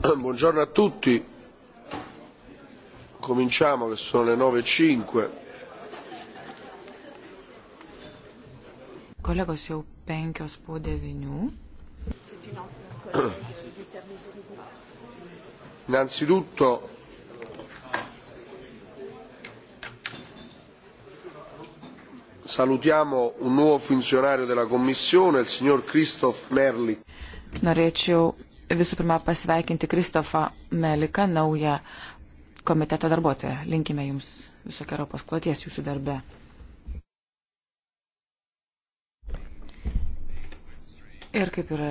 Buongiorno a tutti. Cominciamo che sono le 9.05. E Kolegos jau penkios po devinių. Innanzitutto salutiamo un nuovo funzionario della Commissione, il signor Christoph Merli. Norėčiau visų pirma pasveikinti Kristofą Meliką, naują komiteto darbuotoją. Linkime Jums visokio paskloties Jūsų darbe. Ir kaip yra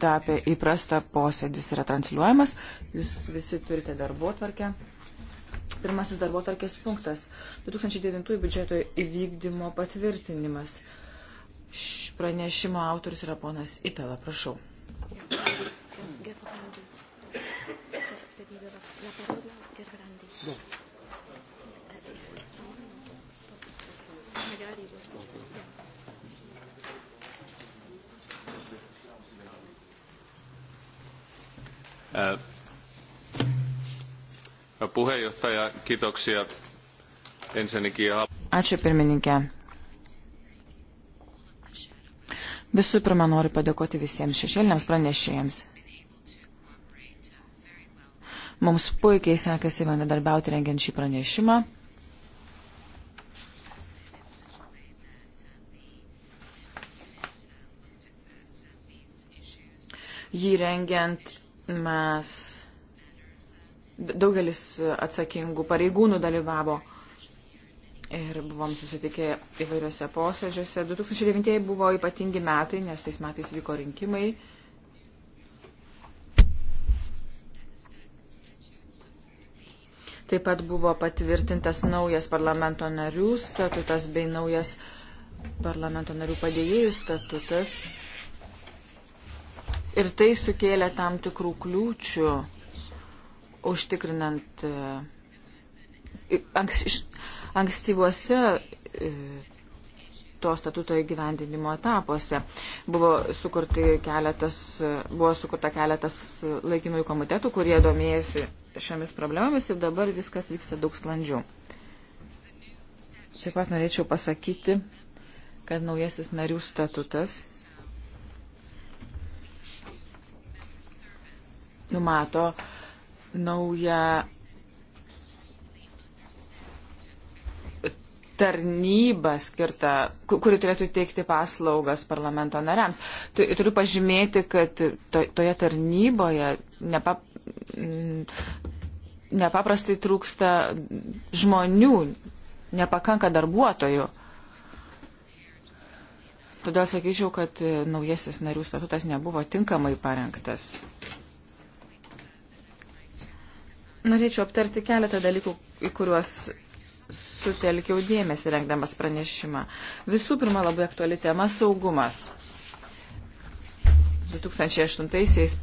tapę įprasta, posėdis yra transliuojamas. Jūs visi turite darbo tvarkę. Pirmasis darbo tvarkės punktas - 2009 biudžeto įvykdymo patvirtinimas. Pranešimo autorius yra ponas Itala, prašau. Gerbrandi. Pedido la parola Gerbrandi. No. Magari vuoi. Uh, puheenjohtaja, kiitoksia ensinnäkin. Ačiū pirmininkė. Visų pirma, noriu padėkoti visiems šešėliniams pranešėjams Mums puikiai sekasi bendradarbiauti rengiant šį pranešimą. Jį rengiant mes daugelis atsakingų pareigūnų dalyvavo ir buvom susitikę įvairiuose posėdžiuose. 2009 buvo ypatingi metai, nes tais metais vyko rinkimai. Taip pat buvo patvirtintas naujas parlamento narių statutas bei naujas parlamento narių padėjėjų statutas. Ir tai sukėlė tam tikrų kliūčių užtikrinant e, anks, ankstyvuose e, to statuto įgyvendinimo etapuose. Buvo, keletas, buvo sukurta keletas laikinųjų komitetų, kurie domėjusi šiomis problemomis ir dabar viskas vyksta daug sklandžiau. Taip pat norėčiau pasakyti, kad naujasis narių statutas numato naują tarnybą skirtą, kuri turėtų teikti paslaugas parlamento nariams. Turiu pažymėti, kad toje tarnyboje nepap, Mm, nepaprastai trūksta žmonių, nepakanka darbuotojų. Todėl sakyčiau, kad naujasis narių statutas nebuvo tinkamai parengtas. Norėčiau aptarti keletą dalykų, į kuriuos sutelkiau dėmesį rengdamas pranešimą. Visų pirma, labai aktuali tema - saugumas. 2008-aisiais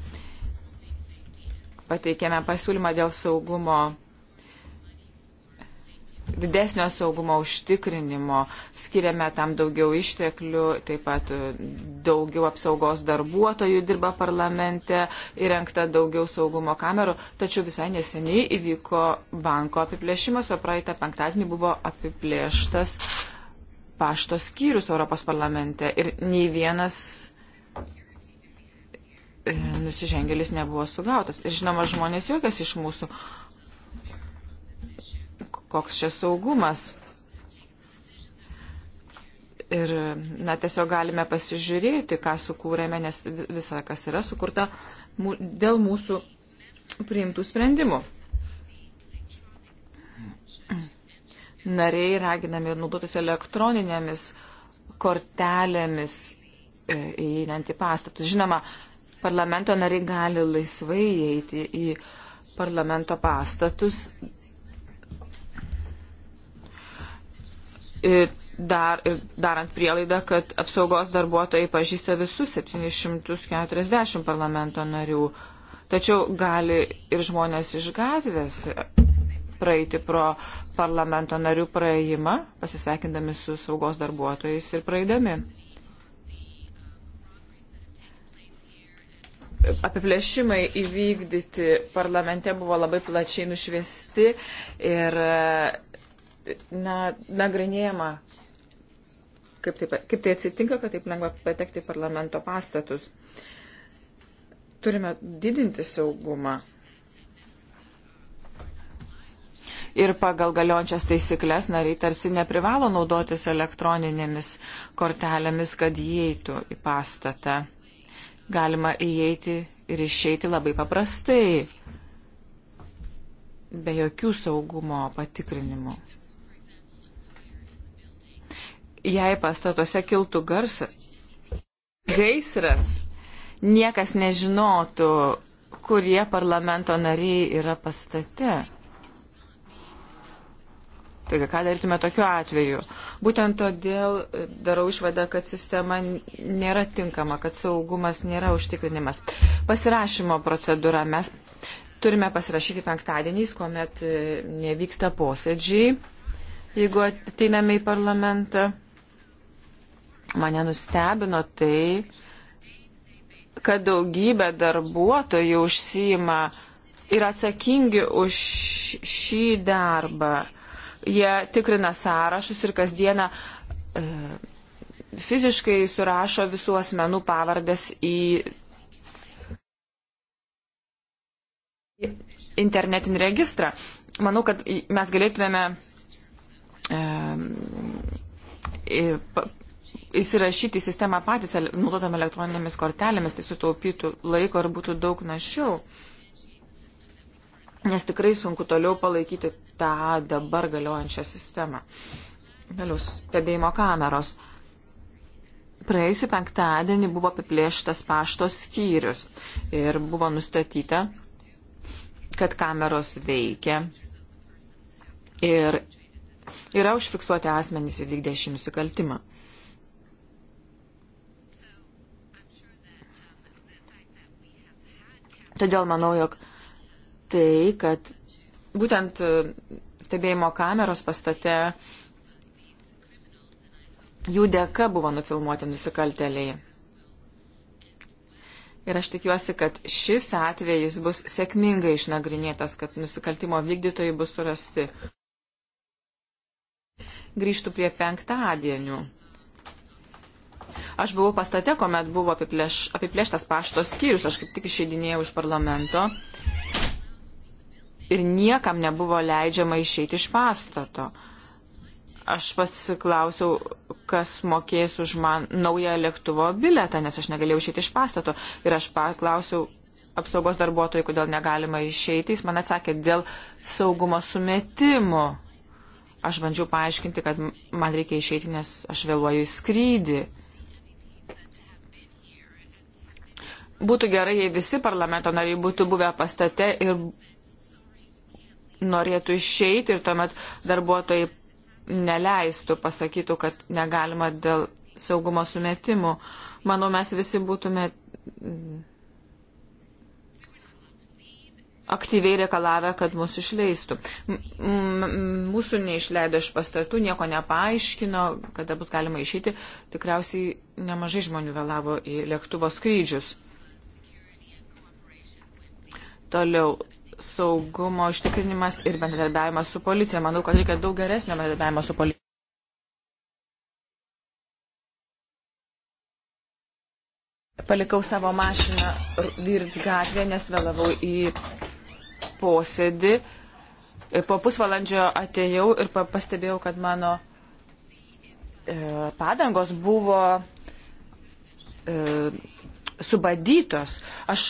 pateikėme pasiūlymą dėl saugumo, didesnio saugumo užtikrinimo, skiriame tam daugiau išteklių, taip pat daugiau apsaugos darbuotojų dirba parlamente, įrengta daugiau saugumo kamerų, tačiau visai neseniai įvyko banko apiplėšimas, o praeitą penktadienį buvo apiplėštas pašto skyrius Europos parlamente ir nei vienas E, nusižengėlis nebuvo sugautas. Ir žinoma, žmonės juokiasi iš mūsų. Koks čia saugumas? Ir, na, tiesiog galime pasižiūrėti, ką sukūrėme, nes visa, kas yra sukurta dėl mūsų priimtų sprendimų. Nariai raginami naudotis elektroninėmis kortelėmis e, įeinant į pastatus. Žinoma, parlamento nariai gali laisvai įeiti į parlamento pastatus. Ir dar, ir darant prielaidą, kad apsaugos darbuotojai pažįsta visus 740 parlamento narių. Tačiau gali ir žmonės iš gatvės praeiti pro parlamento narių praėjimą, pasisveikindami su saugos darbuotojais ir praeidami. apiplėšimai įvykdyti parlamente buvo labai plačiai nušviesti ir na, nagrinėjama, kaip tai, kaip tai atsitinka, kad taip lengva patekti į parlamento pastatus. Turime didinti saugumą. ir pagal galiojančias taisyklės nariai tarsi neprivalo naudotis elektroninėmis kortelėmis, kad įeitų į pastatą galima įeiti ir išeiti labai paprastai, be jokių saugumo patikrinimų. Jei pastatuose kiltų garsas, gaisras, niekas nežinotų, kurie parlamento nariai yra pastate. Taigi, ką darytume tokiu atveju? Būtent todėl e, darau išvadą, kad sistema nėra tinkama, kad saugumas nėra užtikrinimas. Pasirašymo procedūra mes turime pasirašyti penktadieniais, kuomet e, nevyksta posėdžiai. Jeigu ateiname į parlamentą, mane nustebino tai, kad daugybė darbuotojų užsijima ir atsakingi už šį darbą Jie tikrina sąrašus ir kasdieną e, fiziškai surašo visų asmenų pavardas į internetinį registrą. Manau, kad mes galėtumėme e, e, įsirašyti į sistemą patys, naudodami elektroninėmis kortelėmis, tai sutaupytų laiko ir būtų daug našiau. E, nes tikrai sunku toliau palaikyti tą dabar galiojančią sistemą. Vėliau stebėjimo kameros. Praėjusį penktadienį buvo apiplėštas pašto skyrius ir buvo nustatyta, kad kameros veikia ir yra užfiksuoti asmenys įvykdė šį nusikaltimą. Todėl manau, jog tai, kad būtent e, stebėjimo kameros pastate jų dėka buvo nufilmuoti nusikalteliai. Ir aš tikiuosi, kad šis atvejis bus sėkmingai išnagrinėtas, kad nusikaltimo vykdytojai bus surasti. Grįžtų prie penktadienių. Aš buvau pastate, kuomet buvo apiplėš, apiplėštas pašto skyrius, aš kaip tik išeidinėjau iš parlamento ir niekam nebuvo leidžiama išeiti iš pastato. Aš pasiklausiau, kas mokės už man naują lėktuvo biletą, nes aš negalėjau išeiti iš pastato. Ir aš paklausiau apsaugos darbuotojų, kodėl negalima išeiti. Jis man atsakė, dėl saugumo sumetimo. Aš bandžiau paaiškinti, kad man reikia išeiti, nes aš vėluoju į skrydį. Būtų gerai, jei visi parlamento nariai būtų buvę pastate ir norėtų išeiti ir tuomet darbuotojai neleistų, pasakytų, kad negalima dėl saugumo sumetimų. Manau, mes visi būtume aktyviai reikalavę, kad mūsų išleistų. Mūsų neišleido iš pastatų, nieko nepaaiškino, kada bus galima išeiti. Tikriausiai nemažai žmonių vėlavo į lėktuvo skrydžius. Toliau saugumo ištikrinimas ir bendradarbiavimas su policija. Manau, kad reikia daug geresnio bendradarbiavimo su policija. Palikau savo mašiną Virts gatvėje, nes vėlavau į posėdį. Po pusvalandžio atėjau ir pastebėjau, kad mano e, padangos buvo e, subadytos. Aš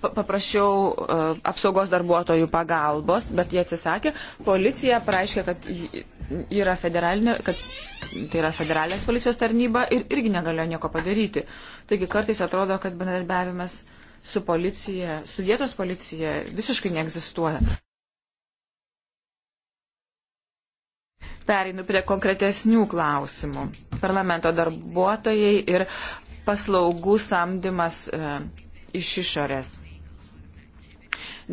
paprašiau e, apsaugos darbuotojų pagalbos, bet jie atsisakė. Policija pareiškė, kad, yra kad tai yra federalinės policijos tarnyba ir irgi negalėjo nieko padaryti. Taigi kartais atrodo, kad bendarbiavimas su policija, su vietos policija visiškai neegzistuoja. Pereinu prie konkretesnių klausimų. Parlamento darbuotojai ir paslaugų samdymas e, iš išorės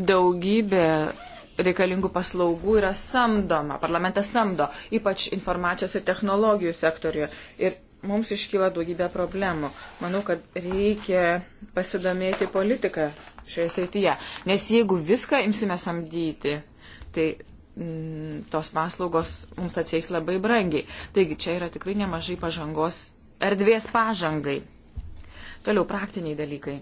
daugybė reikalingų paslaugų yra samdoma, parlamentas samdo, ypač informacijos ir technologijų sektoriuje. Ir mums iškyla daugybė problemų. Manau, kad reikia pasidomėti politiką šioje srityje. Nes jeigu viską imsime samdyti, tai m, mm, tos paslaugos mums atsieis labai brangiai. Taigi čia yra tikrai nemažai pažangos, erdvės pažangai. Toliau praktiniai dalykai.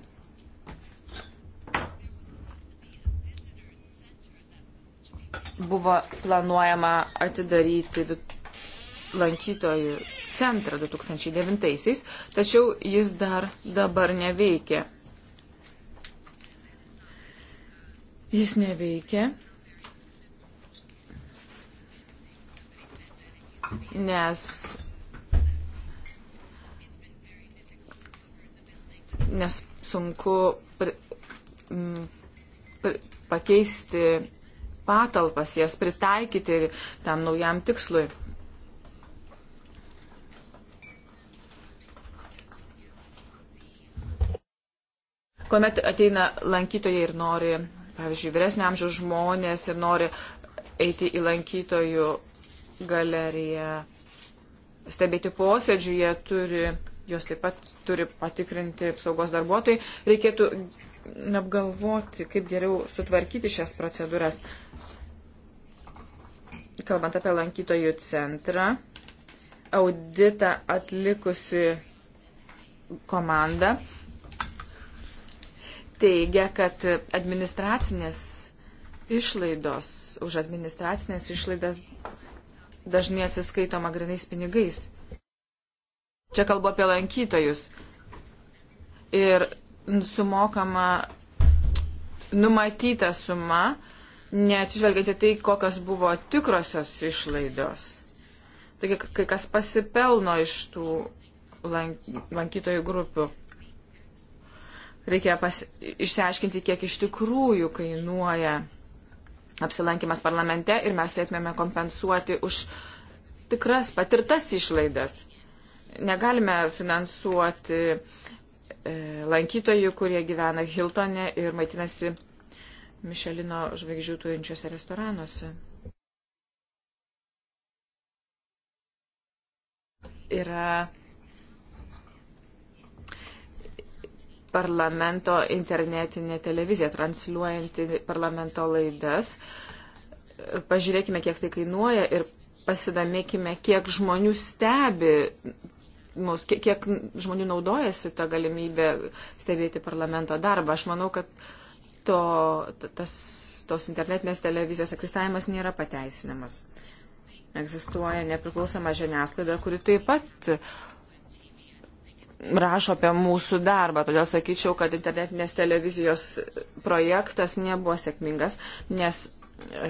buvo planuojama atidaryti lankytojų centrą 2009-aisiais, tačiau jis dar dabar neveikia. Jis neveikia, nes nes sunku pri, pri, pakeisti patalpas, jas pritaikyti tam naujam tikslui. Kuomet ateina lankytojai ir nori, pavyzdžiui, vyresnio amžiaus žmonės ir nori eiti į lankytojų galeriją, stebėti posėdžių, jie turi, jos taip pat turi patikrinti apsaugos darbuotojai. Reikėtų apgalvoti, kaip geriau sutvarkyti šias procedūras. Uh, kalbant apie lankytojų centrą, auditą atlikusi komanda teigia, kad administracinės išlaidos, už administracinės išlaidas dažnai atsiskaitoma grinais pinigais. Čia kalbu apie lankytojus. Ir sumokama numatyta suma neatsižvelgiant į tai, kokios buvo tikrosios išlaidos. Taigi, kai kas pasipelno iš tų lank, lankytojų grupių, reikia pas, išsiaiškinti, kiek iš tikrųjų kainuoja apsilankimas parlamente ir mes turėtumėme kompensuoti už tikras patirtas išlaidas. Negalime finansuoti e, lankytojų, kurie gyvena Hiltone ir maitinasi Mišelino žvaigždžių turinčiuose restoranuose. Yra parlamento internetinė televizija, transliuojanti parlamento laidas. Pažiūrėkime, kiek tai kainuoja ir pasidomėkime, kiek žmonių stebi mus, kiek, kiek žmonių naudojasi tą galimybę stebėti parlamento darbą. Aš manau, kad uh, to, tas, tos internetinės televizijos egzistavimas nėra pateisinamas. Egzistuoja nepriklausoma žiniasklaida, kuri taip pat rašo apie mūsų darbą. Todėl sakyčiau, kad internetinės televizijos projektas nebuvo sėkmingas, nes e,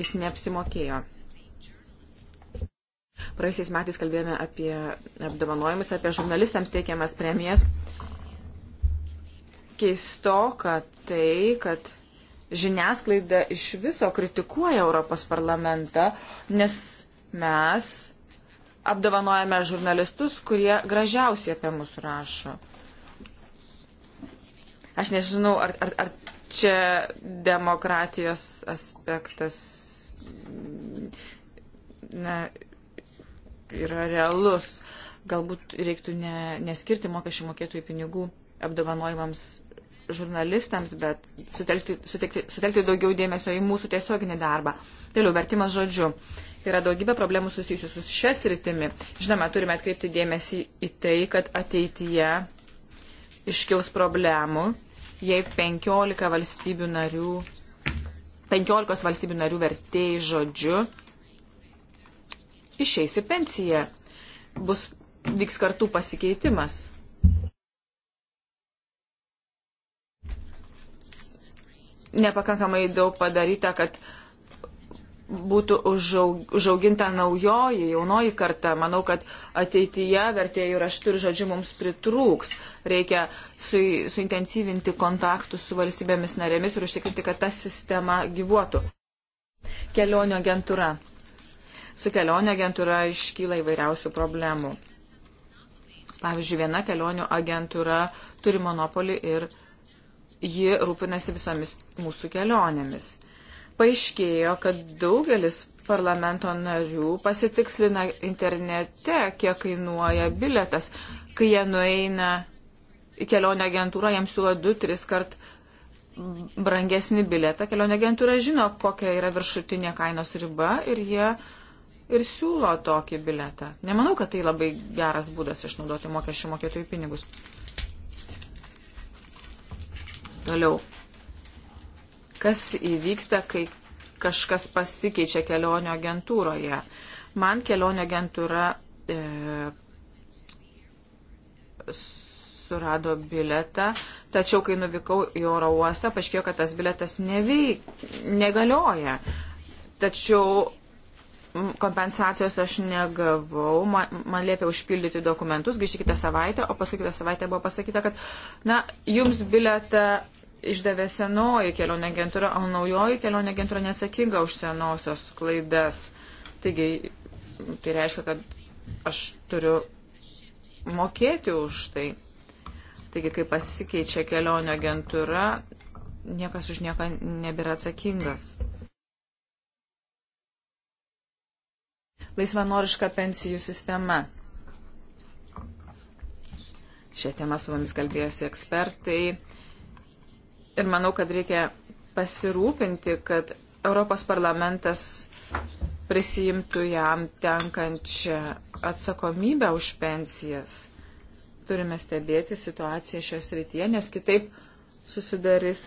jis neapsimokėjo. Praėjusiais metais kalbėjome apie apdovanojimus, apie žurnalistams teikiamas premijas. E, keisto, kad tai, kad žiniasklaida iš viso kritikuoja Europos parlamentą, nes mes apdovanojame žurnalistus, kurie gražiausiai apie mus rašo. Aš nežinau, ar, ar, ar čia demokratijos aspektas na, yra realus. Galbūt reiktų ne, neskirti mokesčių mokėtojų pinigų apdovanojimams žurnalistams, bet sutelkti, sutelkti, sutelkti daugiau dėmesio į mūsų tiesioginį darbą. Toliau vertimas žodžiu. Yra daugybė problemų susijusių su šia sritimi. Žinoma, turime atkreipti dėmesį į tai, kad ateityje iškils problemų, jei 15 valstybių narių, 15 valstybių narių vertėjai žodžiu išeis į pensiją. Bus vyks kartų pasikeitimas. nepakankamai daug padaryta, kad būtų užauginta naujoji, jaunoji karta. Manau, kad ateityje vertėjų raštų ir žodžių mums pritrūks. Reikia su, suintensyvinti kontaktus su valstybėmis narėmis ir užtikrinti, kad ta sistema gyvuotų. Kelionio agentūra. Su kelionio agentūra iškyla įvairiausių problemų. Pavyzdžiui, viena kelionio agentūra turi monopolį ir ji rūpinasi visomis mūsų kelionėmis. Paaiškėjo, kad daugelis parlamento narių pasitikslina internete, kiek kainuoja biletas. Kai jie nueina į kelionę agentūrą, jiems siūlo 2-3 kart brangesnį biletą. Kelionė agentūra žino, kokia yra viršutinė kainos riba ir jie ir siūlo tokį biletą. Nemanau, kad tai labai geras būdas išnaudoti mokesčių mokėtojų pinigus. Toliau. Kas įvyksta, kai kažkas pasikeičia kelionio agentūroje? Man kelionio agentūra e, surado biletą, tačiau kai nuvykau į oro uostą, paaiškėjo, kad tas biletas neveik, negalioja. Tačiau kompensacijos aš negavau, man, man liepė užpildyti dokumentus, grįžti kitą savaitę, o paskui kitą savaitę buvo pasakyta, kad, na, jums biletą išdavė senoji kelionė agentūra, o naujoji kelionė agentūra neatsakinga už senosios klaidas. Taigi, tai reiškia, kad aš turiu mokėti už tai. Taigi, kai pasikeičia kelionė agentūra, niekas už nieką nebėra atsakingas. Laisvanoriška pensijų sistema. Šią temą su mumis kalbėjosi ekspertai ir manau, kad reikia pasirūpinti, kad Europos parlamentas prisijimtų jam tenkančią atsakomybę už pensijas. Turime stebėti situaciją šioje srityje, nes kitaip susidarys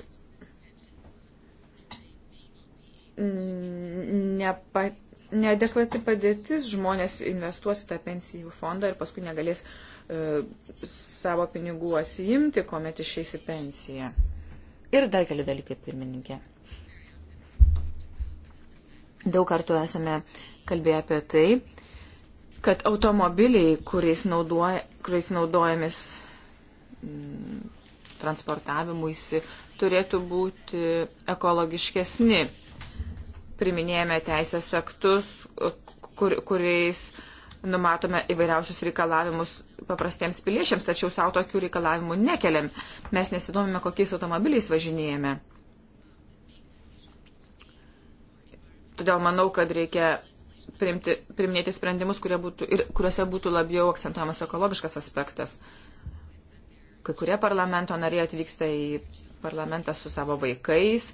nepa, neadekvati padėtis, žmonės investuos į tą pensijų fondą ir paskui negalės e, savo pinigų atsijimti, kuomet išeis į pensiją. Ir dar keli dalykai, pirmininkė. Daug kartų esame kalbėję apie tai, kad automobiliai, kuriais, naudoja, kuriais naudojamis m, mm, transportavimuisi, turėtų būti ekologiškesni. Priminėjame teisės aktus, kur, kuriais uh, numatome įvairiausius reikalavimus paprastiems piliečiams, tačiau savo tokių reikalavimų nekeliam. Mes nesidomime, kokiais automobiliais važinėjame. Todėl manau, kad reikia priimti, priminėti sprendimus, būtų, ir, kuriuose būtų labiau akcentuojamas ekologiškas aspektas. Kai kurie parlamento nariai atvyksta į parlamentą su savo vaikais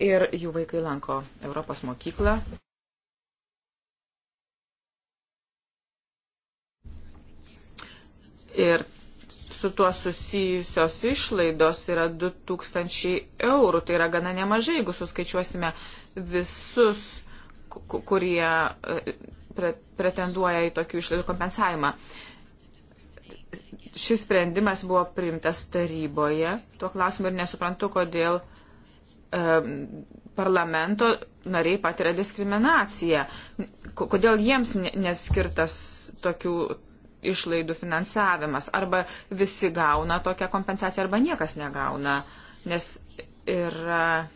ir jų vaikai lanko Europos mokyklą. ir su tuo susijusios išlaidos yra 2000 eurų. Tai yra gana nemažai, jeigu suskaičiuosime visus, kurie e, pre pretenduoja į tokių išlaidų kompensavimą. Šis sprendimas buvo priimtas taryboje. Tuo klausimu ir nesuprantu, kodėl e, parlamento nariai patiria diskriminaciją. Kodėl jiems neskirtas tokių, išlaidų finansavimas. Arba visi gauna tokią kompensaciją, arba niekas negauna. Nes yra.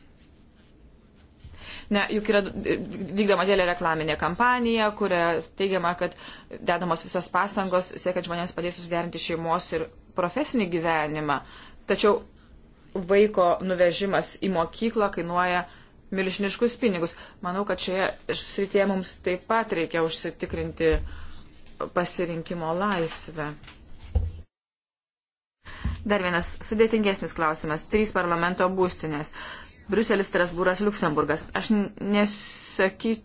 Ne, juk yra vykdoma dėlė reklaminė kampanija, kuria teigiama, kad dedamos visas pastangos siekiant žmonėms padėti susiderinti šeimos ir profesinį gyvenimą. Tačiau vaiko nuvežimas į mokyklą kainuoja milžiniškus pinigus. Manau, kad šioje srityje mums taip pat reikia užsitikrinti uh, pasirinkimo laisvę. Dar vienas sudėtingesnis klausimas. Trys parlamento būstinės. Bruselis, Strasbūras, Luksemburgas. Aš nesaky,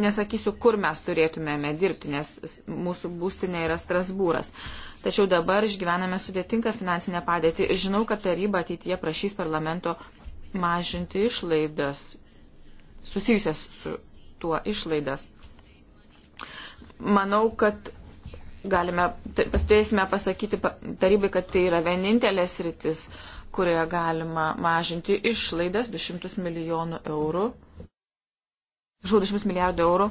nesakysiu, kur mes turėtumėme dirbti, nes mūsų būstinė yra Strasbūras. Tačiau dabar išgyvename sudėtingą finansinę padėtį ir žinau, kad taryba ateityje prašys parlamento mažinti išlaidas, susijusias su tuo išlaidas. Manau, kad galime, turėsime tai pasakyti tarybai, kad tai yra vienintelės rytis, kurioje galima mažinti išlaidas 200 milijonų eurų. Žau, 200 milijardų eurų.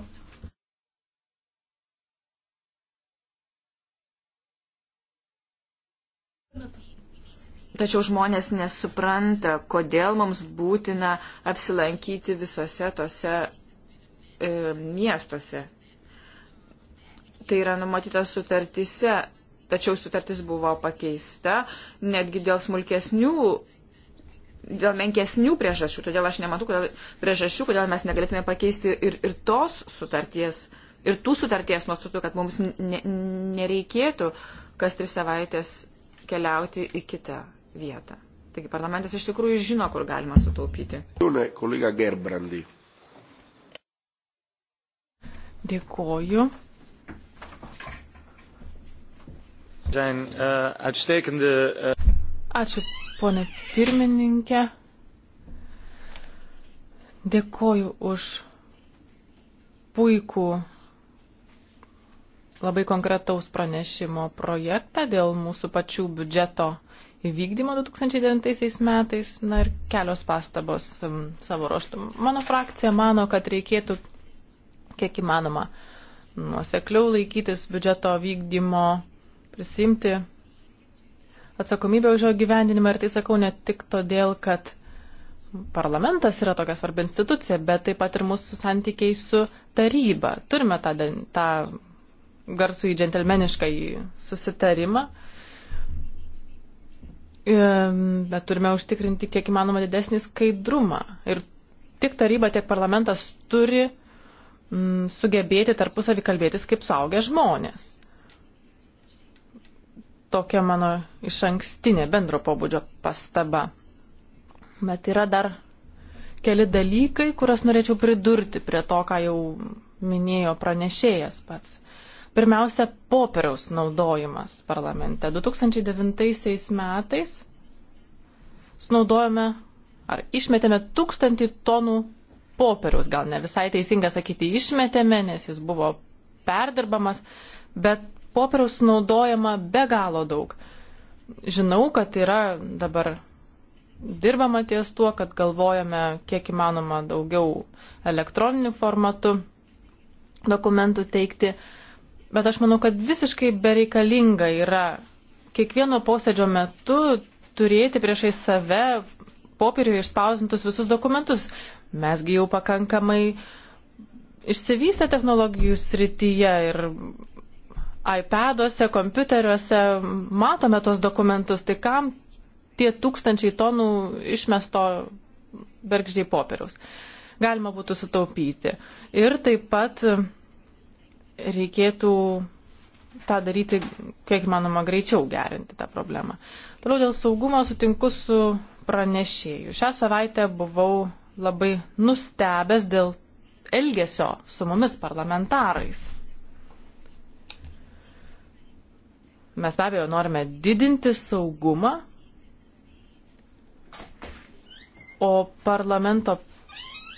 Tačiau žmonės nesupranta, kodėl mums būtina apsilankyti visose tose e, miestuose, Tai yra numatyta sutartise, tačiau sutartis buvo pakeista netgi dėl smulkesnių, dėl menkesnių priežasčių. Todėl aš nematau kodėl, priežasčių, kodėl mes negalėtume pakeisti ir, ir tos sutarties, ir tų sutarties nuostatų, kad mums ne, nereikėtų kas tris savaitės keliauti į kitą vietą. Taigi parlamentas iš tikrųjų žino, kur galima sutaupyti. Kolega Gerbrandi. Dėkoju. Eh, eh, Ačiū, ponė pirmininkė. Dėkoju už puikų labai konkretaus pranešimo projektą dėl mūsų pačių biudžeto įvykdymo 2009 metais. Na ir kelios pastabos savo ruoštų. Mano frakcija mano, kad reikėtų kiek įmanoma nuosekliau laikytis biudžeto vykdymo prisimti atsakomybę už jo gyvendinimą ir tai sakau ne tik todėl, kad parlamentas yra tokia svarbi institucija, bet taip pat ir mūsų santykiai su taryba. Turime tą, tą garsų į džentelmenišką į susitarimą, bet turime užtikrinti kiek įmanoma didesnį skaidrumą. Ir tiek taryba, tiek parlamentas turi mm, sugebėti tarpusavį kalbėtis kaip suaugę žmonės tokia mano iš ankstinė bendro pobūdžio pastaba. Bet yra dar keli dalykai, kuriuos norėčiau pridurti prie to, ką jau minėjo pranešėjas pats. Pirmiausia, popieriaus naudojimas parlamente. 2009 metais sunaudojame ar išmetėme tūkstantį tonų popieriaus, gal ne visai teisinga sakyti išmetėme, nes jis buvo perdirbamas, bet popieriaus naudojama be galo daug. Žinau, kad yra dabar dirbama ties tuo, kad galvojame kiek įmanoma daugiau elektroniniu formatu dokumentų teikti, bet aš manau, kad visiškai bereikalinga yra kiekvieno posėdžio metu turėti priešai save popieriuje išspausintus visus dokumentus. Mesgi jau pakankamai išsivystę technologijų srityje ir iPaduose, kompiuteriuose matome tuos dokumentus, tai kam tie tūkstančiai tonų išmesto bergždžiai popieriaus. Galima būtų sutaupyti. Ir taip pat reikėtų tą daryti, kiek manoma, greičiau gerinti tą problemą. Toliau dėl saugumo sutinku su pranešėju. Šią savaitę buvau labai nustebęs dėl elgesio su mumis parlamentarais. Mes be abejo norime didinti saugumą, o parlamento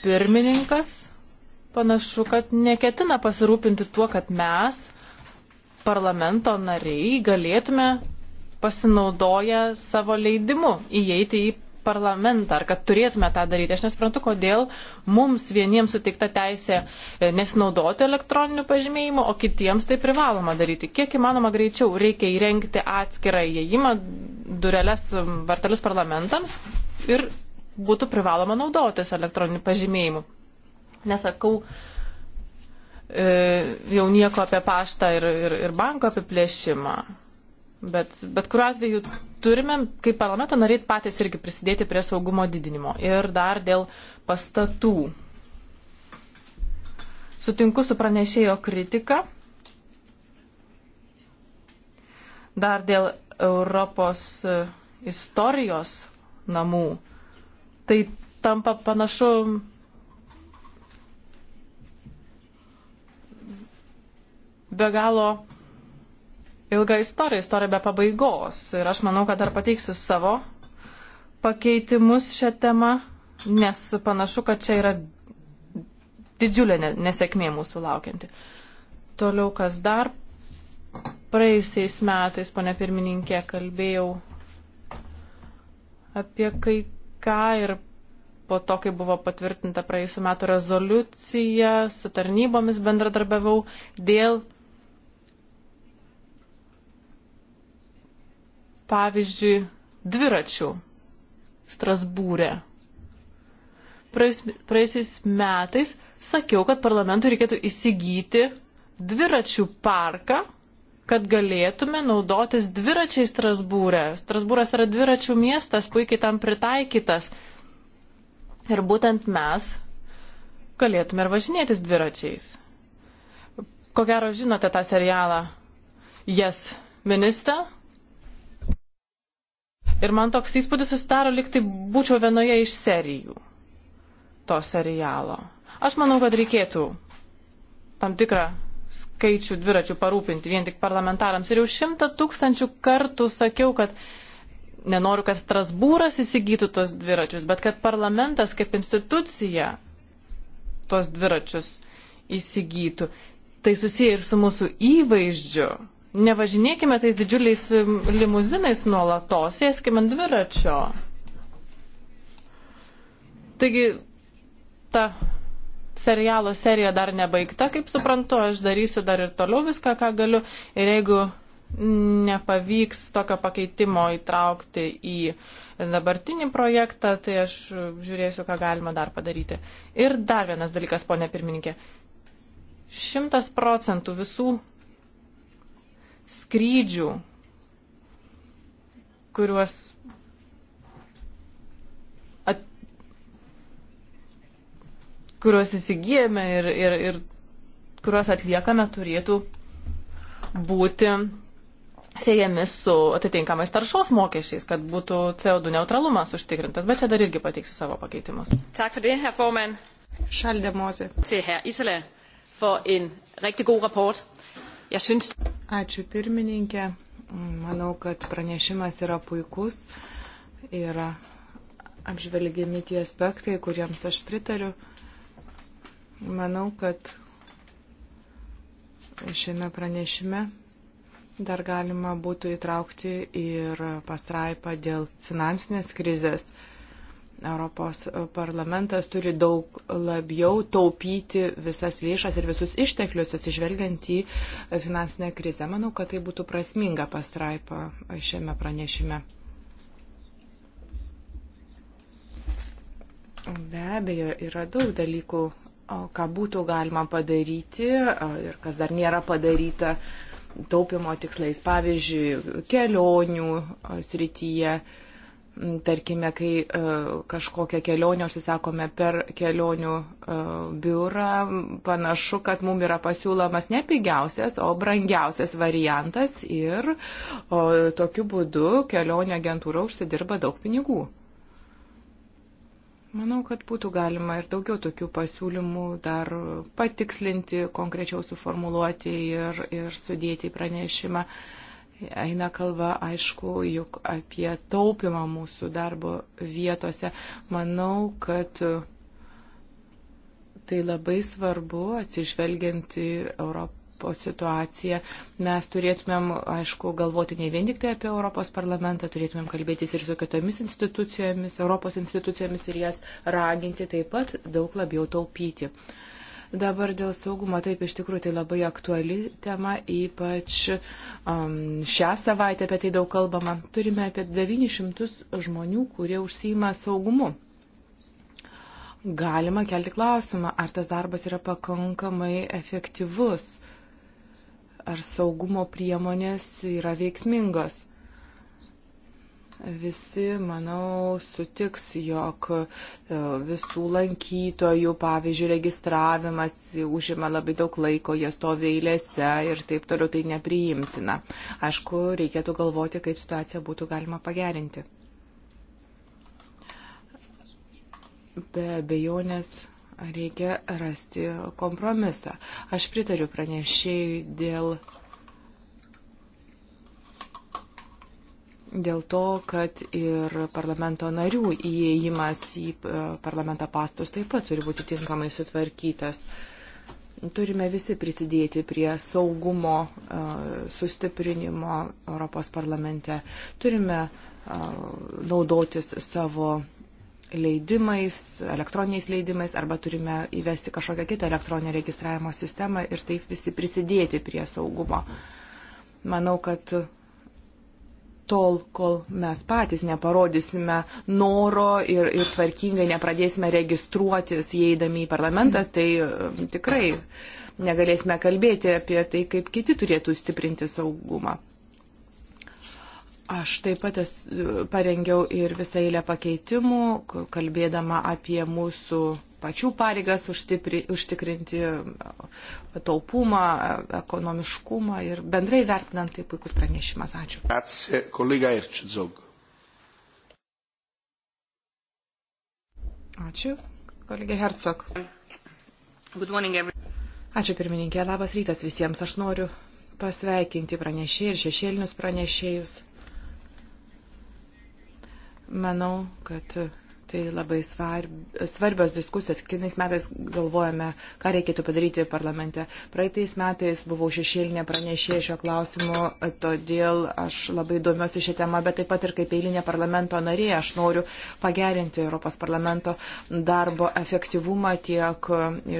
pirmininkas panašu, kad neketina pasirūpinti tuo, kad mes, parlamento nariai, galėtume pasinaudoję savo leidimu įeiti į parlamentą, ar kad turėtume tą daryti. Aš nesuprantu, kodėl mums vieniems suteikta teisė e, nesinaudoti elektroniniu pažymėjimu, o kitiems tai privaloma daryti. Kiek įmanoma greičiau reikia įrengti atskirą įėjimą, dureles vartelius parlamentams ir būtų privaloma naudotis elektroniniu pažymėjimu. Nesakau e, jau nieko apie paštą ir, ir, ir banko apiplėšimą. Bet, bet kuriuo atveju turime, kaip parlamento nariai, patys irgi prisidėti prie saugumo didinimo. Ir dar dėl pastatų. Sutinku su pranešėjo kritika. Dar dėl Europos e, istorijos namų. Tai tampa panašu be galo ilga istorija, istorija be pabaigos. Ir aš manau, kad dar pateiksiu savo pakeitimus šią temą, nes panašu, kad čia yra didžiulė nesėkmė mūsų laukianti. Toliau, kas dar praėjusiais metais, pane pirmininkė, kalbėjau apie kai ką ir po to, kai buvo patvirtinta praėjusiu metu rezoliucija, su tarnybomis bendradarbiavau dėl pavyzdžiui, dviračių Strasbūrė. Praeis, praeisiais metais sakiau, kad parlamentui reikėtų įsigyti dviračių parką, kad galėtume naudotis dviračiais Strasbūrė. Strasbūras yra dviračių miestas, puikiai tam pritaikytas. Ir būtent mes galėtume ir važinėtis dviračiais. Ko gero žinote tą serialą Yes Minister, Ir man toks įspūdis susidaro, liktai būčiau vienoje iš serijų to serialo. Aš manau, kad reikėtų tam tikrą skaičių dviračių parūpinti vien tik parlamentarams. Ir jau šimtą tūkstančių kartų sakiau, kad nenoriu, kad Strasbūras įsigytų tos dviračius, bet kad parlamentas kaip institucija tos dviračius įsigytų. Tai susiję ir su mūsų įvaizdžiu, Nevažinėkime tais didžiuliais um, limuzinais nuolatos, sėskime ant dviračio. Taigi, ta serialo serija dar nebaigta, kaip suprantu, aš darysiu dar ir toliau viską, ką galiu. Ir jeigu nepavyks tokio pakeitimo įtraukti į dabartinį projektą, tai aš žiūrėsiu, ką galima dar padaryti. Ir dar vienas dalykas, ponė pirmininkė. Šimtas procentų visų skrydžių, kuriuos at, kuriuos įsigijame ir, ir, ir kuriuos atliekame, turėtų būti siejami su atitinkamais taršos mokesčiais, kad būtų CO2 neutralumas užtikrintas. Bet čia dar irgi pateiksiu savo pakeitimus. Schaldemose. Til herr Isela for en rigtig god rapport. Ačiū pirmininkė. Manau, kad pranešimas yra puikus. Yra apžvelgiami tie aspektai, kuriems aš pritariu. Manau, kad šiame pranešime dar galima būtų įtraukti ir pastraipą dėl finansinės krizės. Europos parlamentas turi daug labiau taupyti visas lėšas ir visus išteklius atsižvelgiant į finansinę krizę. Manau, kad tai būtų prasminga pastraipa šiame pranešime. Be abejo, yra daug dalykų, ką būtų galima padaryti ir kas dar nėra padaryta taupimo tikslais, pavyzdžiui, kelionių srityje tarkime, kai e, kažkokią kelionę užsisakome per kelionių e, biurą, panašu, kad mums yra pasiūlomas ne pigiausias, o brangiausias variantas ir o, tokiu būdu kelionė agentūra užsidirba daug pinigų. Manau, kad būtų galima ir daugiau tokių pasiūlymų dar patikslinti, konkrečiau suformuluoti ir, ir sudėti į pranešimą. Uh, Eina kalba, aišku, juk apie taupimą mūsų darbo vietose. Manau, kad tai labai svarbu atsižvelgiant į Europą po situaciją. Mes turėtumėm, aišku, galvoti ne vien tik tai apie Europos parlamentą, turėtumėm kalbėtis ir su kitomis institucijomis, Europos institucijomis ir jas raginti taip pat daug labiau taupyti. Uh, Dabar dėl saugumo, taip iš tikrųjų tai labai aktuali tema, ypač um, šią savaitę apie tai daug kalbama. Turime apie 900 žmonių, kurie užsima saugumu. Galima kelti klausimą, ar tas darbas yra pakankamai efektyvus, ar saugumo priemonės yra veiksmingos. Visi, manau, sutiks, jog e, visų lankytojų, pavyzdžiui, registravimas užima labai daug laiko, jie stovi eilėse ir taip toliau tai nepriimtina. Aišku, reikėtų galvoti, kaip situaciją būtų galima pagerinti. Be abejonės reikia rasti kompromisą. Aš pritariu pranešėjui dėl dėl to, kad ir parlamento narių įėjimas į e, parlamento pastus taip pat turi būti tinkamai sutvarkytas. Turime visi prisidėti prie saugumo e, sustiprinimo Europos parlamente. Turime e, naudotis savo leidimais, elektroniniais leidimais arba turime įvesti kažkokią kitą elektroninę registravimo sistemą ir taip visi prisidėti prie saugumo. Manau, kad tol, kol mes patys neparodysime noro ir, ir tvarkingai nepradėsime registruotis įeidami į parlamentą, tai um, tikrai negalėsime kalbėti apie tai, kaip kiti turėtų stiprinti saugumą. Aš taip pat parengiau ir visą eilę pakeitimų, kalbėdama apie mūsų pačių pareigas užtipri, užtikrinti e, taupumą, e, ekonomiškumą ir bendrai vertinant tai puikus pranešimas. Ačiū. Ačiū, kolega Erčizog. Ačiū, kolega Hercog. Ačiū pirmininkė, labas rytas visiems. Aš noriu pasveikinti pranešėjai ir šešėlinius pranešėjus. Manau, kad Tai labai svarbios diskusijos. Kiekvienais metais galvojame, ką reikėtų padaryti parlamente. Praeitais metais buvau šešėlinė pranešė šio klausimu, todėl aš labai domiuosi šią temą, bet taip pat ir kaip eilinė parlamento narė aš noriu pagerinti Europos parlamento darbo efektyvumą tiek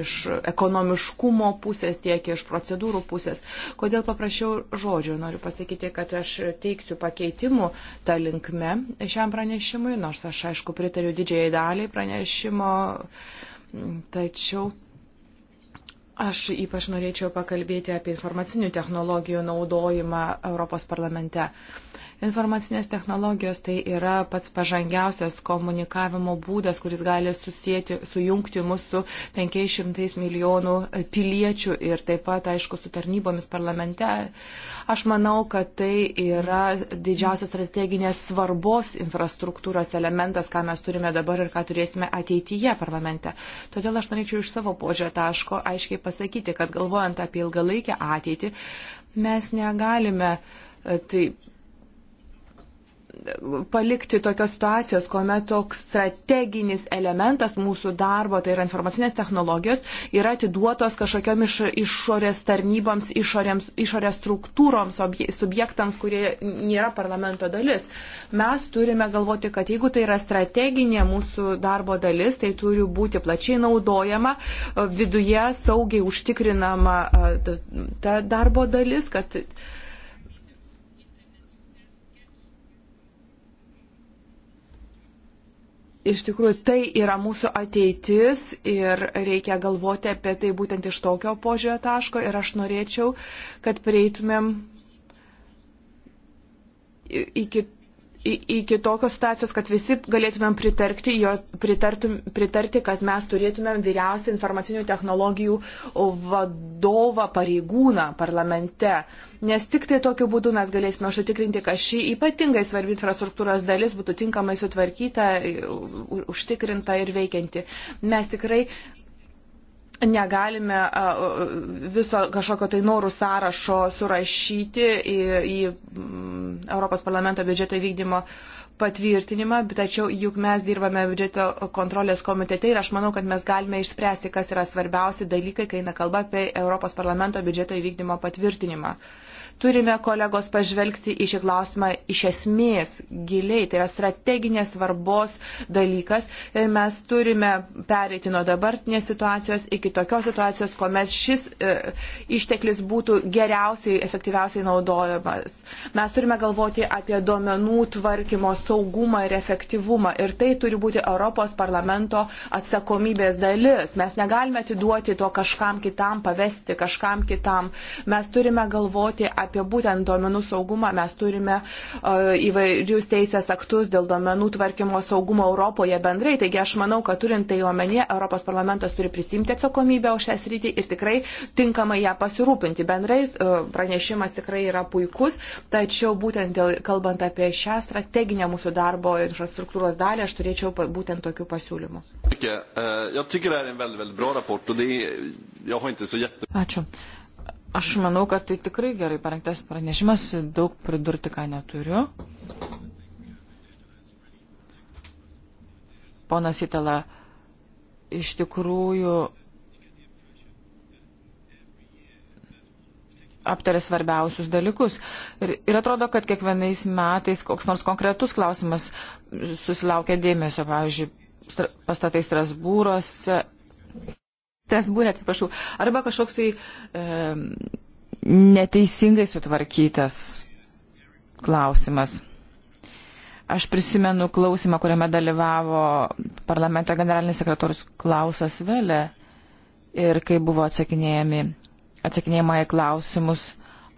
iš ekonomiškumo pusės, tiek iš procedūrų pusės. Kodėl paprašiau žodžio? Noriu pasakyti, kad aš teiksiu pakeitimų tą linkme šiam pranešimui, nors aš aišku pritariu didžiulį didžiai daliai pranešimo, tačiau aš ypač norėčiau pakalbėti apie informacinių technologijų naudojimą Europos parlamente. Uh, Informacinės technologijos tai yra pats pažangiausias komunikavimo būdas, kuris gali susijęti, sujungti mus su 500 milijonų piliečių ir taip pat, aišku, su tarnybomis parlamente. Aš manau, kad tai yra didžiausios strateginės svarbos infrastruktūros elementas, ką mes turime dabar ir ką turėsime ateityje parlamente. Todėl aš norėčiau iš savo požiūrio taško aiškiai pasakyti, kad galvojant apie ilgalaikę ateitį, mes negalime tai palikti tokios situacijos, kuomet toks strateginis elementas mūsų darbo, tai yra informacinės technologijos, yra atiduotos kažkokiam iš, išorės tarnyboms, išorėms, išorės struktūroms, obje, subjektams, kurie nėra parlamento dalis. Mes turime galvoti, kad jeigu tai yra strateginė mūsų darbo dalis, tai turi būti plačiai naudojama, viduje saugiai užtikrinama ta darbo dalis, kad Iš tikrųjų, tai yra mūsų ateitis ir reikia galvoti apie tai būtent iš tokio požiūrio taško ir aš norėčiau, kad prieitumėm iki iki tokios situacijos, kad visi galėtumėm pritarti, jo, pritartum, pritarti, kad mes turėtumėm vyriausią informacinių technologijų vadovą pareigūną parlamente. Nes tik tai tokiu būdu mes galėsime užtikrinti, kad ši ypatingai svarbi infrastruktūros dalis būtų tinkamai sutvarkyta, užtikrinta ir veikianti. Mes tikrai negalime viso kažkokio tai norų sąrašo surašyti į, į Europos parlamento biudžeto vykdymo patvirtinimą, tačiau juk mes dirbame biudžeto kontrolės komitete ir aš manau, kad mes galime išspręsti, kas yra svarbiausi dalykai, kai eina kalba apie Europos parlamento biudžeto įvykdymo patvirtinimą. Uh, Turime, kolegos, pažvelgti į šį klausimą iš esmės giliai. Tai yra strateginės svarbos dalykas. Ir mes turime pereiti nuo dabartinės situacijos iki tokios situacijos, kuomet šis e, išteklis būtų geriausiai, efektyviausiai naudojamas. Mes turime galvoti apie duomenų tvarkymo saugumą ir efektyvumą. Ir tai turi būti Europos parlamento atsakomybės dalis. Mes negalime atiduoti to kažkam kitam, pavesti kažkam kitam. Mes turime galvoti apie apie būtent duomenų saugumą. Mes turime e, įvairius teisės aktus dėl duomenų tvarkymo saugumo Europoje bendrai. Taigi aš manau, kad turint tai omenyje, Europos parlamentas turi prisimti atsakomybę už šią sritį ir tikrai tinkamai ją pasirūpinti. Bendrais e, pranešimas tikrai yra puikus, tačiau būtent dėl, kalbant apie šią strateginę mūsų darbo infrastruktūros dalį, aš turėčiau būtent tokių pasiūlymų. Uh, Ačiū. Aš manau, kad tai tikrai gerai parengtas pranešimas, daug pridurti, ką neturiu. Ponas Itala, iš tikrųjų aptarė svarbiausius dalykus. Ir, ir atrodo, kad kiekvienais metais koks nors konkretus klausimas susilaukia dėmesio, pavyzdžiui, pastatai Strasbūrose Strasbūrė, atsiprašau, arba kažkoks tai e, neteisingai sutvarkytas klausimas. Aš prisimenu klausimą, kuriame dalyvavo parlamento generalinis sekretorius Klausas Vele ir kai buvo atsakinėjami, atsakinėjama į klausimus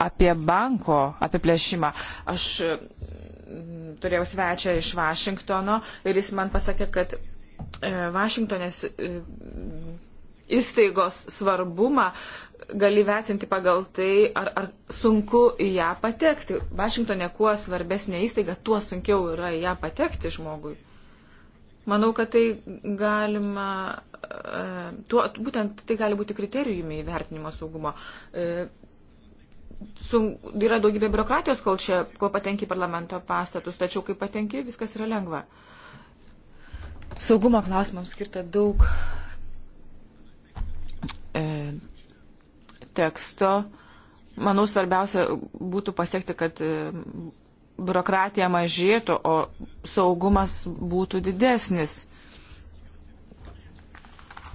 apie banko apiplėšimą. Aš mm, turėjau svečią iš Vašingtono ir jis man pasakė, kad e, Vašingtonės e, įstaigos svarbumą gali vertinti pagal tai, ar, ar sunku į ją patekti. Vašingtonė kuo svarbesnė įstaiga, tuo sunkiau yra į ją patekti žmogui. Manau, kad tai galima, e, tuo, būtent tai gali būti kriterijumi įvertinimo saugumo. E, sun, yra daugybė biurokratijos, kol, čia, kol patenki į parlamento pastatus, tačiau kai patenki, viskas yra lengva. Saugumo klausimams skirta daug teksto, manau, svarbiausia būtų pasiekti, kad e, biurokratija mažėtų, o saugumas būtų didesnis.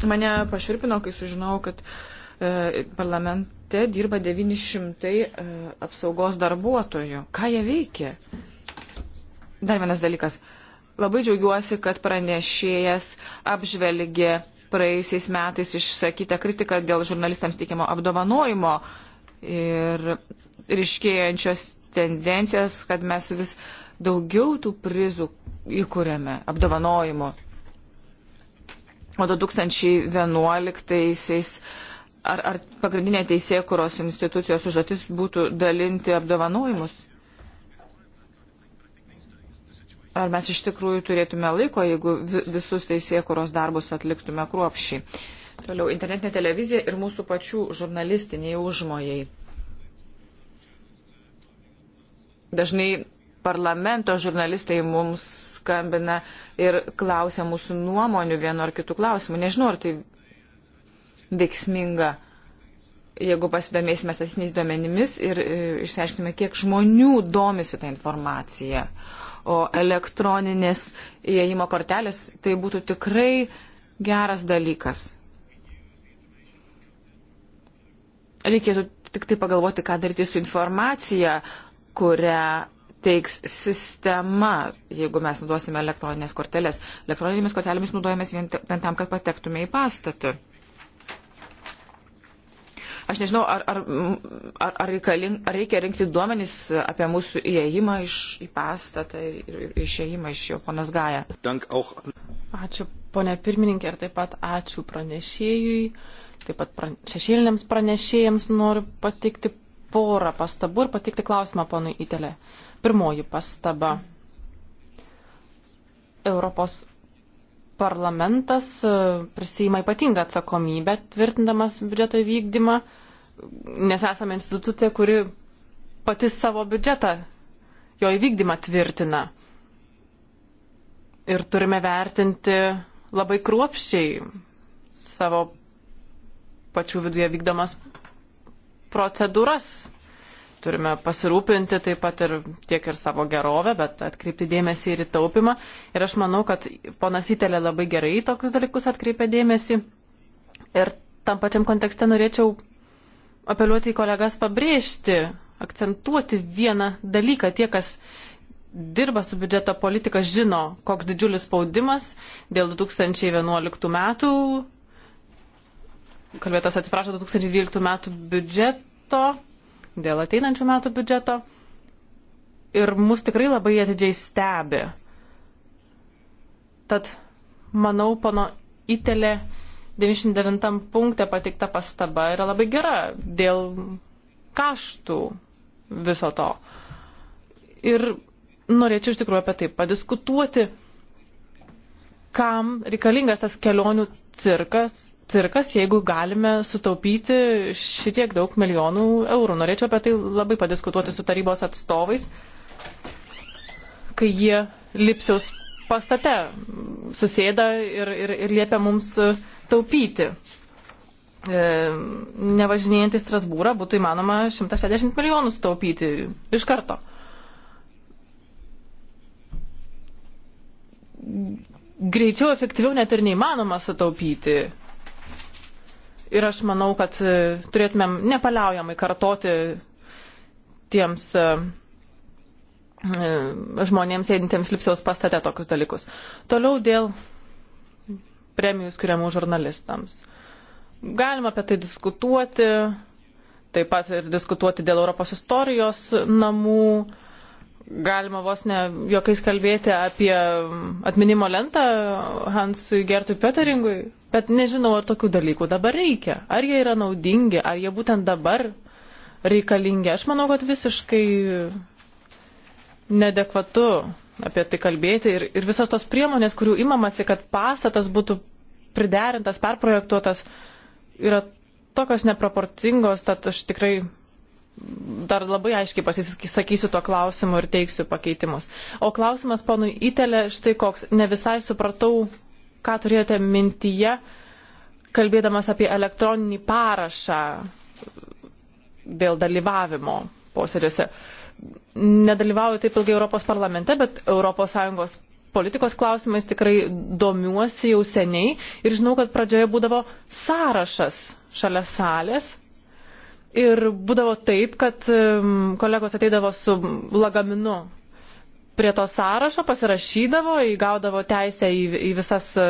Mane paširpino, kai sužinau, kad e, parlamente dirba 900 e, apsaugos darbuotojų. Ką jie veikia? Dar vienas dalykas. E, Labai džiaugiuosi, kad pranešėjas apžvelgė praėjusiais metais išsakytą kritiką dėl žurnalistams teikiamo apdovanojimo ir ryškėjančios tendencijos, kad mes vis daugiau tų prizų įkūrėme, apdovanojimo. O 2011-aisiais ar, ar pagrindinė teisė, kurios institucijos užduotis būtų dalinti apdovanojimus? ar mes iš tikrųjų turėtume laiko, jeigu visus teisėkuros darbus atliktume kruopšį. Toliau internetinė televizija ir mūsų pačių žurnalistiniai užmojai. Dažnai parlamento žurnalistai mums skambina ir klausia mūsų nuomonių vienu ar kitu klausimu. Nežinau, ar tai veiksminga, jeigu pasidomėsime statistiniais duomenimis ir e, išsiaiškime, kiek žmonių domisi tą informaciją. Uh, o elektroninės įėjimo kortelės tai būtų tikrai geras dalykas. Reikėtų tik tai pagalvoti, ką daryti su informacija, kurią teiks sistema, jeigu mes naudosime elektroninės kortelės. Elektroninėmis kortelėmis naudojamės vien tam, kad patektume į pastatą. Aš nežinau, ar, ar, ar, ar, reikalink, ar reikia rinkti duomenys apie mūsų įėjimą iš, į pastatą ir, ir išėjimą iš jo, ponas Gaja. Ačiū, ponė pirmininkė, ir taip pat ačiū pranešėjui, taip pat pran, šešėliniams pranešėjams noriu patikti porą pastabų ir patikti klausimą ponui Itelė. Pirmoji pastaba. Europos parlamentas e, prisima ypatingą atsakomybę tvirtindamas biudžeto vykdymą nes esame institucija, kuri pati savo biudžetą, jo įvykdymą tvirtina. Ir turime vertinti labai kruopščiai savo pačių viduje vykdomas procedūras. Turime pasirūpinti taip pat ir tiek ir savo gerovę, bet atkreipti dėmesį ir į taupimą. Ir aš manau, kad ponas Itelė labai gerai į tokius dalykus atkreipia dėmesį. Ir tam pačiam kontekste norėčiau apeliuoti į kolegas pabrėžti, akcentuoti vieną dalyką. Tie, kas dirba su biudžeto politika, žino, koks didžiulis spaudimas dėl 2011 metų, kalbėtas atsiprašo, 2012 metų biudžeto, dėl ateinančių metų biudžeto. Ir mus tikrai labai atidžiai stebi. Tad, manau, pano Itelė 99 punkte pateikta pastaba yra labai gera dėl kaštų viso to. Ir norėčiau iš tikrųjų apie tai padiskutuoti, kam reikalingas tas kelionių cirkas, cirkas, jeigu galime sutaupyti šitiek daug milijonų eurų. Norėčiau apie tai labai padiskutuoti su tarybos atstovais, kai jie lipsiaus pastate susėda ir, ir, ir liepia mums uh, taupyti. E, nevažinėjant į Strasbūrą būtų įmanoma 160 milijonų sutaupyti iš karto. Greičiau, efektyviau net ir neįmanoma sutaupyti. Ir aš manau, kad e, turėtumėm nepaliaujamai kartoti tiems e, žmonėms, sėdintiems Lipsiaus pastate tokius dalykus. Toliau dėl premijų skiriamų žurnalistams. Galima apie tai diskutuoti, taip pat ir diskutuoti dėl Europos istorijos namų. Galima vos ne jokiais kalbėti apie atminimo lentą Hansui Gertui Peteringui, bet nežinau, ar tokių dalykų dabar reikia. Ar jie yra naudingi, ar jie būtent dabar reikalingi. Aš manau, kad visiškai nedekvatu apie tai kalbėti ir, ir visos tos priemonės, kurių imamasi, kad pastatas būtų priderintas, perprojektuotas, yra tokios neproporcingos, tad aš tikrai dar labai aiškiai pasisakysiu tuo klausimu ir teiksiu pakeitimus. O klausimas ponui Itelė, štai koks, ne visai supratau, ką turėjote mintyje, kalbėdamas apie elektroninį parašą dėl dalyvavimo posėdžiuose. Uh, nedalyvauju taip ilgai Europos parlamente, bet ES politikos klausimais tikrai domiuosi jau seniai ir žinau, kad pradžioje būdavo sąrašas šalia salės. Ir būdavo taip, kad kolegos ateidavo su lagaminu prie to sąrašo, pasirašydavo, įgaudavo teisę į, į visas e,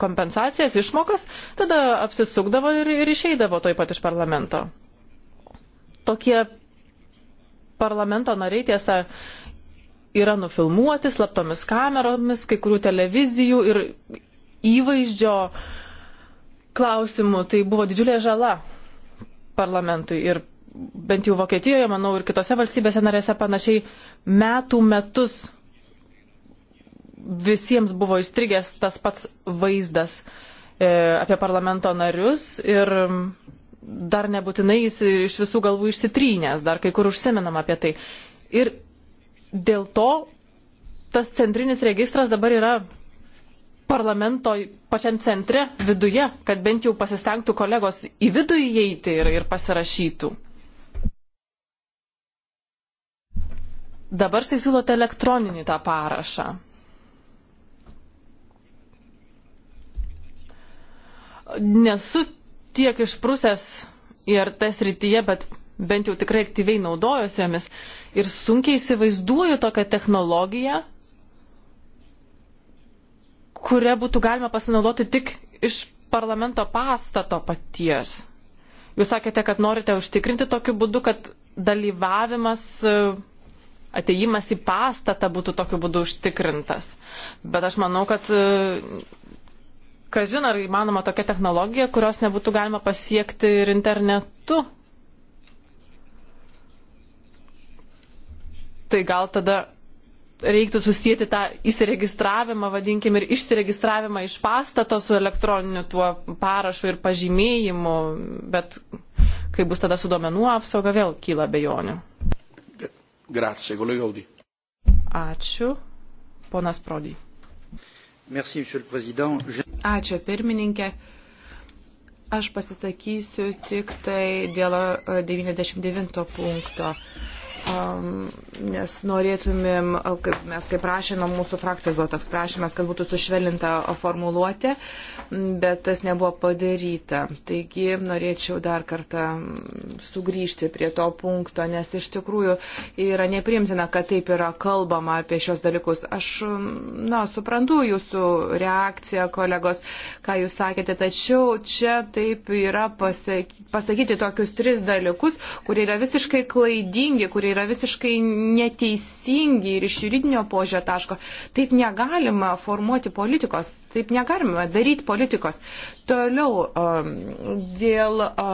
kompensacijas, išmokas, tada apsisukdavo ir, ir išeidavo toj pat iš parlamento. Tokie parlamento nariai tiesa yra nufilmuoti slaptomis kameromis, kai kurių televizijų ir įvaizdžio klausimų. Tai buvo didžiulė žala parlamentui ir bent jau Vokietijoje, manau, ir kitose valstybėse narėse panašiai metų metus visiems buvo įstrigęs tas pats vaizdas e, apie parlamento narius ir dar nebūtinai jis iš visų galvų išsitrynęs, dar kai kur užsiminam apie tai. Ir dėl to tas centrinis registras dabar yra parlamento pačiam centre, viduje, kad bent jau pasistengtų kolegos į vidų įeiti ir, ir pasirašytų. Dabar štai siūlote elektroninį tą parašą. Nesu tiek išprusęs ir tas rytyje, bet bent jau tikrai aktyviai naudojosi jomis ir sunkiai įsivaizduoju tokią technologiją, kurią būtų galima pasinaudoti tik iš parlamento pastato paties. Jūs sakėte, kad norite užtikrinti tokiu būdu, kad dalyvavimas, ateimas į pastatą būtų tokiu būdu užtikrintas. Bet aš manau, kad kažin ar įmanoma tokia technologija, kurios nebūtų galima pasiekti ir internetu. Tai gal tada reiktų susijęti tą įsiregistravimą, vadinkim, ir išsiregistravimą iš pastato su elektroniniu tuo parašu ir pažymėjimu, bet kai bus tada su duomenų apsauga, vėl kyla bejonių. Grazie, kolega Audi. Ačiū, ponas Prodi. Merci, Ačiū pirmininkė. Aš pasisakysiu tik tai dėl 99 e, punkto nes norėtumėm, kaip mes kaip prašėme, mūsų frakcijos buvo toks prašymas, kad būtų sušvelinta formuluotė, bet tas nebuvo padaryta. Taigi norėčiau dar kartą sugrįžti prie to punkto, nes iš tikrųjų yra neprimtina, kad taip yra kalbama apie šios dalykus. Aš, na, suprantu jūsų reakciją, kolegos, ką jūs sakėte, tačiau čia taip yra pasakyti tokius tris dalykus, kurie yra visiškai klaidingi, kurie yra visiškai neteisingi ir iš juridinio požio taško. Taip negalima formuoti politikos, taip negalima daryti politikos. Toliau um, dėl uh,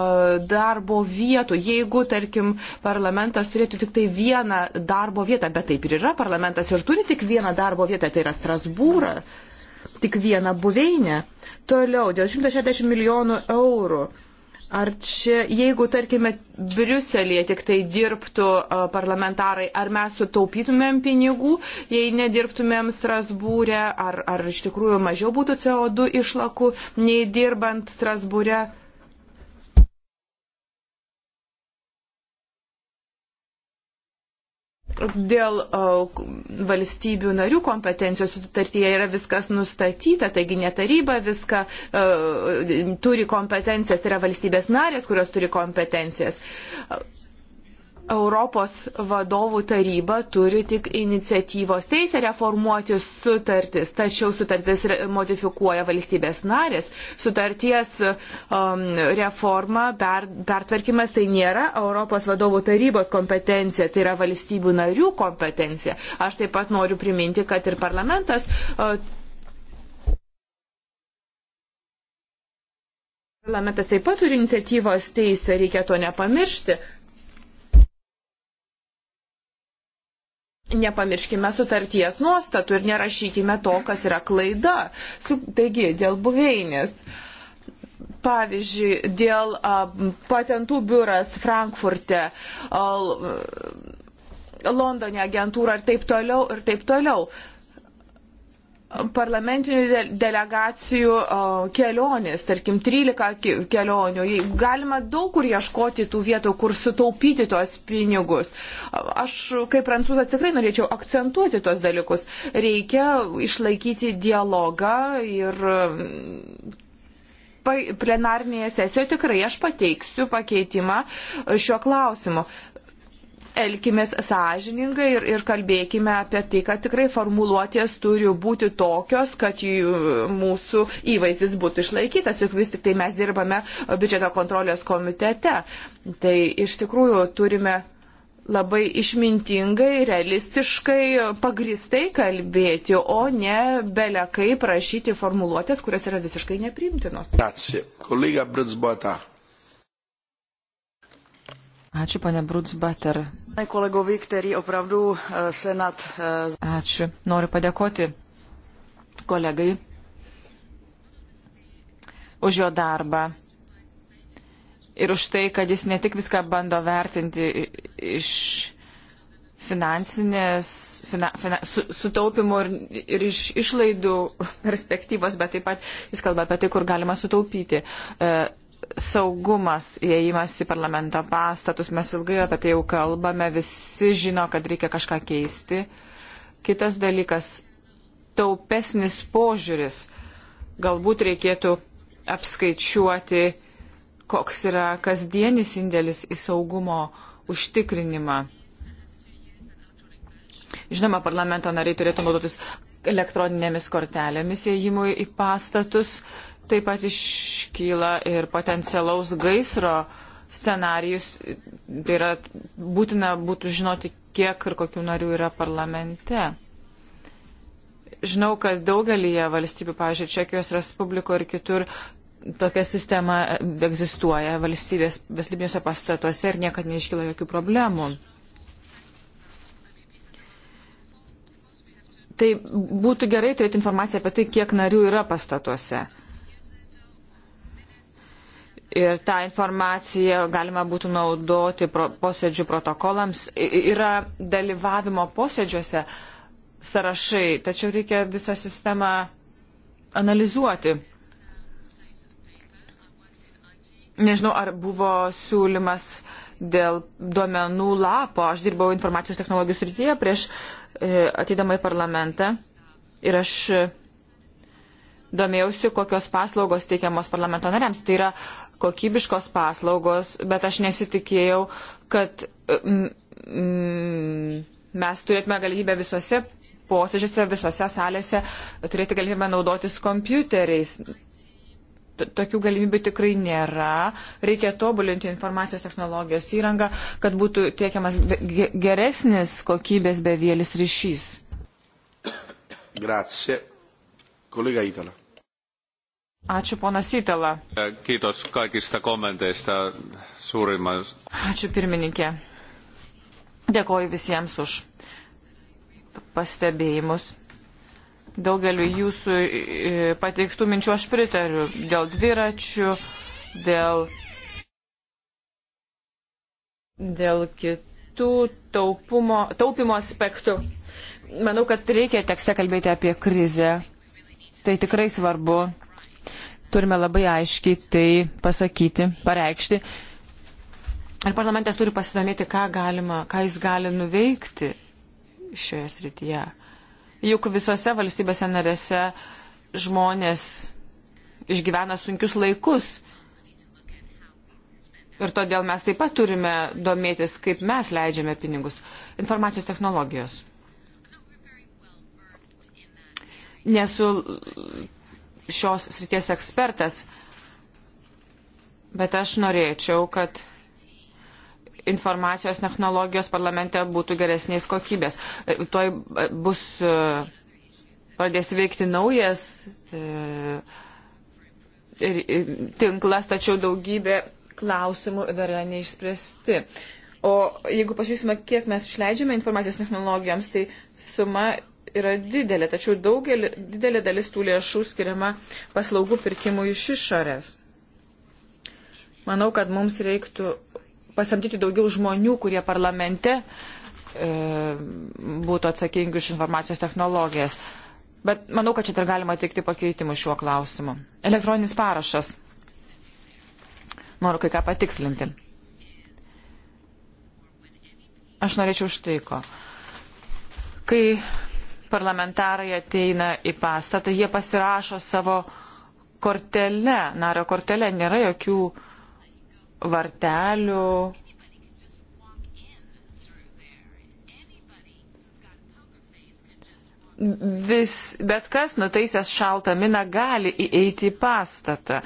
darbo vietų. Jeigu, tarkim, parlamentas turėtų tik tai vieną darbo vietą, bet taip ir yra, parlamentas ir turi tik vieną darbo vietą, tai yra Strasbūrą tik vieną buveinę. Toliau, dėl 160 milijonų eurų Ar čia, jeigu, tarkime, Briuselėje tik tai dirbtų parlamentarai, ar mes sutaupytumėm pinigų, jei nedirbtumėm Strasbūrė, ar, ar iš tikrųjų mažiau būtų CO2 išlakų, nei dirbant Strasbūrė? Dėl valstybių narių kompetencijos sutartyje yra viskas nustatyta, taigi ne taryba viską turi kompetencijas, tai yra valstybės narės, kurios turi kompetencijas Europos vadovų taryba turi tik iniciatyvos teisę reformuoti sutartis, tačiau sutartis modifikuoja valstybės narės. Sutarties um, reforma, per, pertvarkimas tai nėra Europos vadovų tarybos kompetencija, tai yra valstybių narių kompetencija. Aš taip pat noriu priminti, kad ir parlamentas. Uh, Parlamentas taip pat turi iniciatyvos teisę, reikia to nepamiršti. nepamirškime sutarties nuostatų ir nerašykime to, kas yra klaida. Taigi, dėl buveinės. Pavyzdžiui, dėl a, patentų biuras Frankfurte, a, Londone agentūra ir taip toliau, ir taip toliau. A, parlamentinių delegacijų kelionės, tarkim, 13 kelionių. Galima daug kur ieškoti tų vietų, kur sutaupyti tuos pinigus. Aš kaip prancūzas tikrai norėčiau akcentuoti tuos dalykus. Reikia išlaikyti dialogą ir plenarnėje sesijoje tikrai aš pateiksiu pakeitimą e, šiuo klausimu elkimės sąžiningai ir, ir kalbėkime apie tai, kad tikrai formuluotės turi būti tokios, kad jų, mūsų įvaizdis būtų išlaikytas, juk vis tik tai mes dirbame biudžeto kontrolės komitete. Tai iš tikrųjų turime labai išmintingai, realistiškai, pagristai kalbėti, o ne belekai prašyti formuluotės, kurios yra visiškai neprimtinos. Ačiū, kolega Britsbata. Ačiū, pane Brutsbater. Kolegovi, který opravdu eh, se nad... Eh, Ačiū. Noriu padėkoti kolegai už jo darbą ir už tai, kad jis ne tik viską bando vertinti iš finansinės, fina, fina, su, sutaupimo ir, ir iš išlaidų perspektyvos, bet taip pat jis kalba apie tai, kur galima sutaupyti. E, saugumas, įėjimas į parlamento pastatus, mes ilgai apie tai jau kalbame, visi žino, kad reikia kažką keisti. Kitas dalykas - taupesnis požiūris. Galbūt reikėtų apskaičiuoti, koks yra kasdienis indėlis į saugumo užtikrinimą. Žinoma, parlamento nariai turėtų naudotis elektroninėmis kortelėmis įėjimui į pastatus, Taip pat iškyla ir potencialaus gaisro scenarijus. Tai yra būtina būtų žinoti, kiek ir kokių narių yra parlamente. Žinau, kad daugelįje valstybių, pavyzdžiui, Čekijos Respubliko ir kitur tokia sistema egzistuoja valstybės, valstybiniuose pastatuose ir niekad neiškyla jokių problemų. Tai būtų gerai turėti informaciją apie tai, kiek narių yra pastatuose ir tą informaciją galima būtų naudoti pro, posėdžių protokolams. Yra dalyvavimo posėdžiuose sąrašai, tačiau reikia visą sistemą analizuoti. Nežinau, ar buvo siūlymas dėl duomenų lapo. Aš dirbau informacijos technologijų srityje prieš e, ateidama į parlamentą ir aš domėjausi, kokios paslaugos teikiamos parlamento nariams. Tai yra uh, kokybiškos paslaugos, bet aš nesitikėjau, kad mm, mes turėtume galimybę visose posėdžiuose, visose salėse turėti galimybę naudotis kompiuteriais. Tokių galimybių tikrai nėra. Reikia tobulinti informacijos technologijos įrangą, kad būtų tiekiamas geresnis kokybės bevėlis ryšys. Grazie. Kolega Itala. Ačiū, ponas Sitela. Kiitos kaikista kommenteista suurimmas. Ačiū, pirmininkė. Dėkoju visiems už pastebėjimus. Daugeliu jūsų e, pateiktų minčių aš pritariu dėl dviračių, dėl, dėl kitų taupumo, taupimo aspektų. Manau, kad reikia tekste kalbėti apie krizę. Tai tikrai svarbu Turime labai aiškiai tai pasakyti, pareikšti. Ir parlamentas turi pasidomėti, ką, galima, ką jis gali nuveikti šioje srityje. Juk visose valstybėse narėse žmonės išgyvena sunkius laikus. Ir todėl mes taip pat turime domėtis, kaip mes leidžiame pinigus. Informacijos technologijos. Nesu šios srities ekspertas, bet aš norėčiau, kad informacijos technologijos parlamente būtų geresnės kokybės. E, tuoj e, bus e, pradės veikti naujas tinklas, tačiau daugybė klausimų dar yra neišspręsti. O jeigu pažiūrėsime, kiek mes išleidžiame informacijos technologijoms, tai suma yra didelė, tačiau daugelį, didelė dalis tų lėšų skiriama paslaugų pirkimui iš išorės. Manau, kad mums reiktų pasamdyti daugiau žmonių, kurie parlamente e, būtų atsakingi už informacijos technologijas. Bet manau, kad čia dar galima teikti pakeitimų šiuo klausimu. Elektroninis parašas. Noriu kai ką patikslinti. Aš norėčiau štai ko. Kai parlamentarai ateina į pastatą, jie pasirašo savo kortelę, nario kortelė nėra jokių vartelių. Vis, bet kas nutaisęs šaltą miną gali įeiti į pastatą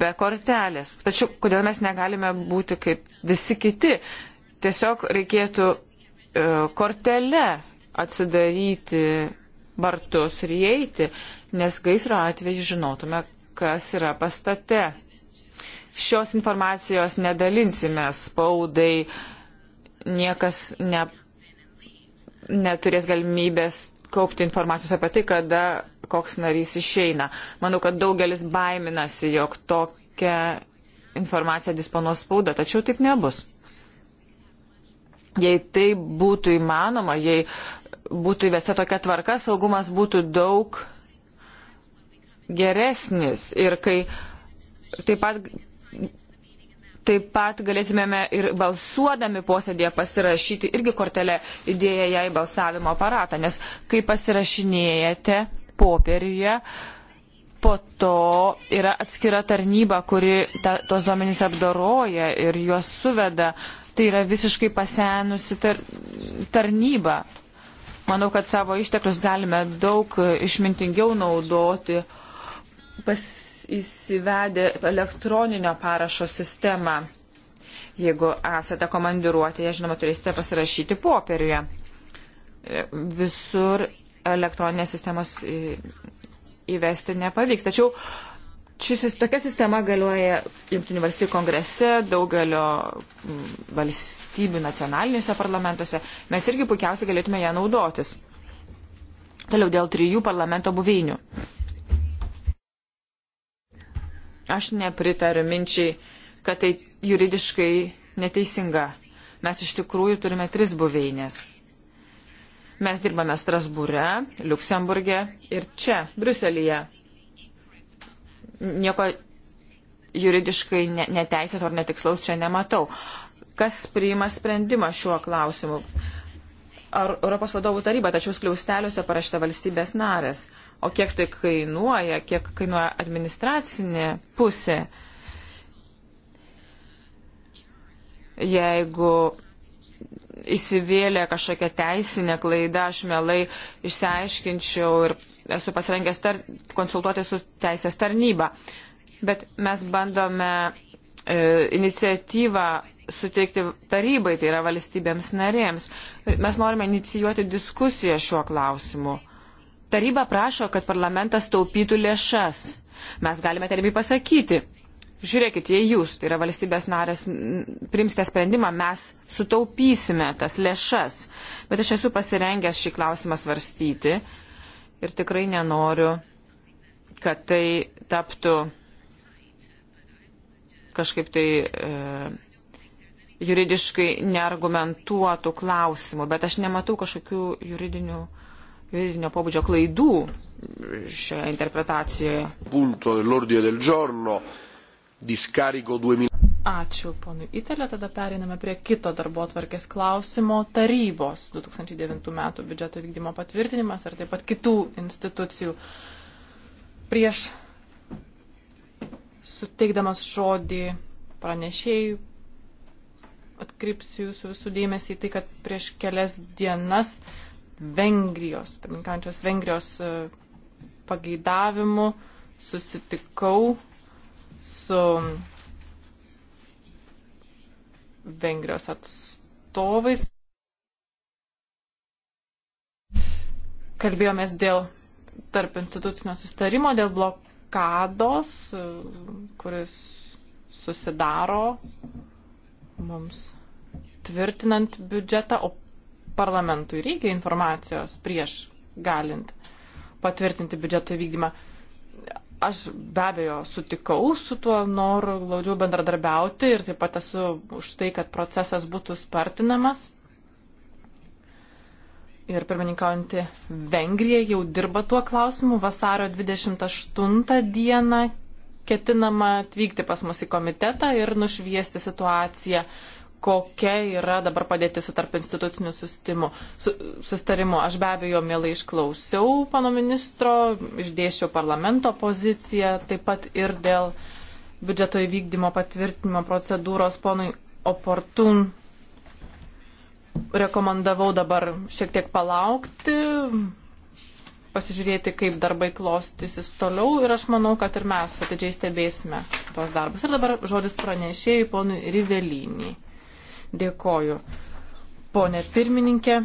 be kortelės. Tačiau kodėl mes negalime būti kaip visi kiti? Tiesiog reikėtų e, kortelę atsidaryti vartus ir įeiti, nes gaisro atveju žinotume, kas yra pastate. Šios informacijos nedalinsime spaudai, niekas ne, neturės galimybės kaupti informacijos apie tai, kada koks narys išeina. Manau, kad daugelis baiminasi, jog tokia informacija disponuos spauda, tačiau taip nebus. Jei tai būtų įmanoma, jei būtų įvesta tokia tvarka, saugumas būtų daug geresnis ir kai taip pat, taip pat galėtumėme ir balsuodami posėdėje pasirašyti irgi kortelę idėją ją į balsavimo aparatą, nes kai pasirašinėjate popieriuje, po to yra atskira tarnyba, kuri ta, tuos duomenys apdoroja ir juos suveda. Tai yra visiškai pasenusi tar, tarnyba. Manau, kad savo išteklius galime daug išmintingiau naudoti, pas, įsivedę elektroninio parašo sistemą. Jeigu esate komandiruotėje, žinoma, turėsite pasirašyti popieriuje. E, visur elektroninės sistemos įvesti nepavyks. Tačiau Šis, tokia sistema galioja Junktinių valstybių kongrese, daugelio valstybių nacionaliniuose parlamentuose. Mes irgi puikiausiai galėtume ją naudotis. Toliau dėl trijų parlamento buveinių. Aš nepritariu minčiai, kad tai juridiškai neteisinga. Mes iš tikrųjų turime tris buveinės. Mes dirbame Strasbūre, Luksemburge ir čia, Bruselėje nieko juridiškai neteisėt ar netikslaus čia nematau. Kas priima sprendimą šiuo klausimu? Ar Europos vadovų taryba, tačiau skliausteliuose parašta valstybės narės. O kiek tai kainuoja, kiek kainuoja administracinė pusė, jeigu įsivėlė kažkokia teisinė klaida, aš mielai išsiaiškinčiau ir esu pasirengęs tar, konsultuoti su teisės tarnyba. Bet mes bandome e, iniciatyvą suteikti tarybai, tai yra valstybėms narėms. Mes norime inicijuoti diskusiją šiuo klausimu. Taryba prašo, kad parlamentas taupytų lėšas. Mes galime tarybai pasakyti, žiūrėkit, jei jūs, tai yra valstybės narės, primsite sprendimą, mes sutaupysime tas lėšas. Bet aš esu pasirengęs šį klausimą svarstyti ir tikrai nenoriu, kad tai taptų kažkaip tai e, juridiškai neargumentuotų klausimų, bet aš nematau kažkokių juridinių, juridinio pobūdžio klaidų šioje interpretacijoje. Punto dell'ordine del giorno, discarico 2000. Ačiū ponui Itelė, tada pereiname prie kito darbo atvarkės klausimo tarybos 2009 metų biudžeto vykdymo patvirtinimas ir taip pat kitų institucijų. Prieš suteikdamas žodį pranešėjų atkreipsiu jūsų visų dėmesį į tai, kad prieš kelias dienas Vengrijos, pirminkančios Vengrijos e, pageidavimu susitikau su Vengrijos atstovais. Kalbėjomės dėl tarp institucinio sustarimo, dėl blokados, kuris susidaro mums tvirtinant biudžetą, o parlamentui reikia informacijos prieš galint patvirtinti biudžeto įvykdymą. Aš be abejo sutikau su tuo noru glaudžiau bendradarbiauti ir taip pat esu už tai, kad procesas būtų spartinamas. Ir pirmininkaujantį Vengriją jau dirba tuo klausimu. Vasario 28 dieną ketinama atvykti pas mus į komitetą ir nušviesti situaciją kokia yra dabar padėtis su tarp instituciniu sustimu, su, sustarimu. Aš be abejo mielai išklausiau pano ministro, išdėšiau parlamento poziciją, taip pat ir dėl biudžeto įvykdymo patvirtinimo procedūros ponui oportun rekomendavau dabar šiek tiek palaukti, pasižiūrėti, kaip darbai klostysis toliau ir aš manau, kad ir mes atidžiai stebėsime tos darbus. Ir dabar žodis pranešėjai ponui Rivelinį. Dėkoju. Pone pirmininkė,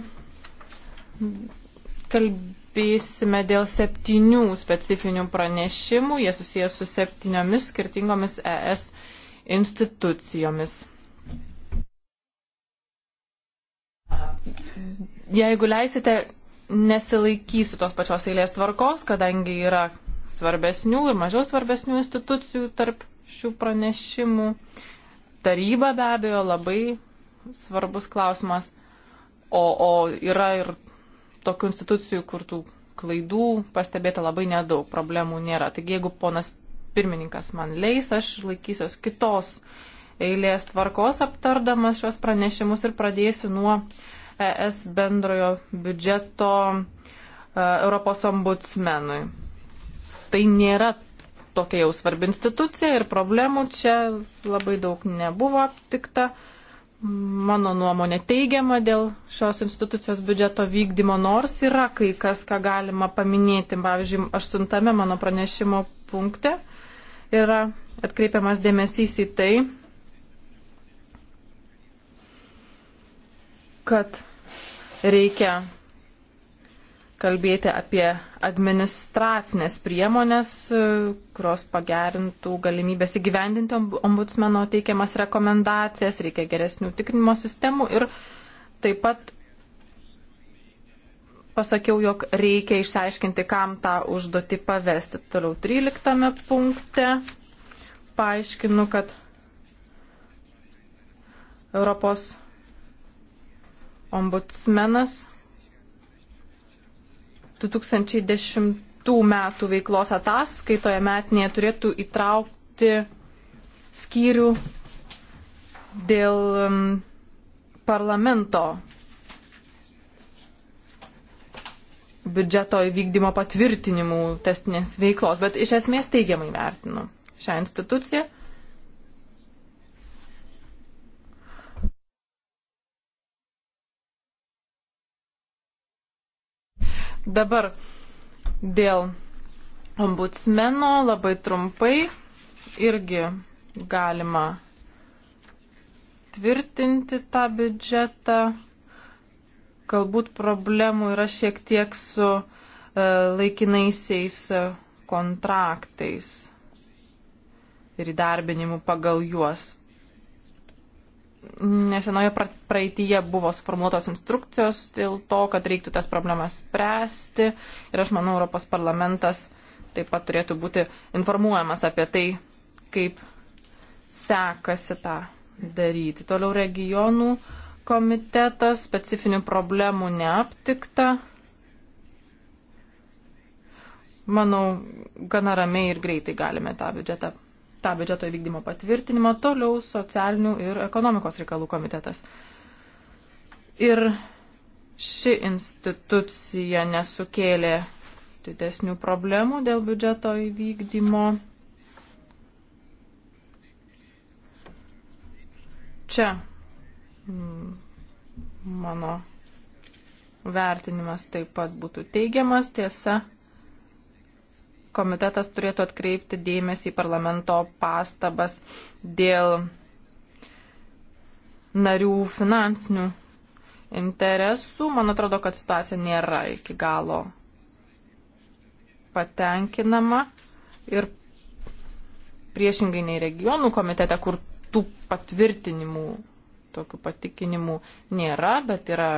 kalbėsime dėl septynių specifinių pranešimų. Jie susijęs su septyniomis skirtingomis ES institucijomis. Jeigu leisite, nesilaikysiu tos pačios eilės tvarkos, kadangi yra svarbesnių ir mažiau svarbesnių institucijų tarp šių pranešimų. Taryba be abejo labai svarbus klausimas, o, o yra ir tokių institucijų, kur tų klaidų pastebėta labai nedaug, problemų nėra. Taigi jeigu ponas pirmininkas man leis, aš laikysiuos kitos eilės tvarkos aptardamas šios pranešimus ir pradėsiu nuo ES bendrojo biudžeto e, Europos ombudsmenui. Tai nėra tokia jau svarbi institucija ir problemų čia labai daug nebuvo aptikta mano nuomonė teigiama dėl šios institucijos biudžeto vykdymo, nors yra kai kas, ką galima paminėti. Pavyzdžiui, aštuntame mano pranešimo punkte yra atkreipiamas dėmesys į tai, kad reikia kalbėti apie administracinės priemonės, e, kurios pagerintų galimybės įgyvendinti ombudsmeno teikiamas rekomendacijas, reikia geresnių tikrinimo sistemų ir taip pat pasakiau, jog reikia išsiaiškinti, kam tą užduotį pavesti. Toliau 13 punkte paaiškinu, kad Europos ombudsmenas 2010 metų veiklos ataskaitoje metinėje turėtų įtraukti skyrių dėl um, parlamento biudžeto įvykdymo patvirtinimų testinės veiklos, bet iš esmės teigiamai vertinu šią instituciją Dabar dėl ombudsmeno labai trumpai irgi galima tvirtinti tą biudžetą. Galbūt problemų yra šiek tiek su e, laikinaisiais e, kontraktais ir įdarbinimu pagal juos nesenoje praeityje buvo suformuotos instrukcijos dėl to, kad reiktų tas problemas spręsti ir aš manau, Europos parlamentas taip pat turėtų būti informuojamas apie tai, kaip sekasi tą daryti. Toliau regionų komitetas, specifinių problemų neaptikta. Manau, gana ramiai ir greitai galime tą biudžetą tą biudžeto įvykdymo patvirtinimą, toliau socialinių ir ekonomikos reikalų komitetas. Ir ši institucija nesukėlė didesnių problemų dėl biudžeto įvykdymo. Čia mm, mano vertinimas taip pat būtų teigiamas, tiesa, komitetas turėtų atkreipti dėmesį į parlamento pastabas dėl narių finansinių interesų. Man atrodo, kad situacija nėra iki galo patenkinama ir priešingai nei regionų komitete, kur tų patvirtinimų, tokių patikinimų nėra, bet yra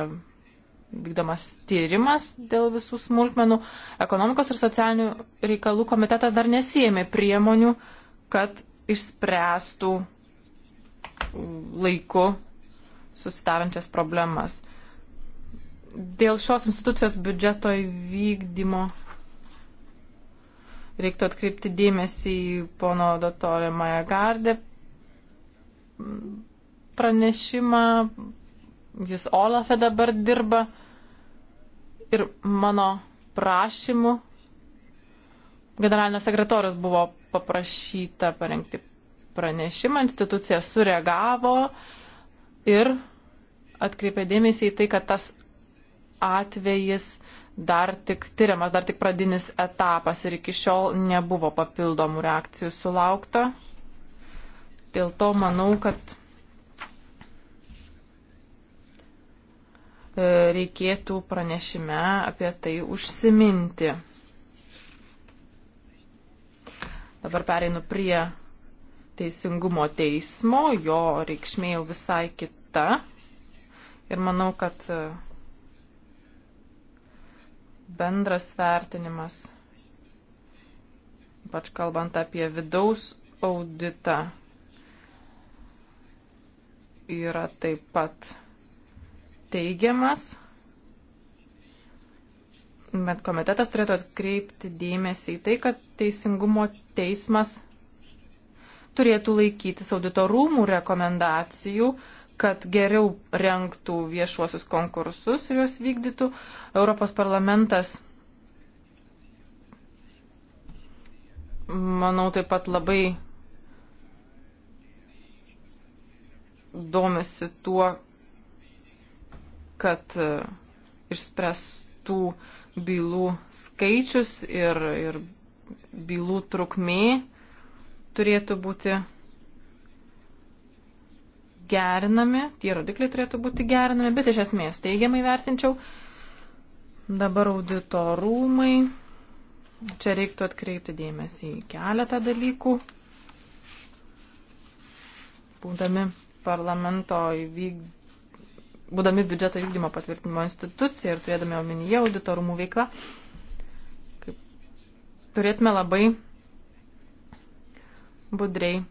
vykdomas tyrimas dėl visų smulkmenų. Ekonomikos ir socialinių reikalų komitetas dar nesijėmė priemonių, kad išspręstų laiku susitarančias problemas. Dėl šios institucijos biudžeto įvykdymo reiktų atkreipti dėmesį į pono dotorę Maja Gardė pranešimą. Jis Olafe dabar dirba ir mano prašymu generalinio sekretorius buvo paprašyta parengti pranešimą, institucija sureagavo ir atkreipė dėmesį į tai, kad tas atvejis dar tik tyriamas, dar tik pradinis etapas ir iki šiol nebuvo papildomų reakcijų sulaukta. Dėl to manau, kad E, reikėtų pranešime apie tai užsiminti. Dabar pereinu prie teisingumo teismo, jo reikšmė jau visai kita. Ir manau, kad e, bendras vertinimas, ypač kalbant apie vidaus auditą, yra taip pat teigiamas, bet komitetas turėtų atkreipti dėmesį į tai, kad teisingumo teismas turėtų laikytis auditorumų rekomendacijų, kad geriau renktų viešuosius konkursus ir juos vykdytų. Europos parlamentas, manau, taip pat labai domisi tuo, kad e, išspręstų bylų skaičius ir, ir bylų trukmė turėtų būti gerinami, tie rodikliai turėtų būti gerinami, bet iš esmės teigiamai vertinčiau. Dabar auditorumai. Čia reiktų atkreipti dėmesį į keletą dalykų. Būdami parlamento įvykdyti būdami biudžeto vykdymo patvirtinimo institucija ir turėdami omenyje auditorumų veiklą, kaip, turėtume labai budriai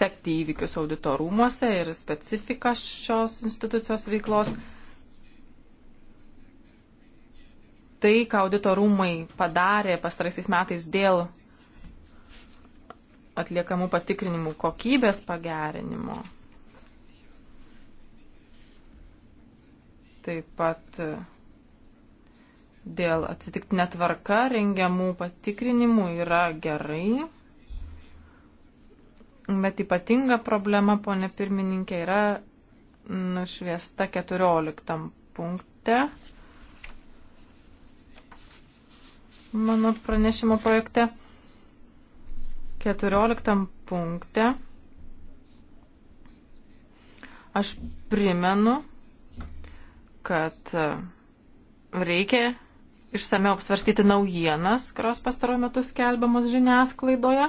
sekti įvykius auditorumuose ir specifiką šios institucijos veiklos. Tai, ką auditorumai padarė pastaraisiais metais dėl atliekamų patikrinimų kokybės pagerinimo, taip pat e, dėl atsitiktinė tvarka rengiamų patikrinimų yra gerai. Bet ypatinga problema, ponė pirmininkė, yra nušviesta 14 punkte. Mano pranešimo projekte 14 punkte aš primenu, kad e, reikia išsameu apsvarstyti naujienas, kurios pastaruoju metu skelbiamos žiniasklaidoje.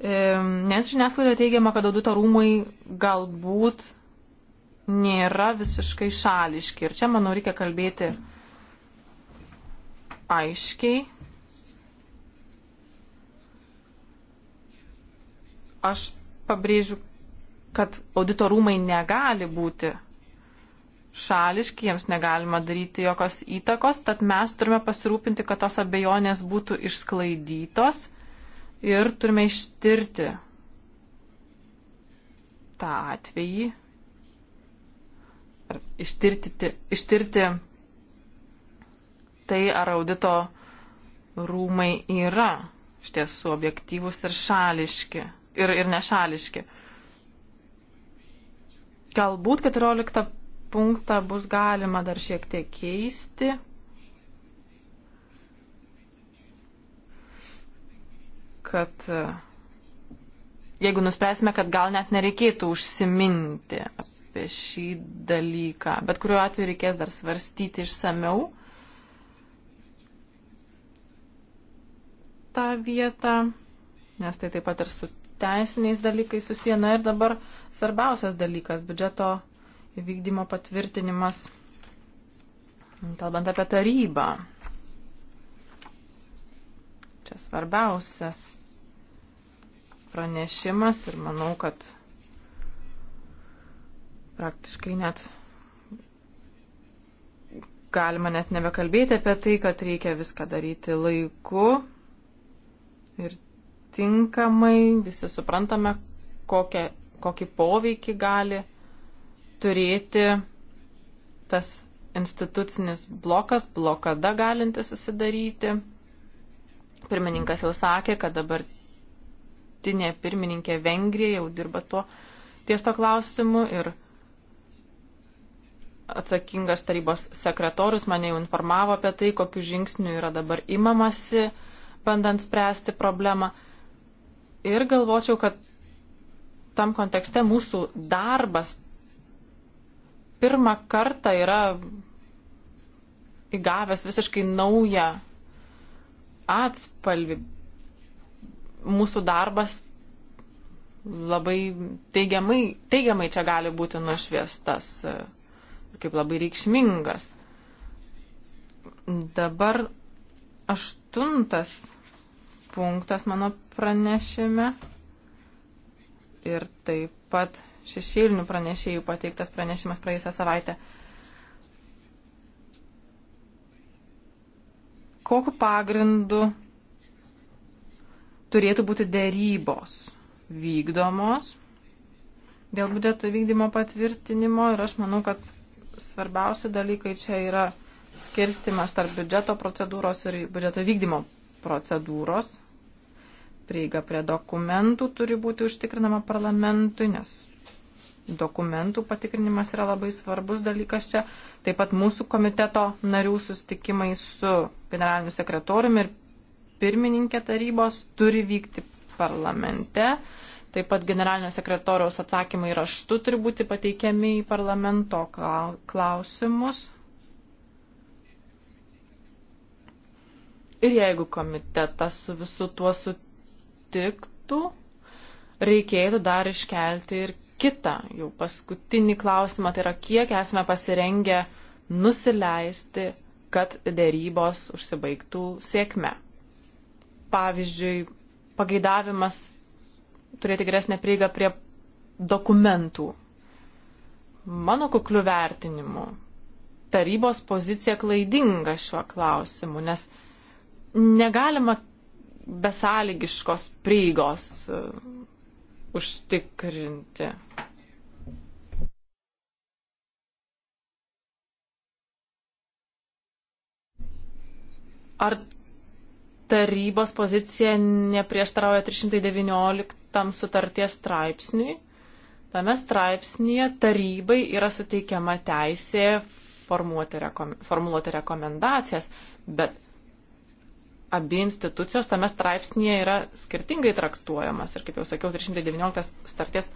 E, nes žiniasklaidoje teigiama, kad audito rūmai galbūt nėra visiškai šališki. Ir čia, manau, reikia kalbėti aiškiai. Aš pabrėžiu, kad audito rūmai negali būti šališki, jiems negalima daryti jokios įtakos, tad mes turime pasirūpinti, kad tos abejonės būtų išsklaidytos ir turime ištirti tą atvejį ar ištirti, ištirti tai, ar audito rūmai yra iš tiesų objektyvus ir šališki, ir, ir nešališki. Galbūt 14 punktą bus galima dar šiek tiek keisti. Kad jeigu nuspręsime, kad gal net nereikėtų užsiminti apie šį dalyką, bet kuriuo atveju reikės dar svarstyti išsameu tą vietą, nes tai taip pat ir su teisiniais dalykais susiję. Na ir dabar svarbiausias dalykas - biudžeto vykdymo patvirtinimas, kalbant apie tarybą. Čia svarbiausias pranešimas ir manau, kad praktiškai net galima net nebekalbėti apie tai, kad reikia viską daryti laiku ir tinkamai, visi suprantame, kokią, kokį poveikį gali turėti tas institucinis blokas, blokada galinti susidaryti. Pirmininkas jau sakė, kad dabartinė pirmininkė Vengrija jau dirba tuo ties to klausimu ir atsakingas tarybos sekretorius mane jau informavo apie tai, kokiu žingsniu yra dabar imamasi, bandant spręsti problemą. Ir galvočiau, kad tam kontekste mūsų darbas pirmą kartą yra įgavęs visiškai naują atspalvį. Mūsų darbas labai teigiamai, teigiamai čia gali būti nušviestas ir e, kaip labai reikšmingas. Dabar aštuntas punktas mano pranešime ir taip pat šešėlinių pranešėjų pateiktas pranešimas praėjusią savaitę. Kokiu pagrindu turėtų būti dėrybos vykdomos dėl biudžeto vykdymo patvirtinimo ir aš manau, kad svarbiausi dalykai čia yra skirstimas tarp biudžeto procedūros ir biudžeto vykdymo procedūros prieiga prie dokumentų turi būti užtikrinama parlamentui, nes dokumentų patikrinimas yra labai svarbus dalykas čia. Taip pat mūsų komiteto narių susitikimai su generaliniu sekretoriumi ir pirmininkė tarybos turi vykti parlamente. Taip pat generalinio sekretoriaus atsakymai raštu turi būti pateikiami į parlamento klausimus. Ir jeigu komitetas su visu tuo sutiktų, reikėtų dar iškelti ir kitą, jau paskutinį klausimą, tai yra kiek esame pasirengę nusileisti, kad dėrybos užsibaigtų sėkme. Pavyzdžiui, pageidavimas turėti geresnę prieigą prie dokumentų. Mano kukliu vertinimu, tarybos pozicija klaidinga šiuo klausimu, nes negalima besąlygiškos prieigos užtikrinti. Ar tarybos pozicija neprieštarauja 319 sutarties straipsniui. Tame straipsnėje tarybai yra suteikiama teisė formuoti, rekom, formuluoti rekomendacijas, bet abi institucijos tame straipsnėje yra skirtingai traktuojamas. Ir kaip jau sakiau, 319 starties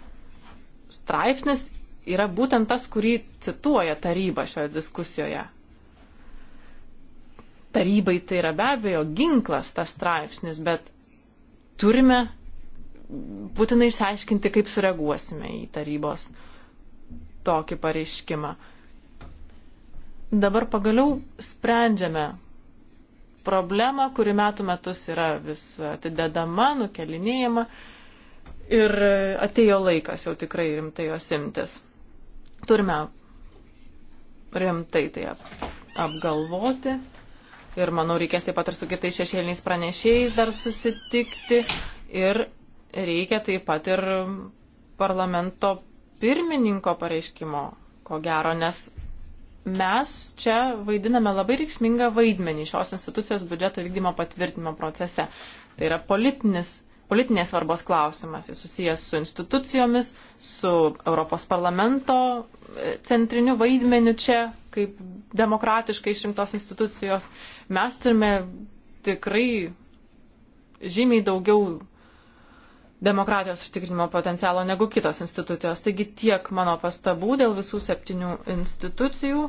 straipsnis yra būtent tas, kurį cituoja taryba šioje diskusijoje. Tarybai tai yra be abejo ginklas tas straipsnis, bet turime būtinai išsiaiškinti, kaip sureaguosime į tarybos tokį pareiškimą. Dabar pagaliau sprendžiame problemą, kuri metų metus yra vis atidedama, nukelinėjama ir atėjo laikas jau tikrai rimtai jos imtis. Turime rimtai tai apgalvoti ir manau reikės taip pat ir su kitais šešėliniais pranešėjais dar susitikti ir reikia taip pat ir parlamento pirmininko pareiškimo, ko gero, nes mes čia vaidiname labai reikšmingą vaidmenį šios institucijos biudžeto vykdymo patvirtinimo procese. Tai yra politinis, politinės svarbos klausimas, jis susijęs su institucijomis, su Europos parlamento e, centriniu vaidmeniu čia, kaip demokratiškai išrinktos institucijos. Mes turime tikrai žymiai daugiau demokratijos užtikrinimo potencialo negu kitos institucijos. Taigi tiek mano pastabų dėl visų septynių institucijų.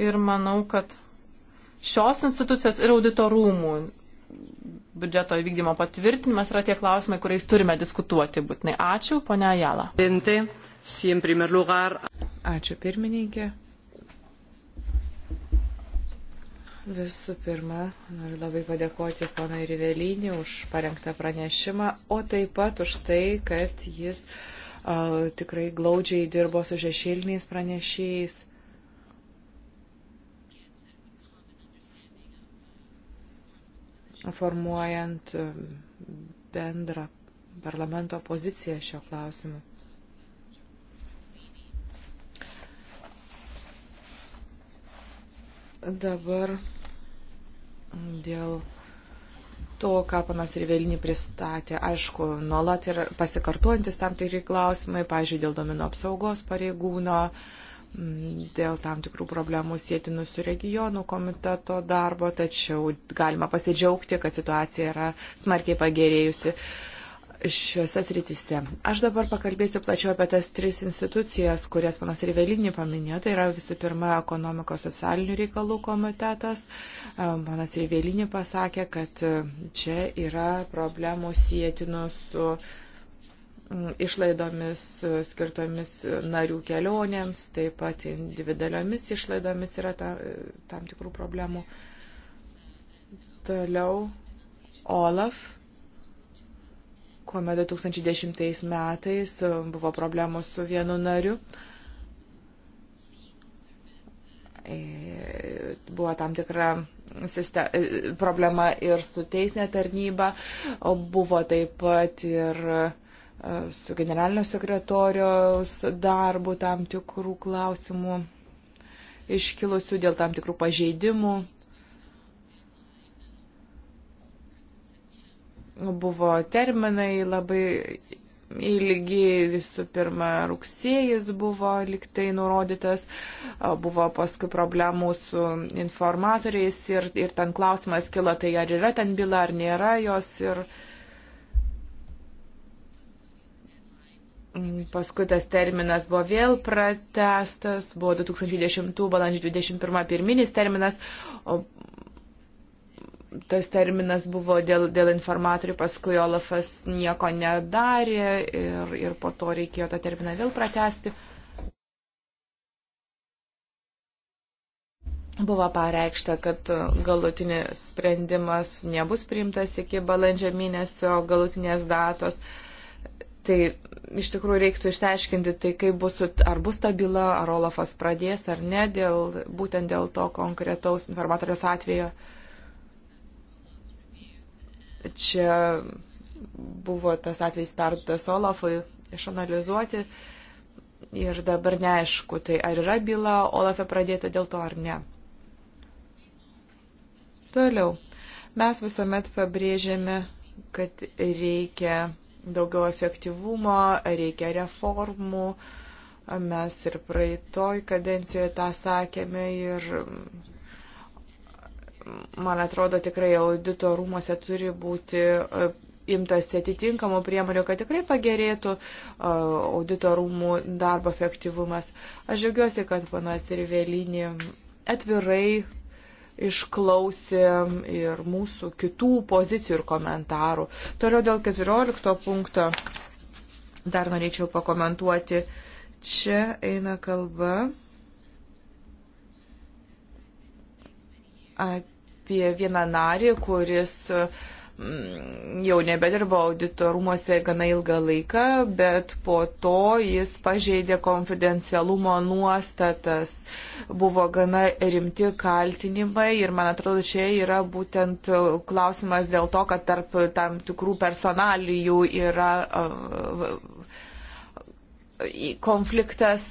Ir manau, kad šios institucijos ir auditorumų biudžeto įvykdymo patvirtinimas yra tie klausimai, kuriais turime diskutuoti būtinai. Ačiū, ponia Jala. Ačiū, pirmininkė. Visų pirma, noriu labai padėkoti ponai Rivelinį už parengtą pranešimą, o taip pat už tai, kad jis a, tikrai glaudžiai dirbo su žešiliniais pranešėjais. formuojant bendrą parlamento poziciją šio klausimu. Dabar dėl to, ką panas Rivelinį pristatė, aišku, nuolat ir pasikartojantis tam tikri klausimai, pažiūrėjau, dėl domino apsaugos pareigūno, dėl tam tikrų problemų sėtinų su regionų komiteto darbo, tačiau galima pasidžiaugti, kad situacija yra smarkiai pagerėjusi. Uh, šiuose srityse. Aš dabar pakalbėsiu plačiau apie tas tris institucijas, kurias panas Rivelinį paminėjo. Tai yra visų pirma ekonomikos socialinių reikalų komitetas. E, panas Rivelinį pasakė, kad e, čia yra problemų sėtinų su išlaidomis e, skirtomis narių kelionėms, taip pat individualiomis išlaidomis yra ta, tam tikrų problemų. Toliau Olaf kuomet 2010 metais e, buvo problemų su vienu nariu. E, buvo tam tikra e, problema ir su teisinė tarnyba, o buvo taip pat ir su generalinio sekretoriaus darbu tam tikrų klausimų iškilusių dėl tam tikrų pažeidimų. Buvo terminai labai ilgi, visų pirma, rugsėjais buvo liktai nurodytas, buvo paskui problemų su informatoriais ir, ir ten klausimas kilo, tai ar yra ten byla, ar nėra jos. Ir, Paskui tas terminas buvo vėl pratestas, buvo 2010 balandžio 21 pirminis terminas, o tas terminas buvo dėl, dėl informatorių, paskui Olafas nieko nedarė ir, ir po to reikėjo tą terminą vėl pratesti. Buvo pareikšta, kad galutinis sprendimas nebus priimtas iki balandžio mėnesio galutinės datos. Tai iš tikrųjų reiktų išsiaiškinti, tai kaip bus, ar bus ta byla, ar Olafas pradės ar ne, dėl, būtent dėl to konkretaus informatoriaus atvejo. Uh, Čia buvo tas atvejs perduotas Olafui išanalizuoti ir dabar neaišku, tai ar yra byla Olafe pradėta dėl to ar ne. Toliau. Mes visuomet pabrėžėme, kad reikia daugiau efektyvumo, reikia reformų. Mes ir praeitoj kadencijoje tą sakėme ir man atrodo, tikrai audito rūmose turi būti e, imtasi atitinkamų priemonių, kad tikrai pagerėtų e, audito rūmų darbo efektyvumas. Aš žiūriuosi, kad panas ir vėlinį atvirai išklausė ir mūsų kitų pozicijų ir komentarų. Toliau dėl 14 punkto dar norėčiau pakomentuoti. Čia eina kalba apie vieną narį, kuris mm, jau nebedirbo auditorumuose gana ilgą laiką, bet po to jis pažeidė konfidencialumo nuostatas. Buvo gana rimti kaltinimai ir man atrodo, čia yra būtent klausimas dėl to, kad tarp tam tikrų personalijų yra e, konfliktas,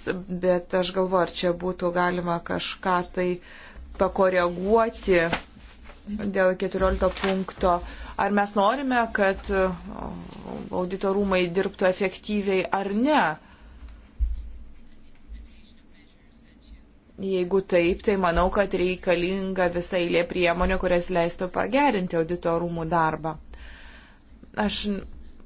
bet aš galvoju, ar čia būtų galima kažką tai uh, pakoreguoti dėl 14 punkto. Ar mes norime, kad e, auditorumai dirbtų efektyviai ar ne? Jeigu taip, tai manau, kad reikalinga visa eilė priemonių, kurias leistų pagerinti auditorumų darbą. Aš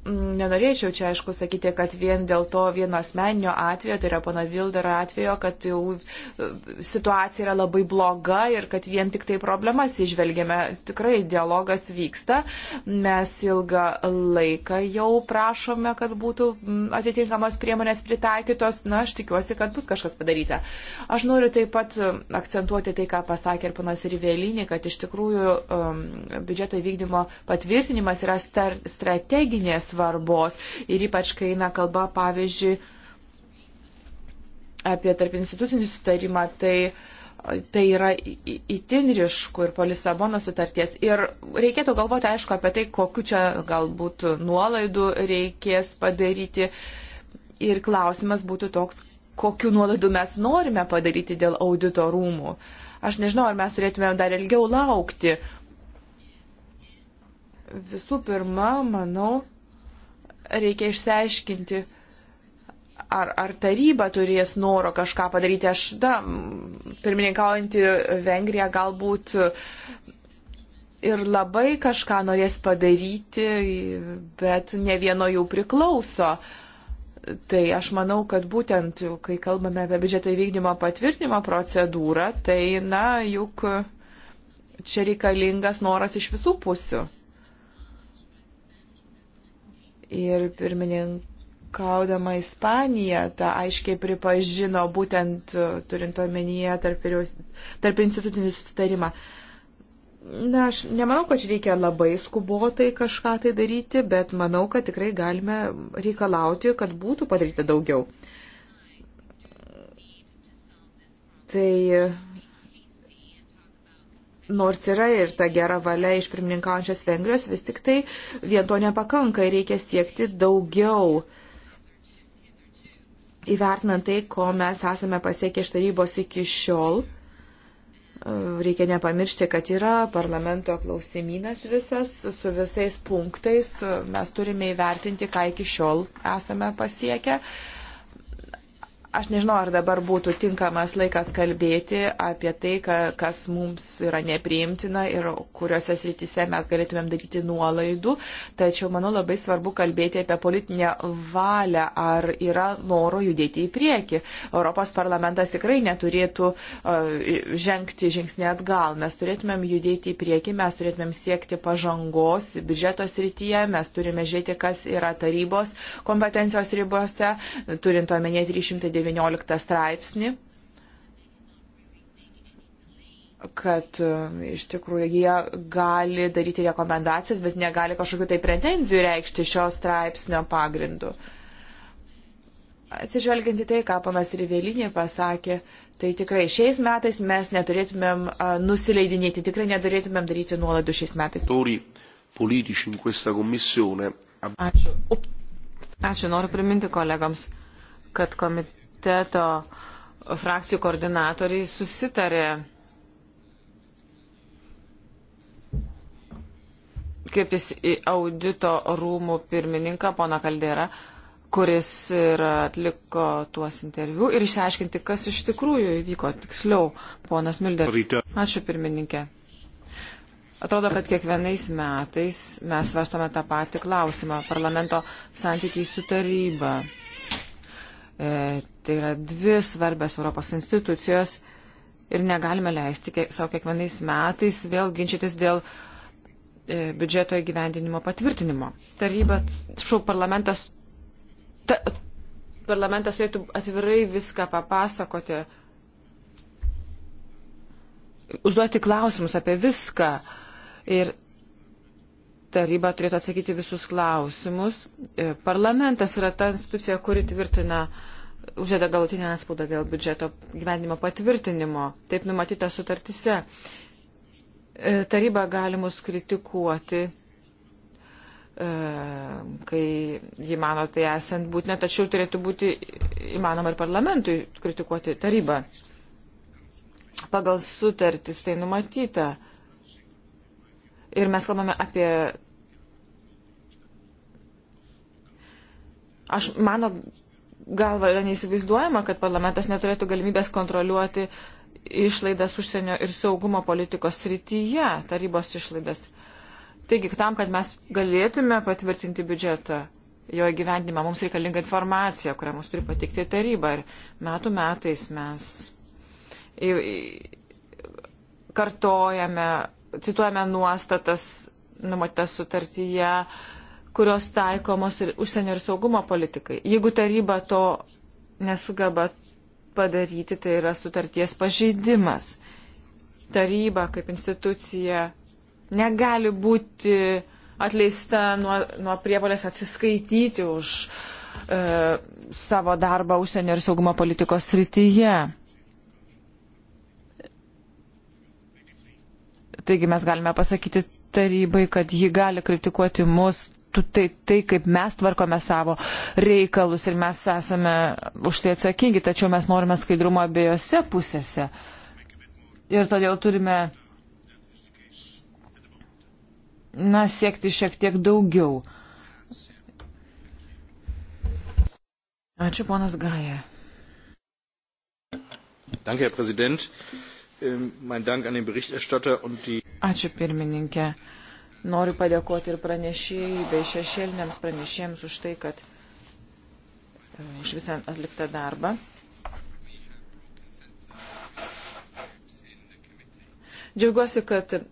nenorėčiau čia aišku sakyti, kad vien dėl to vieno asmeninio atvejo, tai yra pana Vildara atvejo, kad jau e, situacija yra labai bloga ir kad vien tik tai problemas išvelgėme. Tikrai dialogas vyksta. Mes ilgą laiką jau prašome, kad būtų atitinkamas priemonės pritaikytos. Na, aš tikiuosi, kad bus kažkas padaryta. Aš noriu taip pat e, akcentuoti tai, ką pasakė ir panas Rivelinė, kad iš tikrųjų um, biudžeto įvykdymo patvirtinimas yra strateginės svarbos. Ir ypač, kai eina kalba, pavyzdžiui, apie tarp institucinį sutarimą, tai uh, tai yra itin ryšku ir po Lisabono sutarties. Ir reikėtų galvoti, aišku, apie tai, kokiu čia galbūt nuolaidų reikės padaryti. Ir klausimas būtų toks, kokiu nuolaidu mes norime padaryti dėl audito rūmų. Aš nežinau, ar mes turėtume dar ilgiau laukti. Visų pirma, manau, reikia išsiaiškinti, ar, ar taryba turės noro kažką padaryti. Aš, da, pirmininkaujantį Vengriją galbūt ir labai kažką norės padaryti, bet ne vieno jų priklauso. Tai aš manau, kad būtent, kai kalbame apie biudžeto įvykdymo patvirtinimo procedūrą, tai, na, juk čia reikalingas noras iš visų pusių ir pirmininkaudama Ispanija tą aiškiai pripažino, būtent e, turint omenyje tarp, vyriaus, tarp institucinį sustarimą. Na, aš nemanau, kad čia reikia labai skubotai kažką tai daryti, bet manau, kad tikrai galime reikalauti, kad būtų padaryta daugiau. Tai nors yra ir ta gera valia iš pirmininkaujančios Vengrijos, vis tik tai vien to nepakanka ir reikia siekti daugiau. Įvertinant tai, ko mes esame pasiekę iš tarybos iki šiol, reikia nepamiršti, kad yra parlamento klausimynas visas su visais punktais. Mes turime įvertinti, ką iki šiol esame pasiekę. Uh, Aš nežinau, ar dabar būtų tinkamas laikas kalbėti apie tai, kas mums yra nepriimtina ir kuriuose srityse mes galėtumėm daryti nuolaidų, tačiau manau labai svarbu kalbėti apie politinę valią, ar yra noro judėti į priekį. Europos parlamentas tikrai neturėtų uh, žengti žingsnį atgal, mes turėtumėm judėti į priekį, mes turėtumėm siekti pažangos biudžeto srityje, mes turime žiūrėti, kas yra tarybos kompetencijos ribose, turint omenyje 390. 19 straipsnį, kad e, iš tikrųjų jie gali daryti rekomendacijas, bet negali kažkokiu tai pretenzijų reikšti šio straipsnio pagrindu. Atsižvelgiant į tai, ką panas Rivelinė pasakė, tai tikrai šiais metais mes neturėtumėm e, nusileidinėti, tikrai neturėtumėm daryti nuolaidų šiais metais. Ačiū. Ačiū, noriu priminti kolegams, kad komitetas komiteto frakcijų koordinatoriai susitarė, kreiptis į audito rūmų pirmininką, poną Kalderą, kuris ir atliko tuos interviu ir išsiaiškinti, kas iš tikrųjų įvyko tiksliau, ponas Milder. Ačiū pirmininkė. Atrodo, kad kiekvienais metais mes svarstome tą patį klausimą - parlamento santykiai su taryba. E, tai yra dvi svarbios Europos institucijos ir negalime leisti savo kiekvienais metais vėl ginčytis dėl e, biudžeto įgyvendinimo patvirtinimo. Taryba, šau, parlamentas, ta, parlamentas turėtų atvirai viską papasakoti, užduoti klausimus apie viską ir taryba turėtų atsakyti visus klausimus. E, parlamentas yra ta institucija, kuri tvirtina, uždeda galutinę atspaudą dėl biudžeto gyvenimo patvirtinimo, taip numatyta sutartise. E, taryba gali mus kritikuoti, e, kai ji mano tai esant būtina, tačiau turėtų būti įmanoma ir parlamentui kritikuoti tarybą. Pagal sutartis tai numatyta. Ir mes kalbame apie Aš mano galva yra neįsivaizduojama, kad parlamentas neturėtų galimybės kontroliuoti išlaidas užsienio ir saugumo politikos srityje, tarybos išlaidas. Taigi, tam, kad mes galėtume patvirtinti biudžetą, jo įgyvendimą, mums reikalinga informacija, kurią mums turi patikti taryba. Ir metų metais mes kartojame, cituojame nuostatas numatytas sutartyje, kurios taikomos ir užsienio ir saugumo politikai. Jeigu taryba to nesugeba padaryti, tai yra sutarties pažeidimas. Taryba kaip institucija negali būti atleista nuo, nuo prievalės atsiskaityti už e, savo darbą užsienio ir saugumo politikos srityje. Taigi mes galime pasakyti tarybai, kad ji gali kritikuoti mus tai, tai, kaip mes tvarkome savo reikalus ir mes esame už tai atsakingi, tačiau mes norime skaidrumo abiejose pusėse. Ir todėl turime na, siekti šiek tiek daugiau. Ačiū, ponas Gaja. Danke, Herr Präsident. Ähm, mein Dank an den Berichterstatter und die. Ačiū, pirmininkė. Noriu padėkoti ir pranešėjai, bei šešėliniams pranešėjams už tai, kad e, už visą atliktą darbą. Džiaugiuosi, kad e,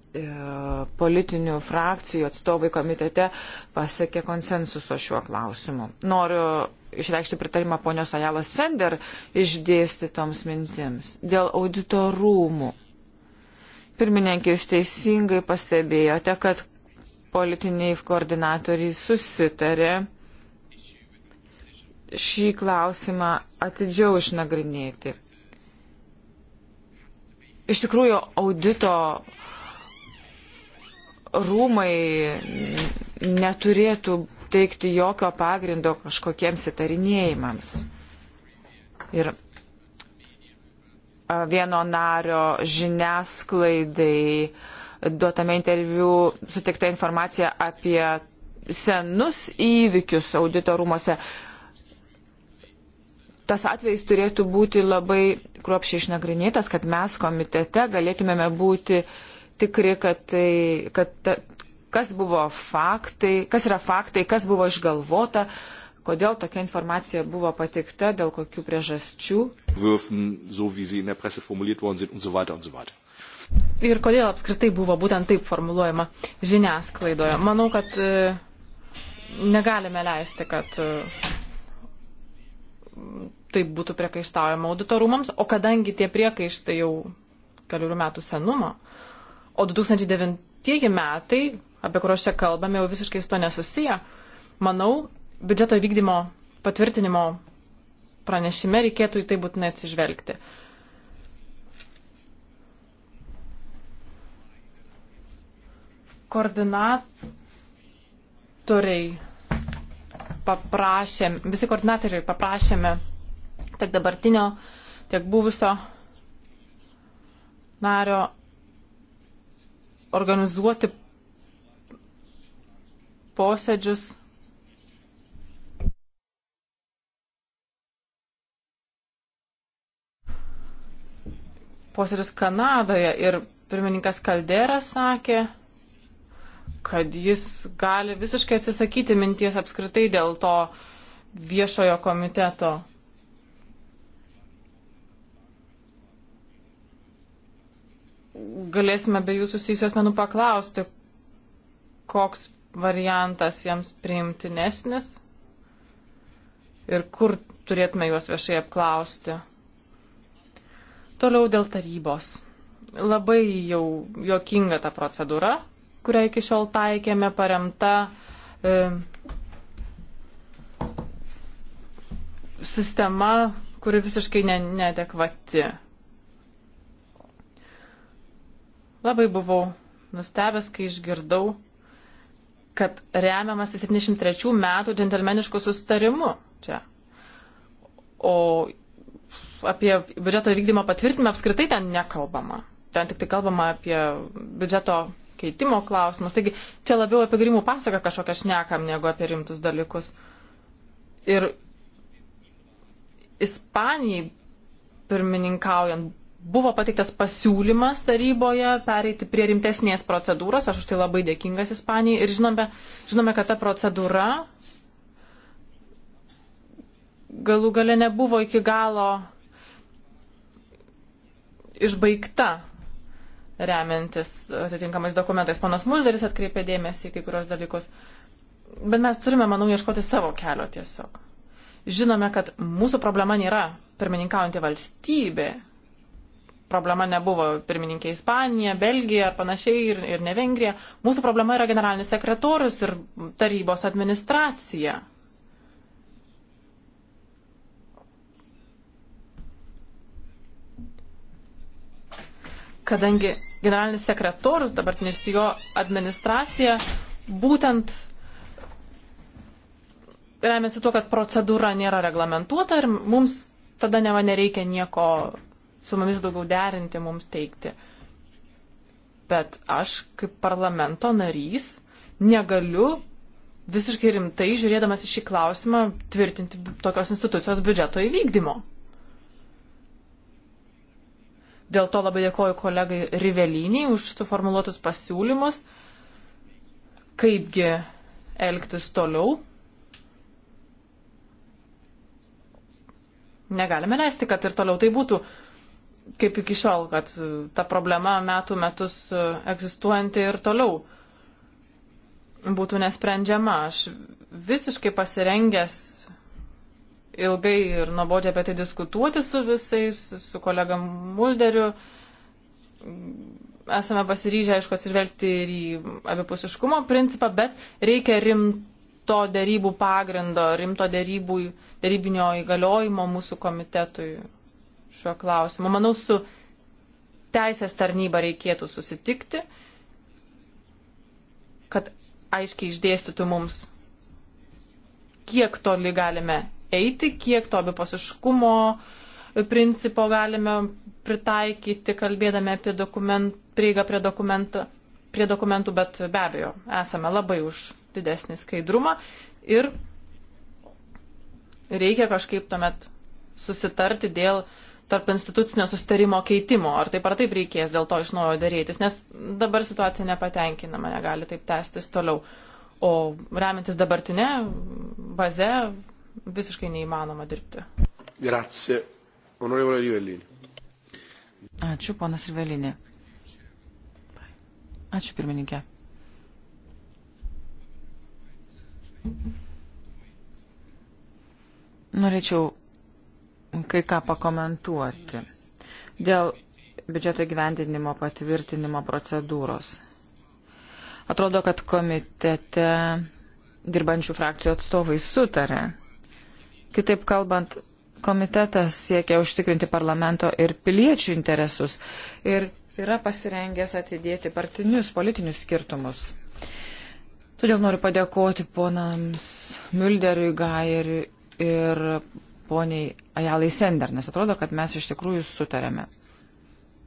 politinių frakcijų atstovai komitete pasiekė konsensuso šiuo klausimu. Noriu išreikšti pritarimą ponios Ajalos Sender išdėstytoms mintims dėl auditorumų. Pirmininkė, jūs teisingai pastebėjote, kad politiniai koordinatoriai susitarė šį klausimą atidžiau išnagrinėti. Iš tikrųjų, audito rūmai neturėtų teikti jokio pagrindo kažkokiems įtarinėjimams. Ir vieno nario žiniasklaidai uh, duotame interviu sutikta informacija apie senus įvykius auditorumuose. Tas atvejs turėtų būti labai kruopšiai išnagrinėtas, kad mes komitete galėtumėme būti tikri, kad, tai, kad ta, kas buvo faktai, kas yra faktai, kas buvo išgalvota, kodėl tokia informacija buvo patikta, dėl kokių priežasčių. Würfen, so wie sie in der Presse formuliert worden sind und so weiter und so weiter. Ir kodėl apskritai buvo būtent taip formuluojama žiniasklaidoje? Manau, kad e, negalime leisti, kad e, taip būtų priekaištaujama auditorumams, o kadangi tie priekaištai jau kelių metų senumo, o 2009 metai, apie kuriuos čia kalbame, jau visiškai su to nesusiję, manau, biudžeto vykdymo patvirtinimo pranešime reikėtų į tai būtinai atsižvelgti. koordinatoriai paprašėm, visi koordinatoriai paprašėme tiek dabartinio, tiek buvusio nario organizuoti posėdžius. Posėdžius Kanadoje ir pirmininkas Kalderas sakė, kad jis gali visiškai atsisakyti minties apskritai dėl to viešojo komiteto. Galėsime be jų susijusių asmenų paklausti, koks variantas jiems priimtinesnis ir kur turėtume juos viešai apklausti. Toliau dėl tarybos. Labai jau jokinga ta procedūra, kurią iki šiol taikėme, paremta e, sistema, kuri visiškai ne, neadekvati. Labai buvau nustebęs, kai išgirdau, kad remiamas 73 metų džentelmeniškų sustarimu čia. O apie biudžeto vykdymo patvirtinimą apskritai ten nekalbama. Ten tik tai kalbama apie biudžeto keitimo klausimas. Taigi čia labiau apie grimų pasaką kažkokią šnekam, negu apie rimtus dalykus. Ir Ispanijai pirmininkaujant buvo pateiktas pasiūlymas taryboje pereiti prie rimtesnės procedūros, aš už tai labai dėkingas Ispanijai ir žinome, žinome kad ta procedūra galų gale nebuvo iki galo išbaigta remiantis atitinkamais dokumentais. Ponas Mulderis atkreipė dėmesį į kai kurios dalykus. Bet mes turime, manau, ieškoti savo kelio tiesiog. Žinome, kad mūsų problema nėra pirmininkaujanti valstybė. Problema nebuvo pirmininkė Ispanija, Belgija ar panašiai ir, ir ne Vengrija. Mūsų problema yra generalinis sekretorius ir tarybos administracija. Kadangi generalinis sekretorius, dabartinis jo administracija, būtent remiasi tuo, kad procedūra nėra reglamentuota ir mums tada neva nereikia nieko su mumis daugiau derinti, mums teikti. Bet aš kaip parlamento narys negaliu visiškai rimtai žiūrėdamas į šį klausimą tvirtinti tokios institucijos biudžeto įvykdymo. Dėl to labai dėkoju kolegai Riveliniai už suformuoluotus pasiūlymus, kaipgi elgtis toliau. Negalime leisti, kad ir toliau tai būtų kaip iki šiol, kad ta problema metų metus egzistuojanti ir toliau būtų nesprendžiama. Aš visiškai pasirengęs ilgai ir nuobodžiai apie tai diskutuoti su visais, su kolega Mulderiu. Esame pasiryžę, aišku, atsižvelgti ir į abipusiškumo principą, bet reikia rimto dėrybų pagrindo, rimto dėrybų, dėrybinio įgaliojimo mūsų komitetui šiuo klausimu. Manau, su teisės tarnyba reikėtų susitikti, kad aiškiai išdėstytų mums, kiek toli galime eiti, kiek to abipasiškumo principo galime pritaikyti, kalbėdami apie dokument, prieigą prie, prie dokumentų, bet be abejo, esame labai už didesnį skaidrumą ir reikia kažkaip tuomet susitarti dėl tarp institucinio sustarimo keitimo, ar taip ar taip reikės dėl to iš naujo dėrėtis, nes dabar situacija nepatenkinama, negali taip tęstis toliau. O remintis dabartinę bazę, visiškai neįmanoma dirbti. Grazie. Onorevole Rivellinį. Ačiū, ponas Rivellinį. Ačiū, pirmininkė. Norėčiau kai ką pakomentuoti dėl biudžeto gyvendinimo patvirtinimo procedūros. Atrodo, kad komitete dirbančių frakcijų atstovai sutarė Kitaip kalbant, komitetas siekia užtikrinti parlamento ir piliečių interesus ir yra pasirengęs atidėti partinius politinius skirtumus. Todėl noriu padėkoti ponams Mülderiui, Gaieriui ir poniai Ajalai Sender, nes atrodo, kad mes iš tikrųjų sutarėme.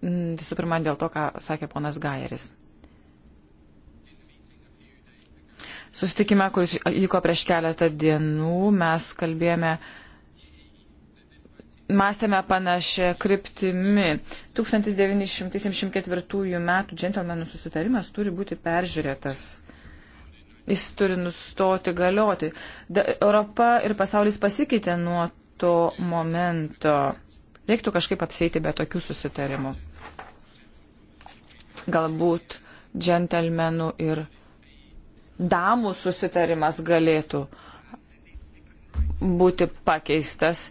Visų pirma, dėl to, ką sakė ponas Gaieris. Susitikime, kuris įvyko prieš keletą dienų, mes kalbėjome, mąstėme panašią kryptimi. 1974 m. džentelmenų susitarimas turi būti peržiūrėtas jis turi nustoti galioti. Da, Europa ir pasaulis pasikeitė nuo to momento. Reiktų kažkaip apsėti be tokių susitarimų. Galbūt džentelmenų ir damų susitarimas galėtų būti pakeistas,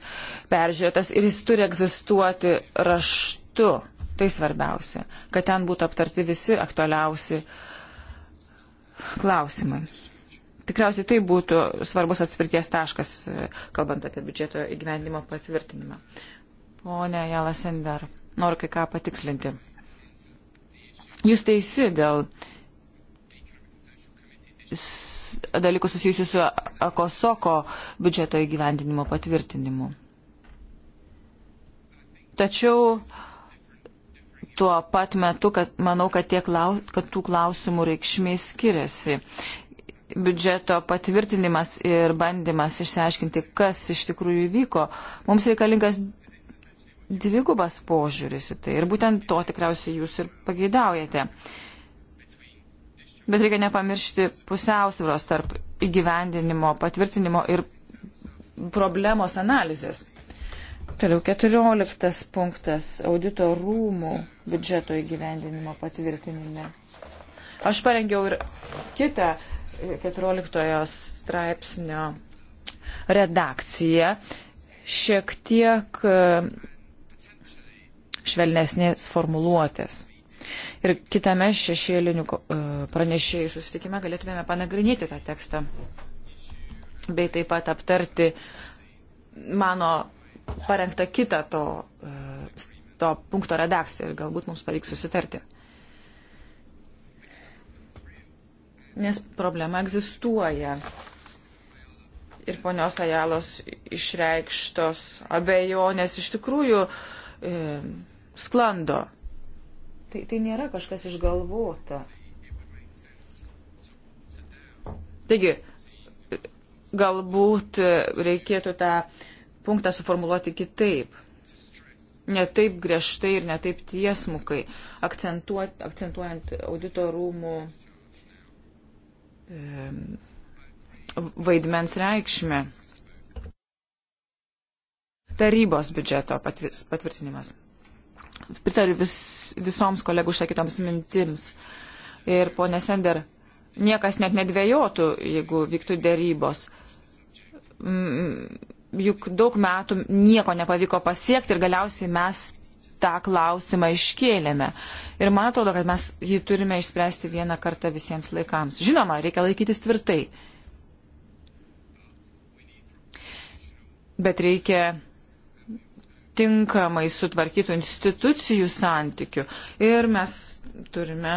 peržiūrėtas ir jis turi egzistuoti raštu. Tai svarbiausia, kad ten būtų aptarti visi aktualiausi klausimai. Tikriausiai tai būtų svarbus atspirties taškas, kalbant apie biudžeto įgyvendimo patvirtinimą. Pone Jalasender, noriu kai ką patikslinti. Jūs teisi dėl uh, dalykų susijusių su Akosoko biudžeto įgyvendinimo patvirtinimu. Tačiau tuo pat metu, kad manau, kad, klaus, kad tų klausimų reikšmė skiriasi. Biudžeto patvirtinimas ir bandymas išsiaiškinti, kas iš tikrųjų įvyko, mums reikalingas dvigubas požiūris į tai. Ir būtent to tikriausiai jūs ir pageidaujate. Uh, bet reikia nepamiršti pusiausvyros tarp įgyvendinimo, patvirtinimo ir problemos analizės. Toliau 14 punktas audito rūmų biudžeto įgyvendinimo patvirtinime. Aš parengiau ir kitą 14 straipsnio redakciją, šiek tiek e, švelnesnės formuluotės ir kitame šešėlinių e, pranešėjų susitikime galėtumėme panagrinėti tą tekstą bei taip pat aptarti mano parengtą kitą to, e, to punkto redakciją ir galbūt mums pavyks susitarti. Nes problema egzistuoja. Ir ponios Ajalos išreikštos abejonės iš tikrųjų e, sklando. Tai, tai nėra kažkas išgalvota. Taigi, galbūt reikėtų tą punktą suformuoluoti kitaip. Ne taip griežtai ir ne taip tiesmukai, akcentuot, akcentuojant auditorumų e, vaidmens reikšmę. Tarybos biudžeto patvirtinimas. Pritariu vis, visoms kolegų išsakytoms mintims. Ir ponė Sender, niekas net nedvėjotų, jeigu vyktų dėrybos. Mm, juk daug metų nieko nepavyko pasiekti ir galiausiai mes tą klausimą iškėlėme. Ir man atrodo, kad mes jį turime išspręsti vieną kartą visiems laikams. Žinoma, reikia laikytis tvirtai. Bet reikia tinkamai sutvarkytų institucijų santykių ir mes turime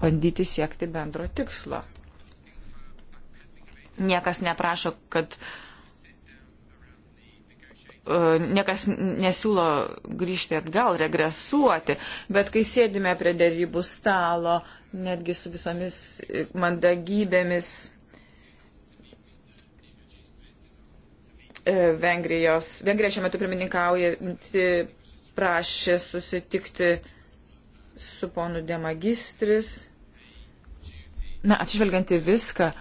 bandyti siekti bendro tikslo. Niekas neprašo, kad e, niekas nesiūlo grįžti atgal, regresuoti, bet kai sėdime prie dėrybų stalo, netgi su visomis mandagybėmis E, Vengrijos, Vengrija šiuo metu pirmininkauja, prašė susitikti su ponu Demagistris. Na, atšvelgianti viską,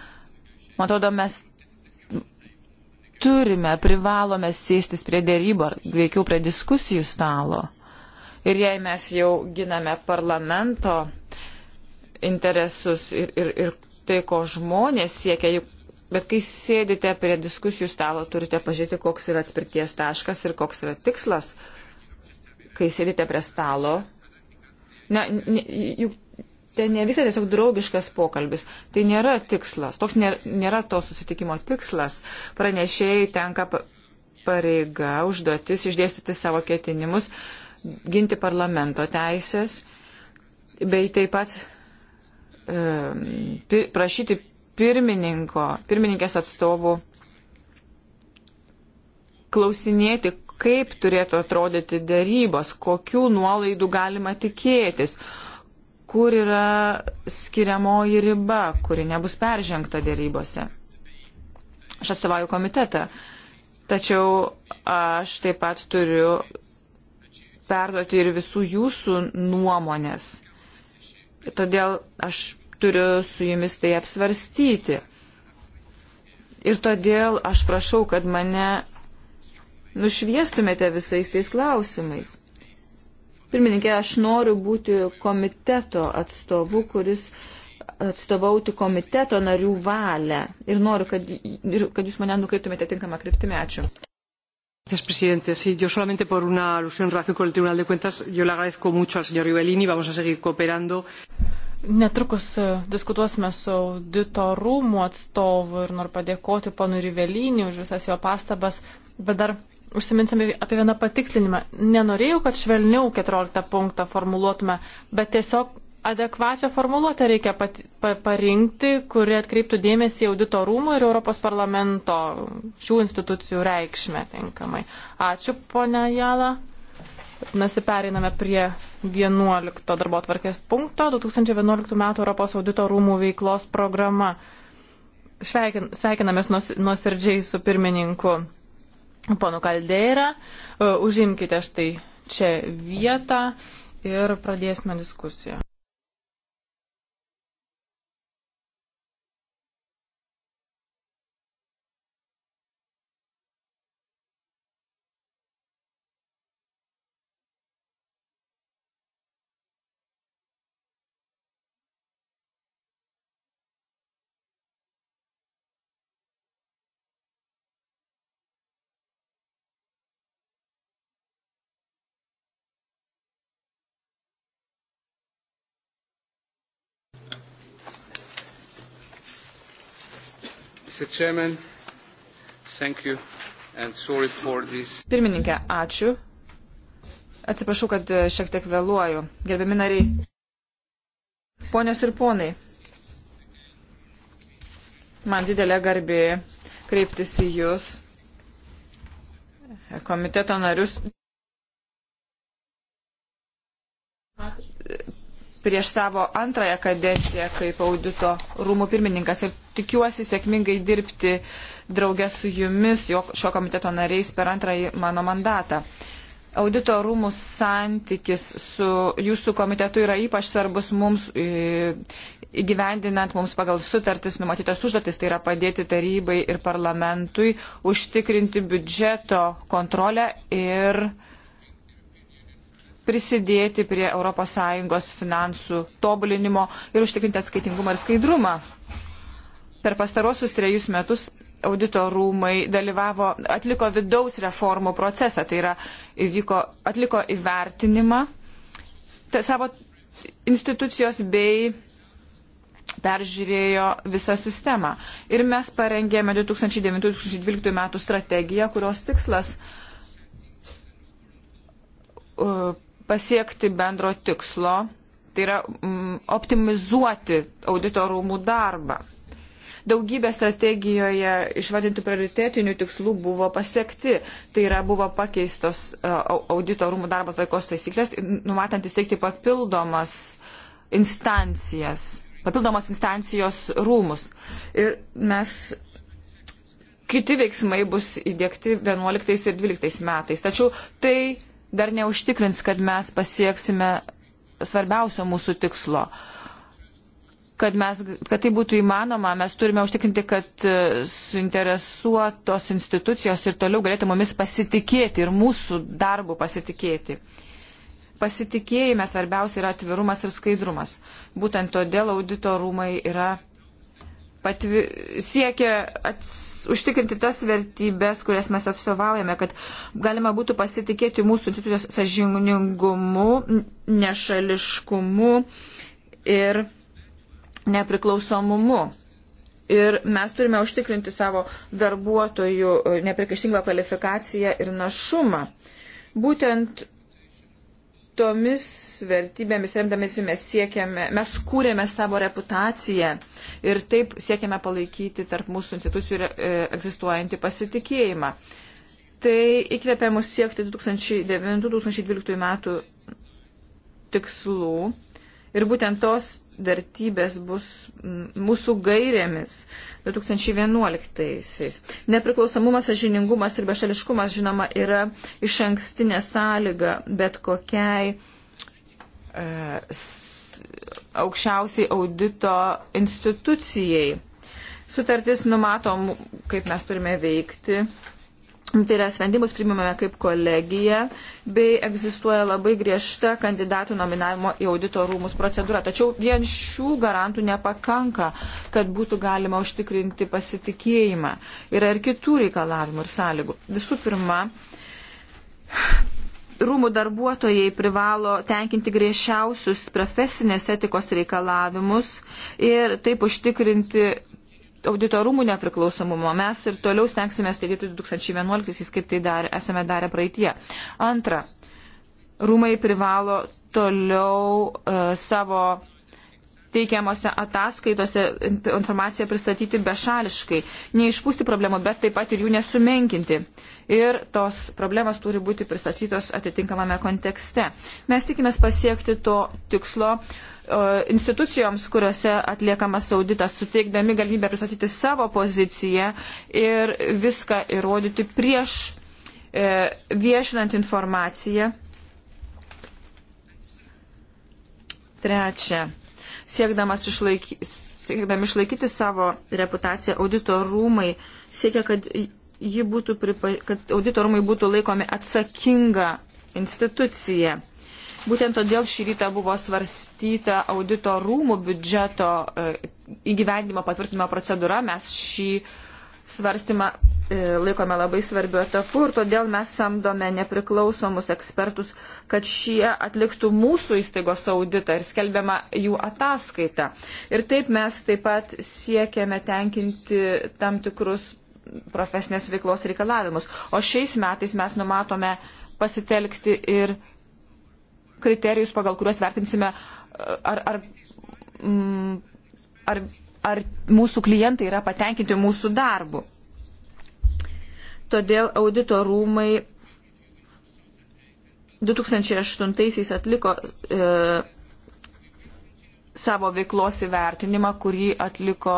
man atrodo, mes turime, privalome sėstis prie dėrybų ar veikiau prie diskusijų stalo. Ir jei mes jau giname parlamento interesus ir, ir, ir tai, ko žmonės siekia, juk Bet kai sėdite prie diskusijų stalo, turite pažiūrėti, koks yra atspirties taškas ir koks yra tikslas, kai sėdite prie stalo. Na, ne, juk ten tai ne visai tiesiog draugiškas pokalbis. Tai nėra tikslas. Toks nėra, nėra to susitikimo tikslas. Pranešėjai tenka pareiga, užduotis išdėstyti savo ketinimus, ginti parlamento teisės, bei taip pat e, prašyti pirmininko, pirmininkės atstovų klausinėti, kaip turėtų atrodyti dėrybos, kokių nuolaidų galima tikėtis, kur yra skiriamoji riba, kuri nebus peržengta dėrybose. Aš atstovauju komitetą, tačiau aš taip pat turiu perduoti ir visų jūsų nuomonės. Todėl aš turiu su jumis tai apsvarstyti. Ir todėl aš prašau, kad mane nušviestumėte visais tais klausimais. Pirmininkė, aš noriu būti komiteto atstovu, kuris atstovauti komiteto narių valią. Ir noriu, kad, ir, kad jūs mane nukreiptumėte tinkamą kryptimį. Ačiū. Gracias, presidente. Sí, yo solamente por una alusión en relación con el Tribunal de Cuentas, yo le agradezco mucho al señor Rivellini. Vamos a seguir cooperando. Netrukus e, diskutuosime su audito rūmų atstovu ir noriu padėkoti ponui Rivelinį už visas jo pastabas, bet dar užsiminsime apie vieną patikslinimą. Nenorėjau, kad švelniau 14 punktą formuluotume, bet tiesiog adekvačią formuluotę reikia pat, pa, parinkti, kuri atkreiptų dėmesį audito rūmų ir Europos parlamento šių institucijų reikšmę tinkamai. Ačiū, ponia Jala. Mes pereiname prie 11 darbo tvarkės punkto 2011 m. Europos audito rūmų veiklos programa. Sveikin, sveikinamės nuosirdžiai su pirmininku ponu Kaldeira. E, užimkite štai čia vietą ir pradėsime diskusiją. Mr. Chairman, thank you and sorry for this. Pirmininkė, ačiū. Atsiprašau, kad e, šiek tiek vėluoju. Gerbiami nariai. Ponios ir ponai, man didelė garbė kreiptis į Jūs, komiteto narius. prieš savo antrąją kadenciją kaip audito rūmų pirmininkas ir tikiuosi sėkmingai dirbti draugę su jumis, jo, šio komiteto nariais per antrąjį mano mandatą. Audito rūmų santykis su jūsų komitetu yra ypač svarbus mums įgyvendinant mums pagal sutartis numatytas užduotis, tai yra padėti tarybai ir parlamentui užtikrinti biudžeto kontrolę ir uh, prisidėti prie ES finansų tobulinimo ir užtikrinti atskaitingumą ir skaidrumą. Per pastarosius trejus metus audito rūmai dalyvavo, atliko vidaus reformų procesą, tai yra įvyko, atliko įvertinimą ta, savo institucijos bei peržiūrėjo visą sistemą. Ir mes parengėme 2009-2012 metų strategiją, kurios tikslas uh, pasiekti bendro tikslo, tai yra mm, optimizuoti auditorumų darbą. Daugybė strategijoje išvadintų prioritetinių tikslų buvo pasiekti. Tai yra buvo pakeistos e, auditorumų darbo tvarkos taisyklės, numatant įsteigti papildomas instancijas, papildomos instancijos rūmus. Ir mes kiti veiksmai bus įdėkti 11 ir 12 metais. Tačiau tai dar neužtikrins, kad mes pasieksime svarbiausio mūsų tikslo. Kad, mes, kad tai būtų įmanoma, mes turime užtikrinti, kad e, suinteresuotos institucijos ir toliau galėtų mumis pasitikėti ir mūsų darbų pasitikėti. Pasitikėjime svarbiausia yra atvirumas ir skaidrumas. Būtent todėl audito rūmai yra patvi, siekia ats, užtikrinti tas vertybės, kurias mes atstovaujame, kad galima būtų pasitikėti mūsų institucijos sažiningumu, nešališkumu ir nepriklausomumu. Ir mes turime užtikrinti savo darbuotojų neprikaištingą kvalifikaciją ir našumą. Būtent tomis vertybėmis remdamėsi mes siekiame, mes kūrėme savo reputaciją ir taip siekiame palaikyti tarp mūsų institucijų e, egzistuojantį pasitikėjimą. Tai įkvėpė mus siekti 2009-2012 metų tikslų Ir būtent tos vertybės bus mūsų gairėmis 2011-aisiais. Nepriklausomumas, sažiningumas ir bešališkumas, žinoma, yra iš ankstinė sąlyga bet kokiai e, aukščiausiai audito institucijai. Sutartis numato, kaip mes turime veikti Tai yra sprendimus primame kaip kolegija, bei egzistuoja labai griežta kandidatų nominavimo į audito rūmus procedūra. Tačiau vien šių garantų nepakanka, kad būtų galima užtikrinti pasitikėjimą. Yra ir kitų reikalavimų ir sąlygų. Visų pirma, rūmų darbuotojai privalo tenkinti griežčiausius profesinės etikos reikalavimus ir taip užtikrinti auditorumų nepriklausomumo. Mes ir toliau stengsime stebėti 2011, kaip tai dar, esame darę praeitie. Antra, rūmai privalo toliau uh, savo teikiamose ataskaitose informaciją pristatyti bešališkai, neišpūsti problemų, bet taip pat ir jų nesumenkinti. Ir tos problemas turi būti pristatytos atitinkamame kontekste. Mes tikimės pasiekti to tikslo institucijoms, kuriuose atliekamas auditas, suteikdami galimybę pristatyti savo poziciją ir viską įrodyti prieš e, viešinant informaciją. Trečia siekdamas išlaikyti, siekdami išlaikyti savo reputaciją, audito rūmai siekia, kad, būtų pripa, kad audito rūmai būtų laikomi atsakinga institucija. Būtent todėl šį rytą buvo svarstyta audito rūmų biudžeto e, įgyvendimo patvirtinimo procedūra. Mes šį svarstymą e, laikome labai svarbiu etapu ir todėl mes samdome nepriklausomus ekspertus, kad šie atliktų mūsų įstaigos auditą ir skelbiama jų ataskaita. Ir taip mes taip pat siekiame tenkinti tam tikrus profesinės veiklos reikalavimus. O šiais metais mes numatome pasitelkti ir kriterijus, pagal kuriuos vertinsime, ar, ar, mm, ar ar mūsų klientai yra patenkinti mūsų darbu. Todėl audito rūmai 2008 atliko e, savo veiklos įvertinimą, kurį atliko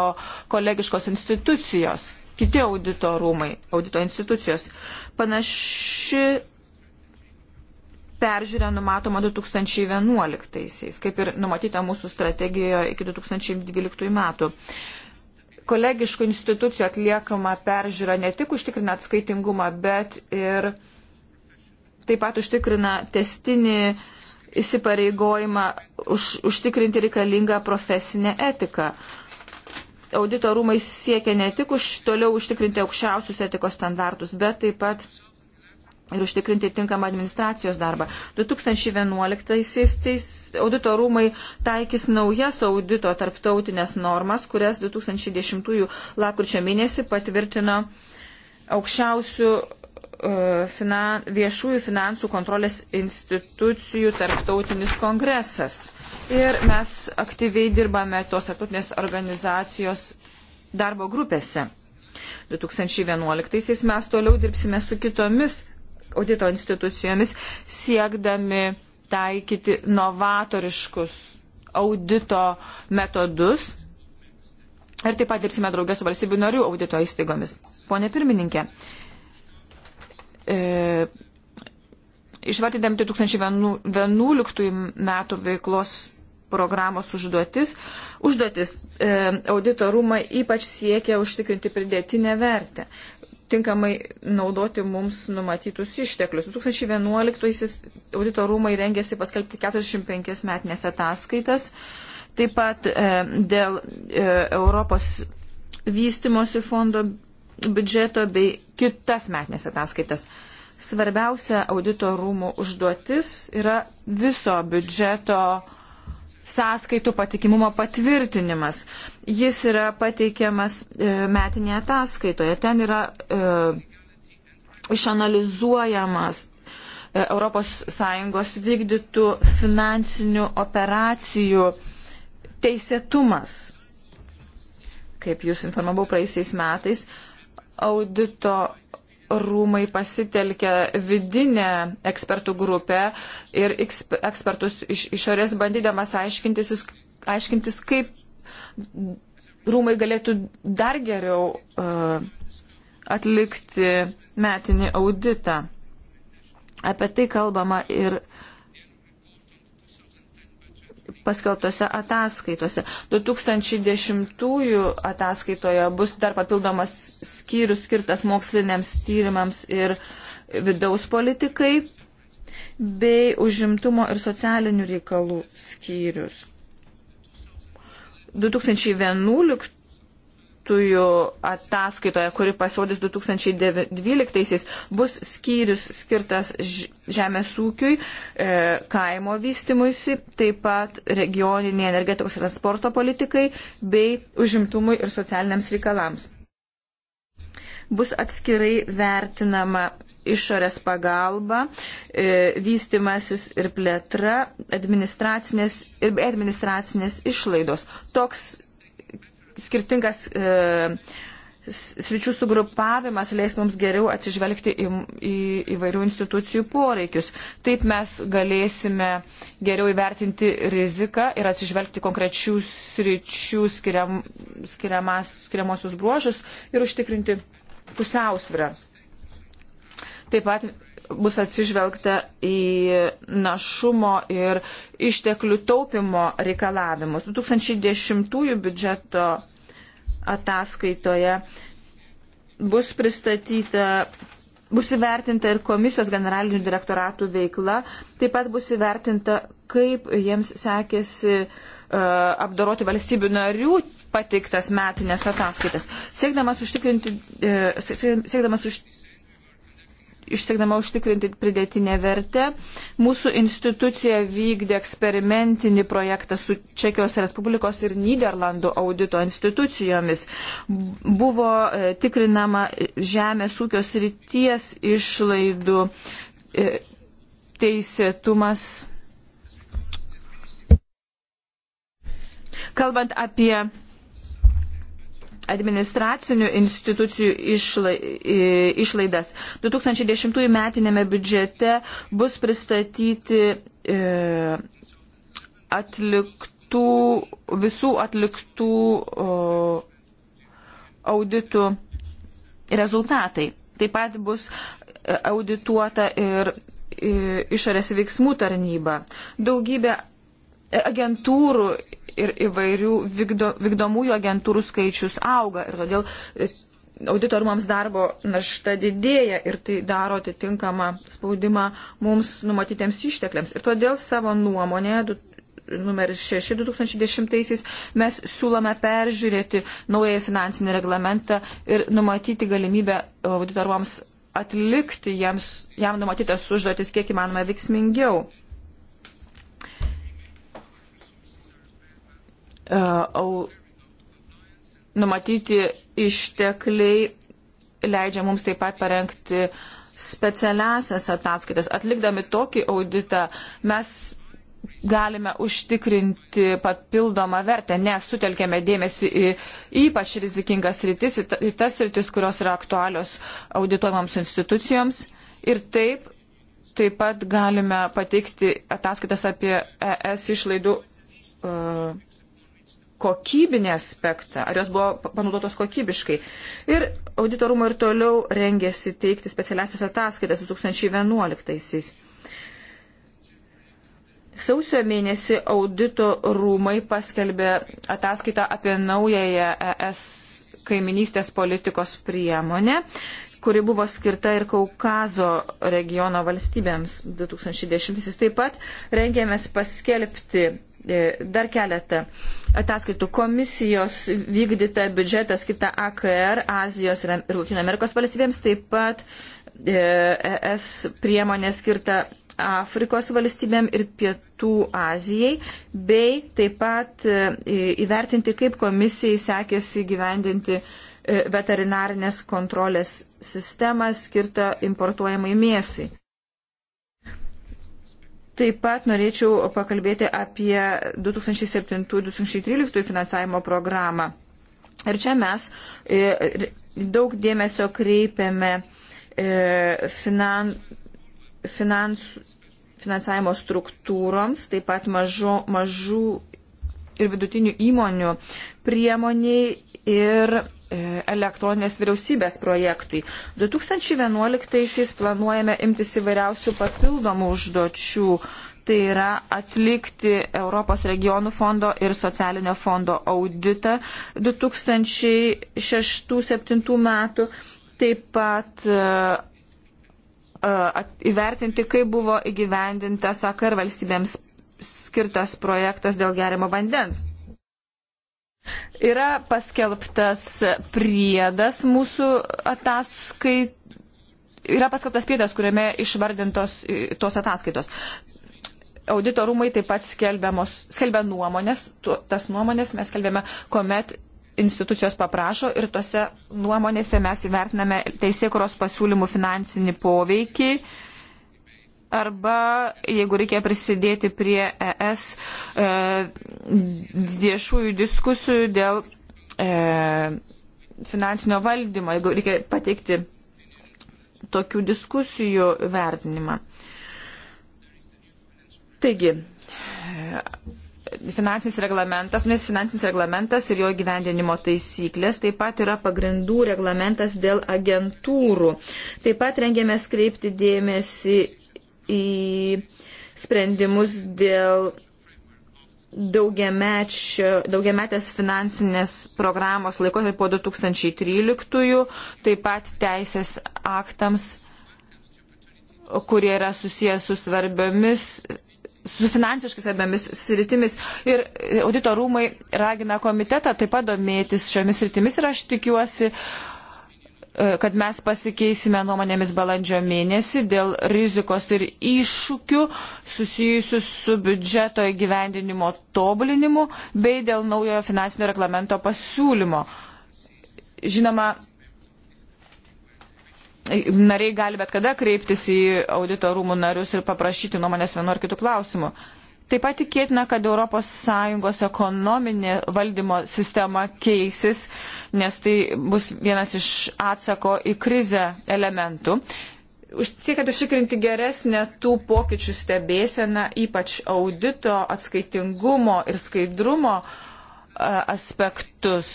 kolegiškos institucijos, kiti audito rūmai, audito institucijos. Panaši peržiūra numatoma 2011-aisiais, kaip ir numatyta mūsų strategijoje iki 2012 metų. Kolegiškų institucijų atliekama peržiūra ne tik užtikrina atskaitingumą, bet ir taip pat užtikrina testinį įsipareigojimą už, užtikrinti reikalingą profesinę etiką. Audito rūmai siekia ne tik už toliau užtikrinti aukščiausius etikos standartus, bet taip pat ir užtikrinti tinkamą administracijos darbą. 2011-aisiais audito rūmai taikys naujas audito tarptautinės normas, kurias 2010-ųjų lapkričio mėnesį patvirtino aukščiausių e, finan, viešųjų finansų kontrolės institucijų tarptautinis kongresas. Ir mes aktyviai dirbame tos tarptautinės organizacijos darbo grupėse. 2011 mes toliau dirbsime su kitomis audito institucijomis, siekdami taikyti novatoriškus audito metodus. Ir taip pat dirbsime draugės su valstybių narių audito įstaigomis. Pone pirmininkė, e, išvardydami 2011 metų veiklos programos užduotis, užduotis e, audito rūmai ypač siekia užtikrinti pridėtinę vertę tinkamai naudoti mums numatytus išteklius. 2011 audito rūmai rengėsi paskelbti 45 metinės ataskaitas. Taip pat e, dėl e, Europos vystimosi fondo biudžeto bei kitas metinės ataskaitas. Svarbiausia audito rūmų užduotis yra viso biudžeto e, sąskaitų patikimumo patvirtinimas. Jis yra pateikiamas e, metinėje ataskaitoje. Ten yra e, išanalizuojamas ES vykdytų finansinių operacijų teisėtumas. Kaip jūs informavau praeisiais metais, audito rūmai pasitelkia vidinę ekspertų grupę ir ekspertus iš išorės bandydamas aiškintis, aiškintis kaip rūmai galėtų dar geriau uh, atlikti metinį auditą. Apie tai kalbama ir paskelbtose ataskaitose. 2010 ataskaitoje bus dar papildomas skyrius skirtas moksliniams tyrimams ir vidaus politikai bei užimtumo ir socialinių reikalų skyrius. 2011 darbuotojų ataskaitoje, kuri pasirodys 2012, bus skyrius skirtas žemės ūkiui, e, kaimo vystimuisi, taip pat regioniniai energetikos ir transporto politikai bei užimtumui ir socialiniams reikalams. Bus atskirai vertinama išorės pagalba, e, vystimasis ir plėtra, administracinės ir administracinės išlaidos. Toks skirtingas e, sričių sugrupavimas leis mums geriau atsižvelgti į, į įvairių institucijų poreikius. Taip mes galėsime geriau įvertinti riziką ir atsižvelgti konkrečių sričių skiriam, skiriamas, skiriamosius bruožus ir užtikrinti pusiausvyrą. Taip pat bus atsižvelgta į našumo ir išteklių taupimo reikalavimus. 2010 biudžeto ataskaitoje bus pristatyta. Bus įvertinta ir komisijos generalinių direktoratų veikla, taip pat bus įvertinta, kaip jiems sekėsi uh, apdoroti valstybių narių pateiktas metinės ataskaitas. Siekdamas, uh, siekdamas už, ištikdama užtikrinti pridėtinę vertę. Mūsų institucija vykdė eksperimentinį projektą su Čekijos Respublikos ir Niderlandų audito institucijomis. Buvo e, tikrinama žemės ūkio srities išlaidų e, teisėtumas. Kalbant apie administracinių institucijų išla, išlaidas. 2010 metinėme biudžete bus pristatyti e, atliktų, visų atliktų o, auditų rezultatai. Taip pat bus e, audituota ir, ir išorės veiksmų tarnyba. Daugybė e, agentūrų ir įvairių vykdo, vykdomųjų agentūrų skaičius auga ir todėl e, auditorumams darbo našta didėja ir tai daro atitinkamą spaudimą mums numatytiems ištekliams. Ir todėl savo nuomonė numeris 6 2010 mes siūlome peržiūrėti naująjį finansinį reglamentą ir numatyti galimybę auditorumams atlikti jiems, jam numatytas užduotis kiek įmanoma veiksmingiau. E, numatyti ištekliai leidžia mums taip pat parengti specialiasias ataskaitas. Atlikdami tokį auditą mes galime užtikrinti papildomą vertę, nes sutelkėme dėmesį į ypač rizikingas rytis, į tas rytis, kurios yra aktualios audituojamams institucijoms. Ir taip, taip pat galime pateikti ataskaitas apie ES išlaidų uh, kokybinį aspektą, ar jos buvo panaudotos kokybiškai. Ir auditorumo ir toliau rengėsi teikti specialiasis ataskaitas 2011-aisiais. Sausio mėnesį audito rūmai paskelbė ataskaitą apie naująją ES kaiminystės politikos priemonę, kuri buvo skirta ir Kaukazo regiono valstybėms 2010. Taip pat rengėmės paskelbti E, dar keletą ataskaitų. Komisijos vykdyta biudžetą skirta AKR, Azijos ir Latino Amerikos valstybėms, taip pat ES e priemonė skirta Afrikos valstybėm ir Pietų Azijai, bei taip pat e, įvertinti, kaip komisijai sekėsi gyvendinti veterinarinės kontrolės sistemą skirtą importuojamai mėsai. Taip pat norėčiau pakalbėti apie 2007-2013 finansavimo programą. Ir čia mes e, daug dėmesio kreipiame e, finan, finans, finansavimo struktūroms, taip pat mažo, mažų ir vidutinių įmonių priemoniai ir E, elektroninės vyriausybės projektui. 2011-aisiais planuojame imtis įvairiausių papildomų užduočių. Tai yra atlikti Europos regionų fondo ir socialinio fondo auditą 2006-2007 metų, taip pat e, e, įvertinti, kaip buvo įgyvendintas AKR valstybėms skirtas projektas dėl gerimo vandens. Yra paskelbtas priedas mūsų ataskait. Yra paskelbtas priedas, kuriame išvardintos tos ataskaitos. Audito rūmai taip pat skelbia nuomonės, tu, tas nuomonės mes skelbėme, kuomet institucijos paprašo ir tose nuomonėse mes įvertiname teisėkuros pasiūlymų finansinį poveikį, uh, arba jeigu reikia prisidėti prie ES e, viešųjų diskusijų dėl e, finansinio valdymo, jeigu reikia pateikti tokių diskusijų vertinimą. Taigi, e, finansinis reglamentas, nes finansinis reglamentas ir jo gyvendinimo taisyklės, taip pat yra pagrindų reglamentas dėl agentūrų. Taip pat rengiamės kreipti dėmesį į sprendimus dėl daugiametės finansinės programos laikotarpį po 2013, taip pat teisės aktams, kurie yra susijęs su svarbiomis su finansiškai svarbiamis sritimis. Ir audito rūmai ragina komitetą taip pat domėtis šiomis sritimis ir aš tikiuosi uh, E, kad mes pasikeisime nuomonėmis balandžio mėnesį dėl rizikos ir iššūkių susijusių su biudžeto įgyvendinimo tobulinimu bei dėl naujojo finansinio reglamento pasiūlymo. Žinoma, nariai gali bet kada kreiptis į audito rūmų narius ir paprašyti nuomonės vienu ar kitu klausimu. Taip pat tikėtina, kad ES ekonominė valdymo sistema keisis, nes tai bus vienas iš atsako į krizę elementų. Siekiant užtikrinti geresnę tų pokyčių stebėseną, ypač audito atskaitingumo ir skaidrumo e, aspektus,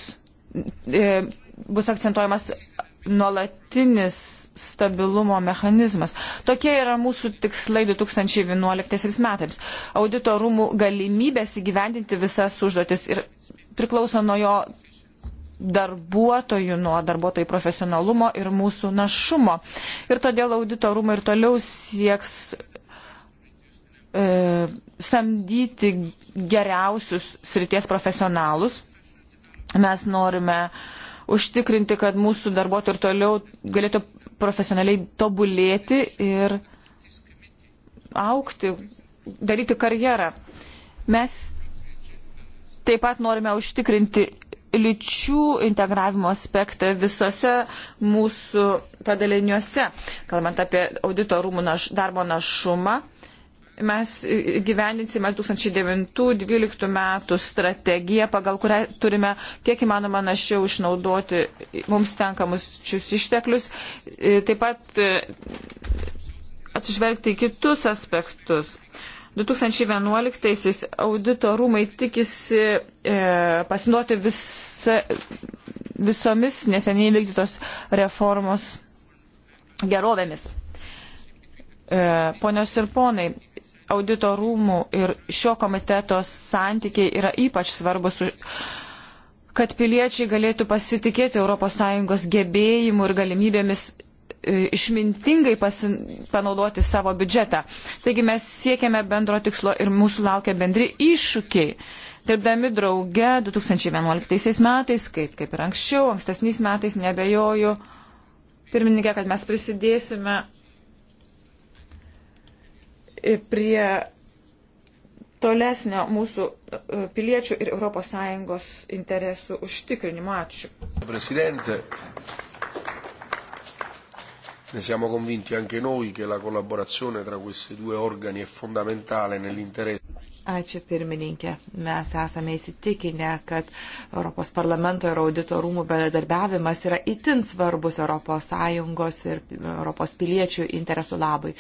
e, bus akcentuojamas nuolatinis stabilumo mechanizmas. Tokie yra mūsų tikslai 2011 metams. Audito rūmų galimybės įgyvendinti visas užduotis ir priklauso nuo jo darbuotojų, nuo darbuotojų profesionalumo ir mūsų našumo. Ir todėl audito rūmai ir toliau sieks e, samdyti geriausius srities profesionalus. Mes norime e, užtikrinti, kad mūsų darbuotojai ir toliau galėtų profesionaliai tobulėti ir aukti, daryti karjerą. Mes taip pat norime užtikrinti lyčių integravimo aspektą visose mūsų padaliniuose, kalbant apie audito rūmų naš, darbo našumą mes gyvendinsime 2009-2012 metų strategiją, pagal kurią turime kiek įmanoma našiau išnaudoti mums tenkamus šius išteklius. E, taip pat e, atsižvelgti į kitus aspektus. 2011-aisiais audito rūmai tikisi e, pasinuoti visa, visomis neseniai vykdytos reformos gerovėmis. E, ponios ir ponai, audito rūmų ir šio komiteto santykiai yra ypač svarbus, kad piliečiai galėtų pasitikėti ES gebėjimu ir galimybėmis e, išmintingai pasin, panaudoti savo biudžetą. Taigi mes siekiame bendro tikslo ir mūsų laukia bendri iššūkiai. Dirbdami drauge 2011 metais, kaip, kaip ir anksčiau, ankstesniais metais, nebejoju, pirmininkė, kad mes prisidėsime prie tolesnio mūsų e, piliečių ir ES interesų užtikrinimo. Ačiū. Presidente. Ne siamo convinti anche noi che la collaborazione tra questi due organi è fondamentale nell'interesse. Ačiū pirmininkė. Mes esame įsitikinę, kad Europos parlamento ir audito rūmų bendradarbiavimas yra itin svarbus ES ir Europos piliečių interesų labai.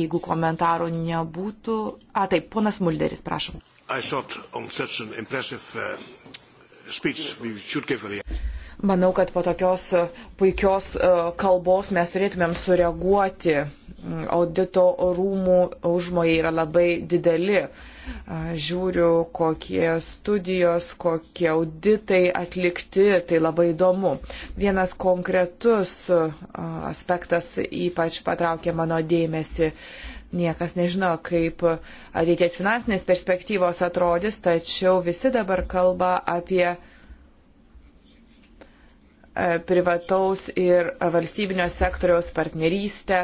Jeigu komentarų nebūtų. A, taip, ponas Mulderis, prašom. Impressive, uh, Manau, kad po tokios e, puikios e, kalbos mes turėtumėm sureaguoti. Mm, audito rūmų užmojai yra labai dideli. E, žiūriu, kokie studijos, kokie auditai atlikti, tai labai įdomu. Vienas konkretus aspektas ypač patraukė mano dėmesį niekas nežino, kaip ateities finansinės perspektyvos atrodys, tačiau visi dabar kalba apie privataus ir valstybinio sektoriaus partnerystę,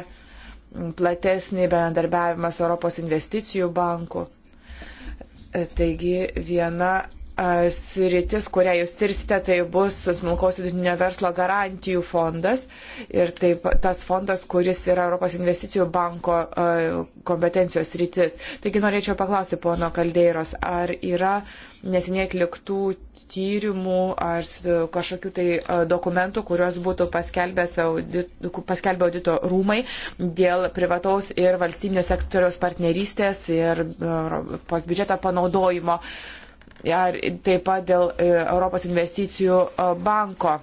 platesnį bendarbiavimą su Europos investicijų banku. Taigi viena sritis, kurią jūs tirsite, tai bus smulkaus vidutinio verslo garantijų fondas ir taip tas fondas, kuris yra Europos investicijų banko kompetencijos sritis. Taigi norėčiau paklausti pono Kaldeiros, ar yra nesiniai atliktų tyrimų ar kažkokių tai dokumentų, kuriuos būtų audit, paskelbę audito rūmai dėl privataus ir valstybinio sektoriaus partnerystės ir pos biudžeto panaudojimo. Uh, ar taip pat dėl e, Europos investicijų e, banko.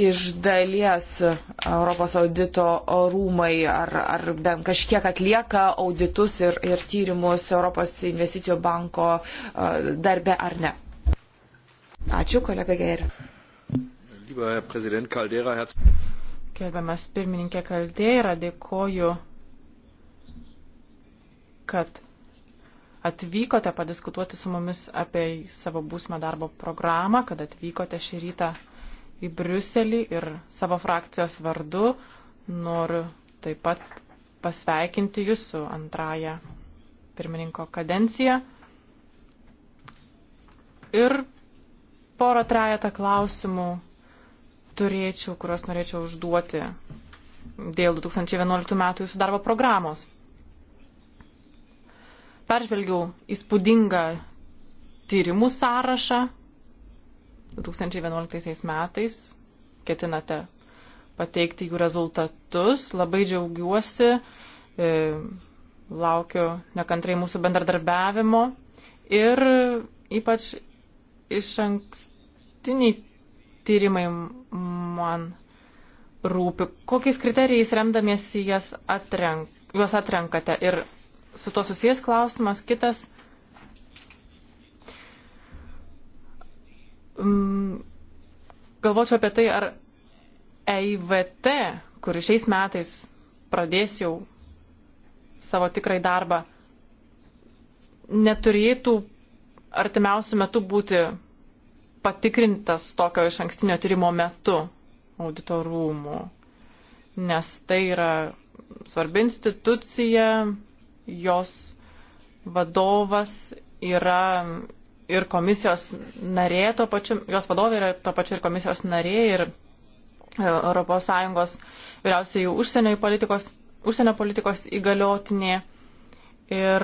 Iš dalies e, Europos audito rūmai ar, ar bent kažkiek atlieka auditus ir, ir tyrimus Europos investicijų banko darbe ar ne. Ačiū, kolega Geir. Gerbiamas pirmininkė Kaldėra, dėkoju, kad atvykote padiskutuoti su mumis apie savo būsimą darbo programą, kad atvykote šį rytą į Briuselį ir savo frakcijos vardu noriu taip pat pasveikinti jūs su antraja pirmininko kadencija. Ir porą trejata klausimų turėčiau, kuriuos norėčiau užduoti dėl 2011 metų jūsų darbo programos. Peržvelgiau įspūdingą tyrimų sąrašą 2011 metais. Ketinate pateikti jų rezultatus. Labai džiaugiuosi, e, laukiu nekantrai mūsų bendradarbiavimo ir ypač iš ankstiniai tyrimai man rūpi. Kokiais kriterijais remdamiesi atrenk, juos atrenkate ir su to susijęs klausimas. Kitas. Mm, galvočiau apie tai, ar EIVT, kuri šiais metais pradės jau savo tikrai darbą, neturėtų artimiausių metų būti patikrintas tokio iš ankstinio tyrimo metu auditorumų, nes tai yra svarbi institucija, jos vadovas yra ir komisijos narė, to pačiu, jos vadovė yra to pačiu ir komisijos narė ir e, ES vyriausiai užsienio politikos, užsienio politikos įgaliotinė. Ir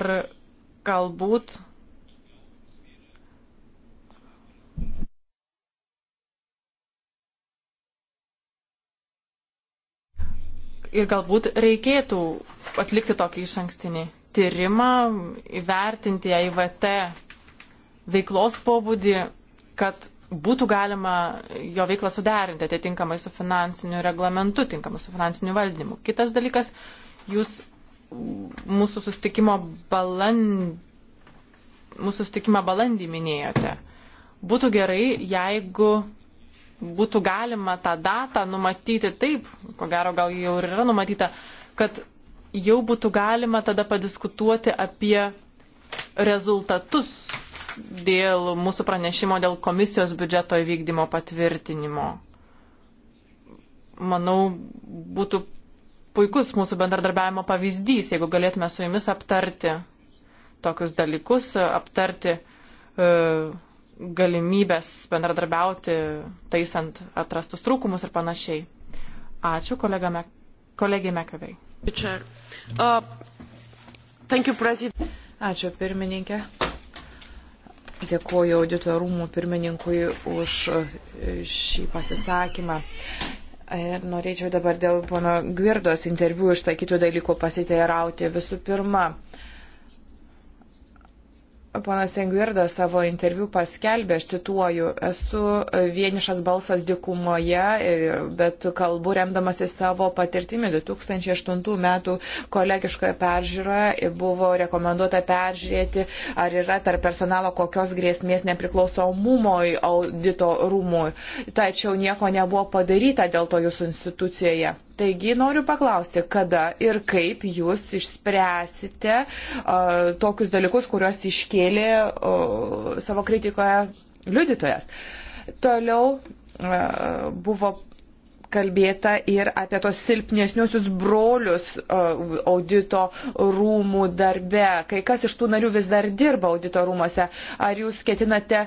galbūt ir galbūt reikėtų atlikti tokį iš ankstinį tyrimą, įvertinti EIVT veiklos pobūdį, kad būtų galima jo veiklą suderinti atitinkamai su finansiniu reglamentu, tinkamai su finansiniu valdymu. Kitas dalykas, jūs mūsų sustikimo balandį, mūsų sustikimą balandį minėjote. Būtų gerai, jeigu būtų galima tą datą numatyti taip, ko gero gal jau ir yra numatyta, kad jau būtų galima tada padiskutuoti apie rezultatus dėl mūsų pranešimo dėl komisijos biudžeto įvykdymo patvirtinimo. Manau, būtų puikus mūsų bendradarbiavimo pavyzdys, jeigu galėtume su jumis aptarti tokius dalykus, aptarti uh, galimybės bendradarbiauti, taisant atrastus trūkumus ir panašiai. Ačiū kolegame, kolegijai Mekavei. Uh, Ačiū pirmininkė. Dėkuoju auditorumų pirmininkui už uh, šį pasisakymą. Ir e, norėčiau dabar dėl pono Gvirdos interviu išsakytų dalykų pasiteirauti. Visų pirma, uh, Ponas Engvirda savo interviu paskelbė, aš cituoju, esu vienišas balsas dikumoje, bet kalbu remdamasi savo patirtimi. 2008 metų kolegiškoje peržiūroje buvo rekomenduota peržiūrėti, ar yra tarp personalo kokios grėsmės nepriklausomumui audito rūmui. Tačiau nieko nebuvo padaryta dėl to jūsų institucijoje. Taigi noriu paklausti, kada ir kaip jūs išspręsite uh, tokius dalykus, kuriuos iškėlė uh, savo kritikoje liudytojas. Toliau uh, buvo kalbėta ir apie tos silpnesniosius brolius e, audito rūmų darbe. Kai kas iš tų narių vis dar dirba audito rūmose. Ar jūs ketinate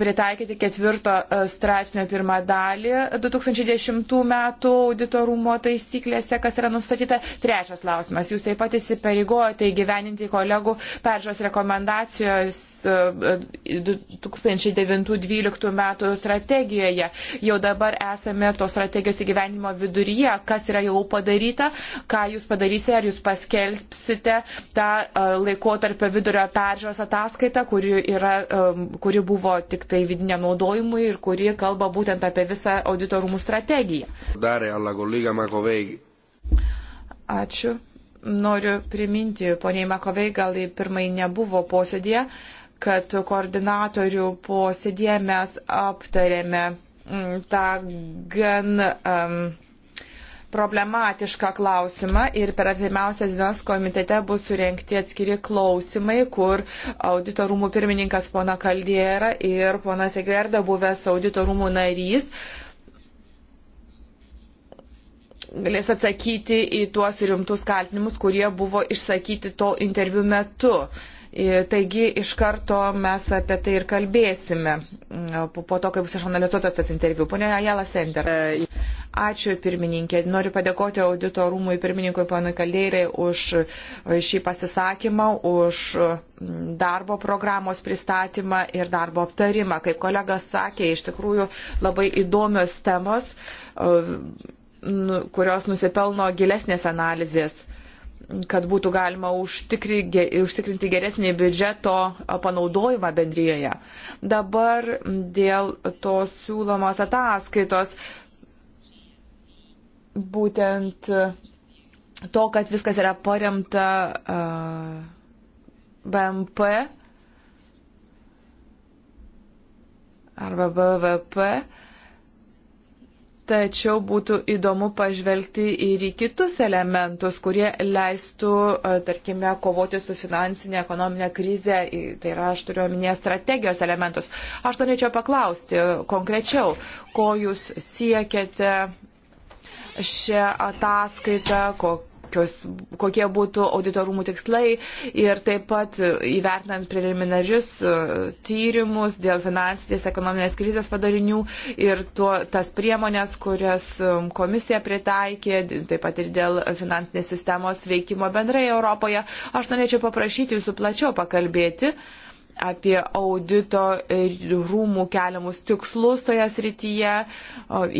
pritaikyti ketvirto e, straipsnio pirmą dalį 2010 metų audito rūmo taisyklėse, kas yra nustatyta? Trečias klausimas. Jūs taip pat įsipareigojote įgyveninti kolegų peržos rekomendacijos 2009-2012 metų strategijoje. Jau dabar esame tos strategijos įgyvenimo viduryje, kas yra jau padaryta, ką jūs padarysite, ar jūs paskelbsite tą e, laikotarpio vidurio peržiūros ataskaitą, kuri, yra, e, kuri buvo tik tai vidiniam naudojimui ir kuri kalba būtent apie visą auditorumų strategiją. Darė, Ačiū noriu priminti, poniai Makovei, gal į pirmąjį nebuvo posėdėje, kad koordinatorių posėdėje mes aptarėme mm, tą gan um, problematišką klausimą ir per artimiausias dienas komitete bus surenkti atskiri klausimai, kur auditorumų pirmininkas pona Kaldiera ir pona Segerda buvęs auditorumų narys galės atsakyti į tuos rimtus kaltinimus, kurie buvo išsakyti to interviu metu. Uh, E, taigi iš karto mes apie tai ir kalbėsime e, po to, kai bus išanalizuotas tas interviu. Pone Ajala Sender. Ačiū pirmininkė. Noriu padėkoti audito rūmui pirmininkui panui Kaldeirai už šį pasisakymą, už darbo programos pristatymą ir darbo aptarimą. Kaip kolegas sakė, iš tikrųjų labai įdomios temos e, nu, kurios nusipelno gilesnės analizės kad būtų galima užtikrinti geresnį biudžeto panaudojimą bendryjoje. Dabar dėl tos siūlomos ataskaitos būtent to, kad viskas yra paremta BMP arba BVP, Tačiau būtų įdomu pažvelgti ir į kitus elementus, kurie leistų, e, tarkime, kovoti su finansinė, ekonominė krize. Tai yra, aš turiu omenyje strategijos elementus. Aš norėčiau paklausti konkrečiau, ko jūs siekiate šią ataskaitą, kokią kokios, kokie būtų auditorumų tikslai ir taip pat įvertinant preliminarius e, tyrimus dėl finansinės ekonominės krizės padarinių ir tuo, tas priemonės, kurias e, komisija pritaikė, taip pat ir dėl finansinės sistemos veikimo bendrai Europoje. Aš norėčiau paprašyti jūsų plačiau pakalbėti. Uh, apie audito rūmų keliamus tikslus toje srityje,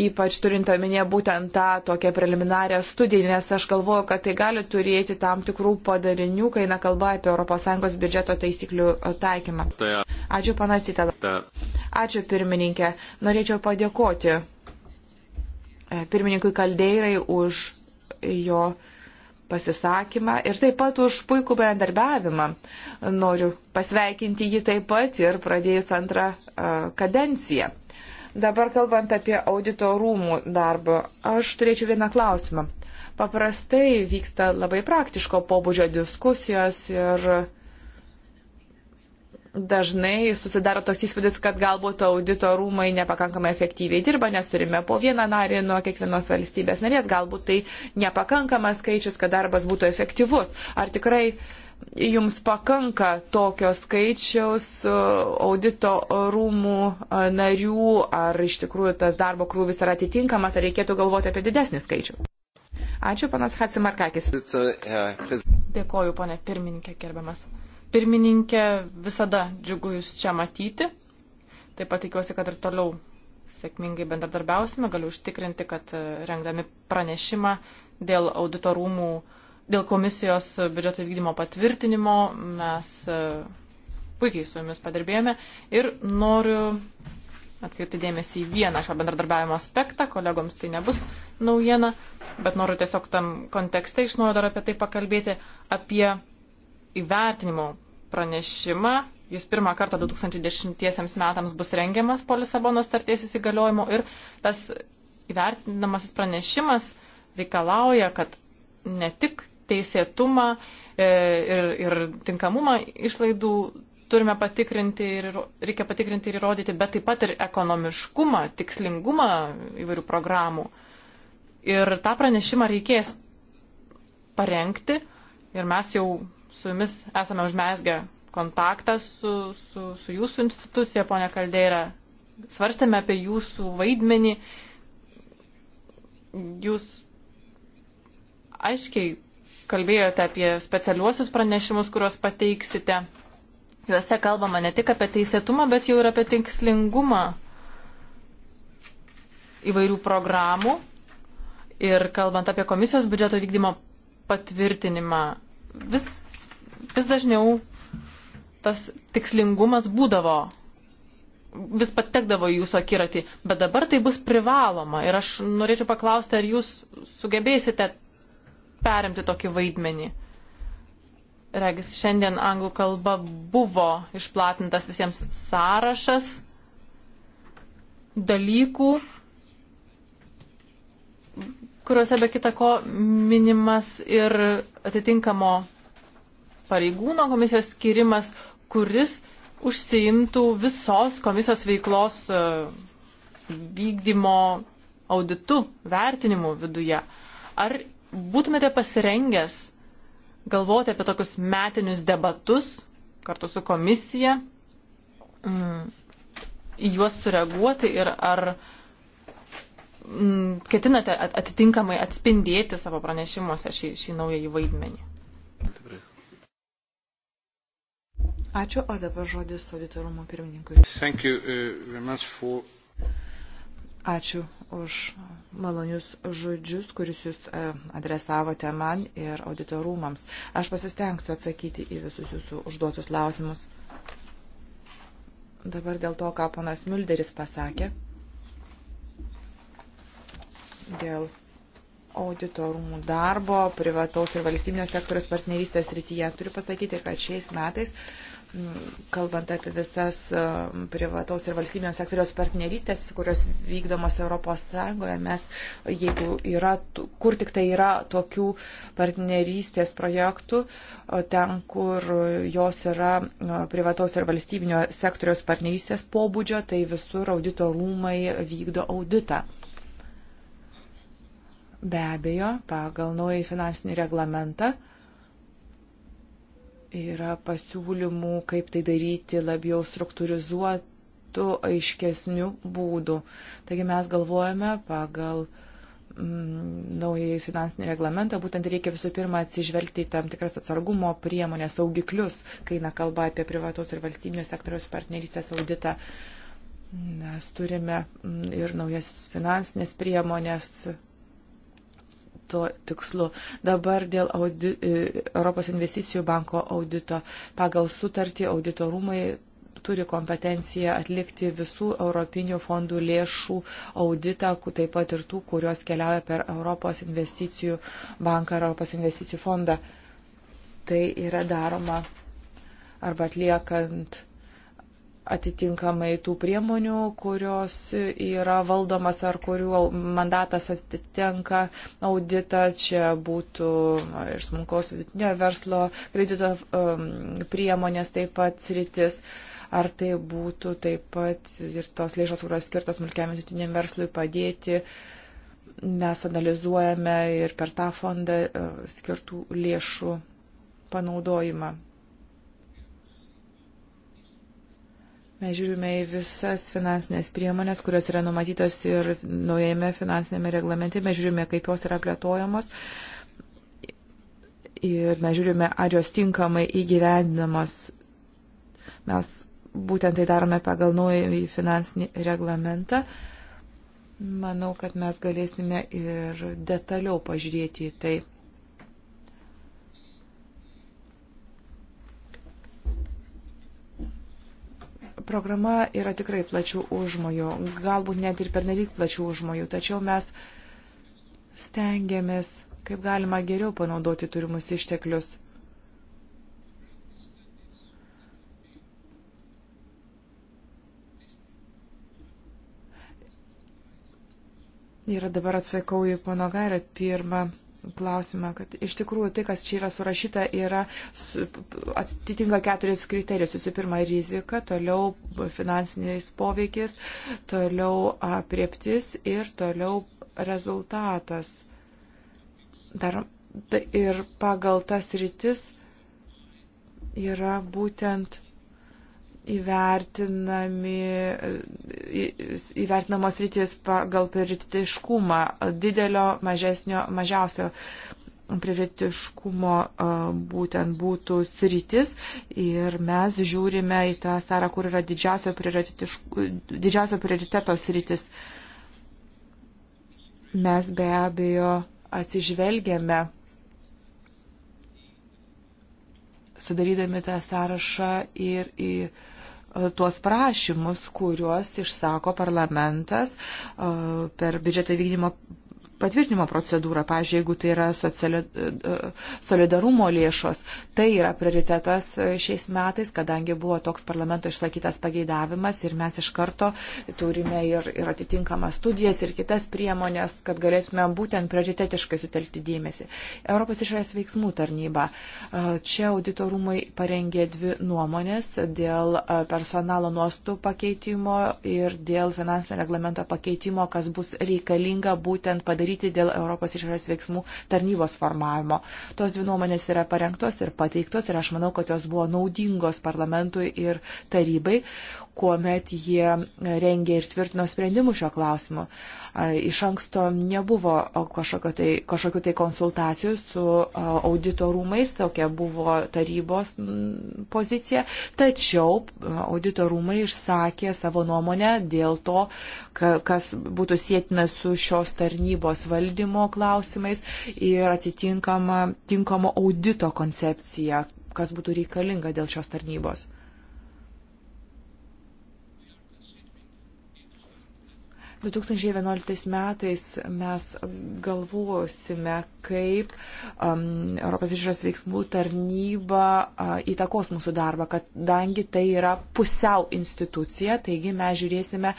ypač turint omenyje būtent tą tokią preliminarią studiją, nes aš galvoju, kad tai gali turėti tam tikrų padarinių, kai eina kalba apie ES biudžeto taisyklių taikymą. Ačiū, panas Itala. Ačiū, pirmininkė. Norėčiau padėkoti e, pirmininkui Kaldeirai už jo pasisakymą ir taip pat už puikų bendarbiavimą. Noriu pasveikinti jį taip pat ir pradėjus antrą kadenciją. Dabar kalbant apie audito rūmų darbą, aš turėčiau vieną klausimą. Paprastai vyksta labai praktiško pobūdžio diskusijos ir uh, dažnai susidaro toks įspūdis, kad galbūt audito rūmai nepakankamai efektyviai dirba, nes turime po vieną narį nuo kiekvienos valstybės narės, galbūt tai nepakankamas skaičius, kad darbas būtų efektyvus. Ar tikrai jums pakanka tokio skaičiaus e, audito rūmų e, narių, ar iš tikrųjų tas darbo krūvis yra atitinkamas, ar reikėtų galvoti apie didesnį skaičių? Ačiū, panas Hatsimarkakis. Dėkoju, ponė pirmininkė, gerbiamas pirmininkė, visada džiugu Jūs čia matyti. Taip pat tikiuosi, kad ir toliau sėkmingai bendradarbiausime. Galiu užtikrinti, kad e, rengdami pranešimą dėl auditorumų, dėl komisijos biudžeto vykdymo patvirtinimo mes e, puikiai su Jumis padirbėjome. Ir noriu atkreipti dėmesį į vieną šio bendradarbiavimo aspektą, kolegoms tai nebus naujiena, bet noriu tiesiog tam kontekste iš naujo dar apie tai pakalbėti, apie įvertinimo pranešimą. Jis pirmą kartą 2010 metams bus rengiamas po Lisabono starties įsigaliojimo ir tas įvertinamasis pranešimas reikalauja, kad ne tik teisėtumą e, ir, ir tinkamumą išlaidų turime patikrinti ir reikia patikrinti ir įrodyti, bet taip pat ir ekonomiškumą, tikslingumą įvairių programų. Ir tą pranešimą reikės parengti ir mes jau su jumis esame užmesgę kontaktą su, su, su jūsų institucija, ponia Kaldeira. Svarstėme apie jūsų vaidmenį. Jūs aiškiai kalbėjote apie specialiuosius pranešimus, kuriuos pateiksite. Juose kalbama ne tik apie teisėtumą, bet jau ir apie tikslingumą įvairių programų. Ir kalbant apie komisijos biudžeto vykdymo patvirtinimą, vis vis dažniau tas tikslingumas būdavo, vis patekdavo į jūsų akiratį, bet dabar tai bus privaloma. Ir aš norėčiau paklausti, ar jūs sugebėsite perimti tokį vaidmenį. Regis, šiandien anglų kalba buvo išplatintas visiems sąrašas dalykų, kuriuose be kita ko minimas ir atitinkamo pareigūno komisijos skirimas, kuris užsiimtų visos komisijos veiklos e, vykdymo auditu, vertinimu viduje. Ar būtumėte pasirengęs galvoti apie tokius metinius debatus kartu su komisija, mm, į juos sureaguoti ir ar mm, ketinate atitinkamai atspindėti savo pranešimuose šį, šį naują įvaidmenį? Ačiū, o dabar žodis auditorumo pirmininkui. Thank you, uh, for... Ačiū už malonius žodžius, kurius jūs uh, adresavote man ir auditorumams. Aš pasistengsiu atsakyti į visus jūsų užduotus klausimus. Dabar dėl to, ką ponas Mülderis pasakė, dėl auditorumų darbo privataus ir valstybinio sektoriaus partnerystės rytyje. Turiu pasakyti, kad šiais metais kalbant apie visas privataus ir valstybinio sektoriaus partnerystės, kurios vykdomos Europos Sąjungoje, mes, jeigu yra, kur tik tai yra tokių partnerystės projektų, ten, kur jos yra privataus ir valstybinio sektoriaus partnerystės pobūdžio, tai visur audito rūmai vykdo auditą. Be abejo, pagal naują finansinį reglamentą Yra pasiūlymų, kaip tai daryti labiau struktūrizuotų, aiškesnių būdų. Taigi mes galvojame pagal mm, naująjį finansinį reglamentą, būtent reikia visų pirma atsižvelgti į tam tikras atsargumo priemonės, saugiklius, kai eina kalba apie privatos ir valstybinio sektoriaus partnerystės auditą. Mes turime mm, ir naujas finansinės priemonės, tuo tikslu. Dabar dėl audi, e, Europos investicijų banko audito pagal sutartį audito rūmai turi kompetenciją atlikti visų europinių fondų lėšų auditą, taip pat ir tų, kurios keliauja per Europos investicijų banką ar Europos investicijų fondą. Tai yra daroma arba atliekant atitinkamai tų priemonių, kurios yra valdomas ar kurių mandatas atitenka auditą. Čia būtų ir smulkos vidutinio verslo kredito um, priemonės taip pat sritis. Ar tai būtų taip pat ir tos lėšos, kurios skirtos smulkiam vidutiniam verslui padėti. Mes analizuojame ir per tą fondą uh, skirtų lėšų panaudojimą. Mes žiūrime į visas finansinės priemonės, kurios yra numatytos ir naujame finansinėme reglamente. Mes žiūrime, kaip jos yra plėtojamos. Ir mes žiūrime, ar jos tinkamai įgyvendinamos. Mes būtent tai darome pagal naują finansinį reglamentą. Manau, kad mes galėsime ir detaliau pažiūrėti į tai. programa yra tikrai plačių užmojų, galbūt net ir pernelyg plačių užmojų, tačiau mes stengiamės, kaip galima geriau panaudoti turimus išteklius. Ir dabar atsakau į pono Gairą pirmą klausimą, kad iš tikrųjų tai, kas čia yra surašyta, yra su, atitinka keturis kriterijus. Visų pirma, rizika, toliau finansinis poveikis, toliau apriptis ir toliau rezultatas. Dar, da, ir pagal tas rytis yra būtent įvertinami, įvertinamos rytis pagal prioritiškumą didelio, mažesnio, mažiausio prioritiškumo būtent būtų sritis ir mes žiūrime į tą sąrą, kur yra didžiausio, didžiausio prioriteto sritis. Mes be abejo atsižvelgiame sudarydami tą sąrašą ir į tuos prašymus, kuriuos išsako parlamentas e, per biudžeto vykdymo patvirtinimo procedūrą. Pavyzdžiui, jeigu tai yra sociali, e, e, solidarumo lėšos, tai yra prioritetas e, šiais metais, kadangi buvo toks parlamento išsakytas pageidavimas ir mes iš karto turime ir, ir atitinkamas studijas ir kitas priemonės, kad galėtume būtent prioritetiškai sutelkti dėmesį. Europos išorės veiksmų tarnyba. Čia auditorumai parengė dvi nuomonės dėl personalo nuostų pakeitimo ir dėl finansinio reglamento pakeitimo, kas bus reikalinga būtent padaryti daryti dėl Europos išorės veiksmų tarnybos formavimo. Tos dvi nuomonės yra parengtos ir pateiktos ir aš manau, kad jos buvo naudingos parlamentui ir tarybai, kuomet jie rengė ir tvirtino sprendimus šio klausimu. Iš anksto nebuvo kažkokio tai, kažkokio tai konsultacijų su audito rūmais, tokia buvo tarybos pozicija, tačiau audito rūmai išsakė savo nuomonę dėl to, kas būtų sėtina su šios tarnybos valdymo klausimais ir atitinkama tinkamo audito koncepcija, kas būtų reikalinga dėl šios tarnybos. 2011 metais mes galvosime, kaip um, Europos išras veiksmų tarnyba uh, įtakos mūsų darbą, kadangi tai yra pusiau institucija, taigi mes žiūrėsime,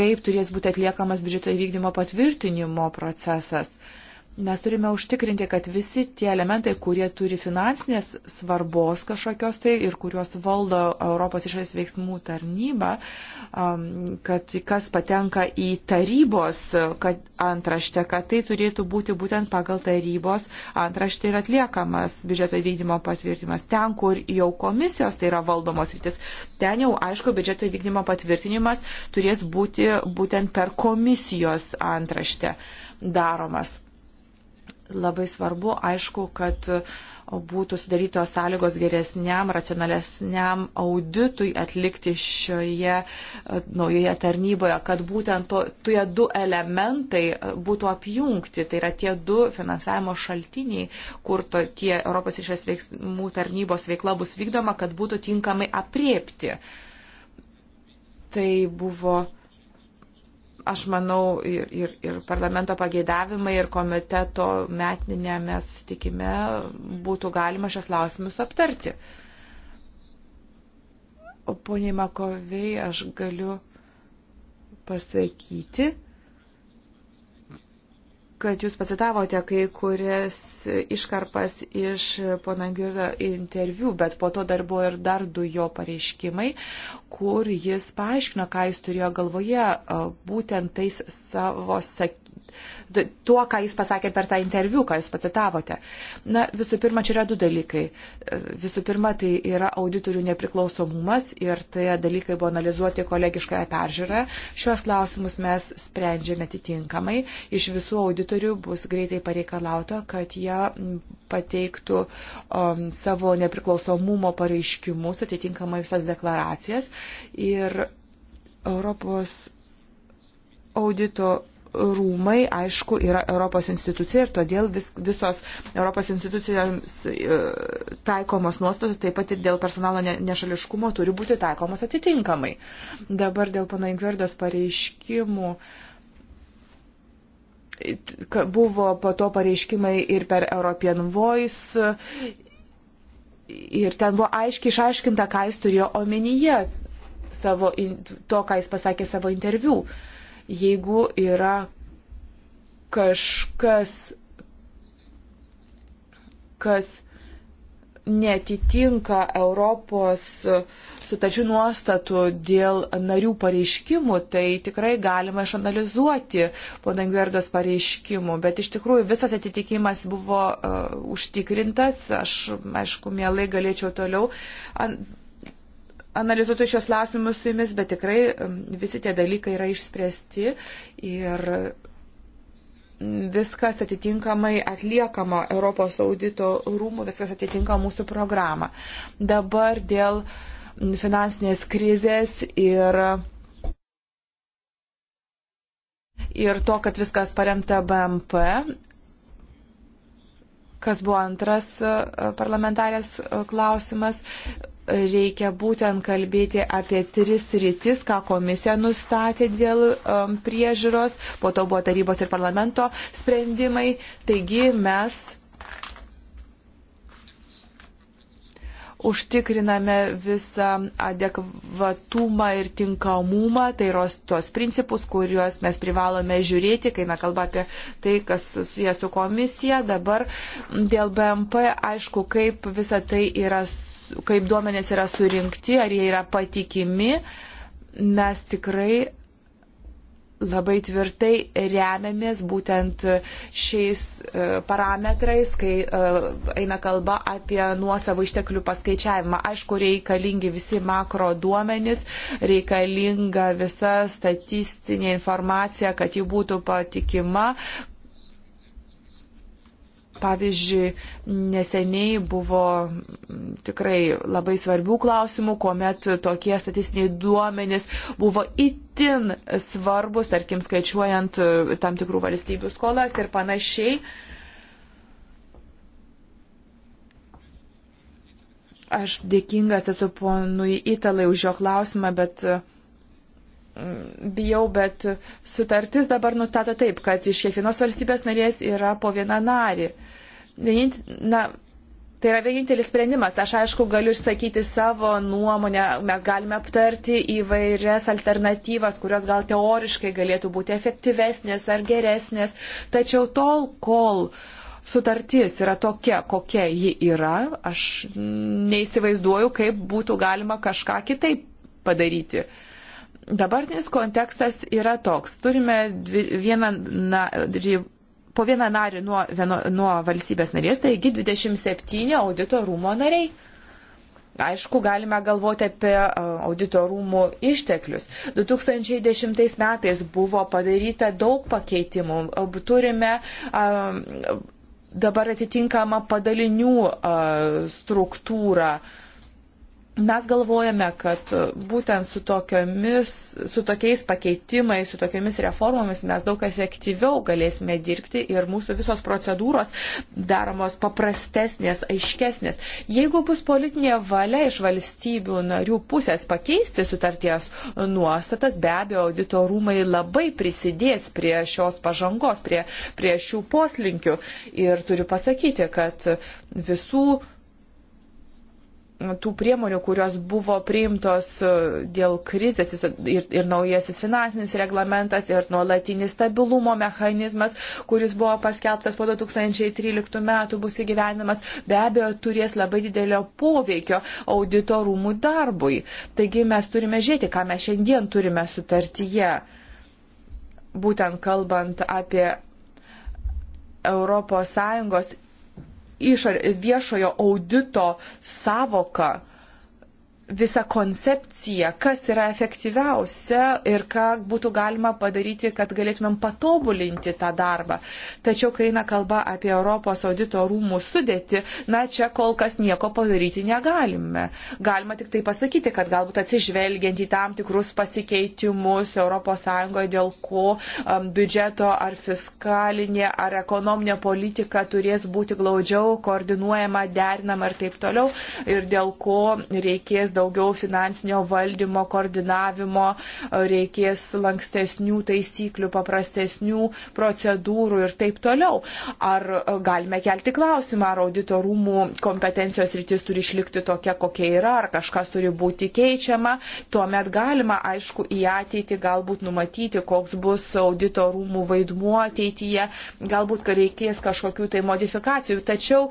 kaip turės būti atliekamas biudžeto įvykdymo patvirtinimo procesas. Uh, mes turime užtikrinti, kad visi tie elementai, kurie turi finansinės svarbos kažkokios tai ir kuriuos valdo Europos išorės veiksmų tarnyba, kad kas patenka į tarybos antraštę, kad tai turėtų būti būtent pagal tarybos antraštę ir atliekamas biudžeto įvykdymo patvirtinimas. Ten, kur jau komisijos tai yra valdomos rytis, ten jau aišku, biudžeto įvykdymo patvirtinimas turės būti būtent per komisijos antraštę daromas. Labai svarbu, aišku, kad būtų sudarytos sąlygos geresniam, racionalesniam auditui atlikti šioje e, naujoje tarnyboje, kad būtent to, tie du elementai e, būtų apjungti. Tai yra tie du finansavimo šaltiniai, kur to, tie Europos išės veiksmų tarnybos veikla bus vykdoma, kad būtų tinkamai apriepti. Tai buvo aš manau, ir, ir, ir parlamento pageidavimai, ir komiteto metinėme susitikime būtų galima šias lausimus aptarti. O poniai Makovei aš galiu pasakyti, kad jūs pacitavote kai kurias iškarpas iš pono Girdo interviu, bet po to dar buvo ir dar du jo pareiškimai, kur jis paaiškino, ką jis turėjo galvoje būtent tais savo sak tuo, ką jis pasakė per tą interviu, ką jūs pacitavote. Na, visų pirma, čia yra du dalykai. E, visų pirma, tai yra auditorių nepriklausomumas ir tie dalykai buvo analizuoti kolegiškoje peržiūroje. Šios klausimus mes sprendžiame atitinkamai. Iš visų auditorių bus greitai pareikalauta, kad jie pateiktų um, savo nepriklausomumo pareiškimus, atitinkamai visas deklaracijas. Ir Europos audito rūmai, aišku, yra Europos institucija ir todėl vis, visos Europos institucijoms e, taikomos nuostatos, taip pat ir dėl personalo ne, nešališkumo turi būti taikomos atitinkamai. Dabar dėl pana Ingverdos pareiškimų buvo po to pareiškimai ir per European Voice. Ir ten buvo aiškiai išaiškinta, ką jis turėjo omenyje savo, to, ką jis pasakė savo interviu. Uh, jeigu yra kažkas, kas netitinka Europos sutarčių nuostatų dėl narių pareiškimų, tai tikrai galima išanalizuoti ponangverdos pareiškimų, bet iš tikrųjų visas atitikimas buvo uh, užtikrintas, aš aišku, mielai galėčiau toliau an, analizuotų šios klausimus su jumis, bet tikrai um, visi tie dalykai yra išspręsti ir mm, viskas atitinkamai atliekama Europos audito rūmų, viskas atitinka mūsų programą. Dabar dėl mm, finansinės krizės ir ir to, kad viskas paremta BMP, kas buvo antras e, parlamentarės e, klausimas reikia būtent kalbėti apie tris rytis, ką komisija nustatė dėl um, priežiūros, po to buvo tarybos ir parlamento sprendimai. Taigi mes užtikriname visą adekvatumą ir tinkamumą, tai yra tos principus, kuriuos mes privalome žiūrėti, kai na kalba apie tai, kas susiję su komisija. Dabar dėl BMP, aišku, kaip visa tai yra su kaip duomenės yra surinkti, ar jie yra patikimi, mes tikrai labai tvirtai remiamės būtent šiais e, parametrais, kai e, eina kalba apie nuosavų išteklių paskaičiavimą. Aišku, reikalingi visi makro duomenys, reikalinga visa statistinė informacija, kad ji būtų patikima, Pavyzdžiui, neseniai buvo tikrai labai svarbių klausimų, kuomet tokie statistiniai duomenys buvo itin svarbus, tarkim, skaičiuojant tam tikrų valstybių skolas ir panašiai. Aš dėkingas esu ponui Italai už jo klausimą, bet mm, bijau, bet sutartis dabar nustato taip, kad iš kiekvienos valstybės narės yra po vieną narį. Na, Tai yra vienintelis sprendimas. Aš aišku galiu išsakyti savo nuomonę, mes galime aptarti įvairias alternatyvas, kurios gal teoriškai galėtų būti efektyvesnės ar geresnės. Tačiau tol, kol sutartis yra tokia, kokia ji yra, aš neįsivaizduoju, kaip būtų galima kažką kitaip padaryti dabartinis kontekstas yra toks. Turime dvi, vieną na, po vieną narį nuo, vieno, nuo valstybės narės, taigi 27 audito rūmo nariai. Aišku, galime galvoti apie e, auditorumų išteklius. 2010 metais buvo padaryta daug pakeitimų. Turime dabar atitinkamą padalinių struktūrą. Mes galvojame, kad būtent su, tokiomis, su tokiais pakeitimais, su tokiamis reformomis mes daug efektyviau galėsime dirbti ir mūsų visos procedūros daromos paprastesnės, aiškesnės. Jeigu bus politinė valia iš valstybių narių pusės pakeisti sutarties nuostatas, be abejo, auditorumai labai prisidės prie šios pažangos, prie, prie šių poslinkių. Ir turiu pasakyti, kad visų tų priemonių, kurios buvo priimtos e, dėl krizės ir, ir naujasis finansinis reglamentas ir nuolatinis stabilumo mechanizmas, kuris buvo paskelbtas po 2013 metų, bus įgyvenimas, be abejo, turės labai didelio poveikio auditorumų darbui. Taigi mes turime žiūrėti, ką mes šiandien turime sutartyje, būtent kalbant apie ES išar, viešojo audito savoka visą koncepciją, kas yra efektyviausia ir ką būtų galima padaryti, kad galėtumėm patobulinti tą darbą. Tačiau, kai eina kalba apie Europos audito rūmų sudėti, na, čia kol kas nieko padaryti negalime. Galima tik tai pasakyti, kad galbūt atsižvelgiant į tam tikrus pasikeitimus ES, dėl ko um, biudžeto ar fiskalinė ar ekonominė politika turės būti glaudžiau koordinuojama, derinama ir taip toliau, ir dėl ko reikės daugiau daugiau finansinio valdymo, koordinavimo, e, reikės lankstesnių taisyklių, paprastesnių procedūrų ir taip toliau. Ar e, galime kelti klausimą, ar auditorumų kompetencijos rytis turi išlikti tokia, kokia yra, ar kažkas turi būti keičiama. Tuomet galima, aišku, į ateitį galbūt numatyti, koks bus auditorumų vaidmuo ateityje, galbūt reikės kažkokių tai modifikacijų. Tačiau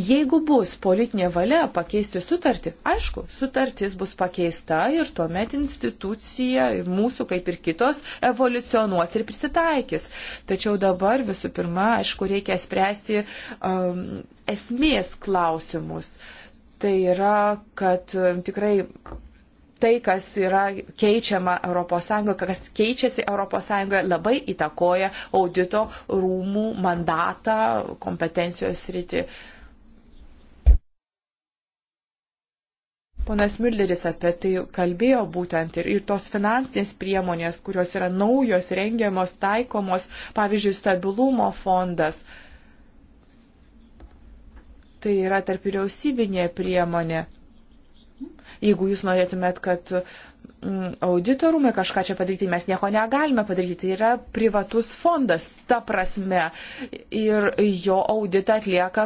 Jeigu bus politinė valia pakeisti sutartį, aišku, sutartis bus pakeista ir tuomet institucija, mūsų kaip ir kitos, evoliucionuos ir prisitaikys. Tačiau dabar visų pirma, aišku, reikia spręsti um, esmės klausimus. Tai yra, kad um, tikrai tai, kas yra keičiama ES, kas keičiasi ES, labai įtakoja audito rūmų mandatą kompetencijos rytį. Uh, Ponas Mülleris apie tai kalbėjo būtent ir, ir tos finansinės priemonės, kurios yra naujos, rengiamos, taikomos, pavyzdžiui, stabilumo fondas. Tai yra tarp vyriausybinė priemonė. Jeigu jūs norėtumėt, kad uh, Mm, auditorumai kažką čia padaryti, mes nieko negalime padaryti, tai yra privatus fondas, ta prasme, ir jo auditą atlieka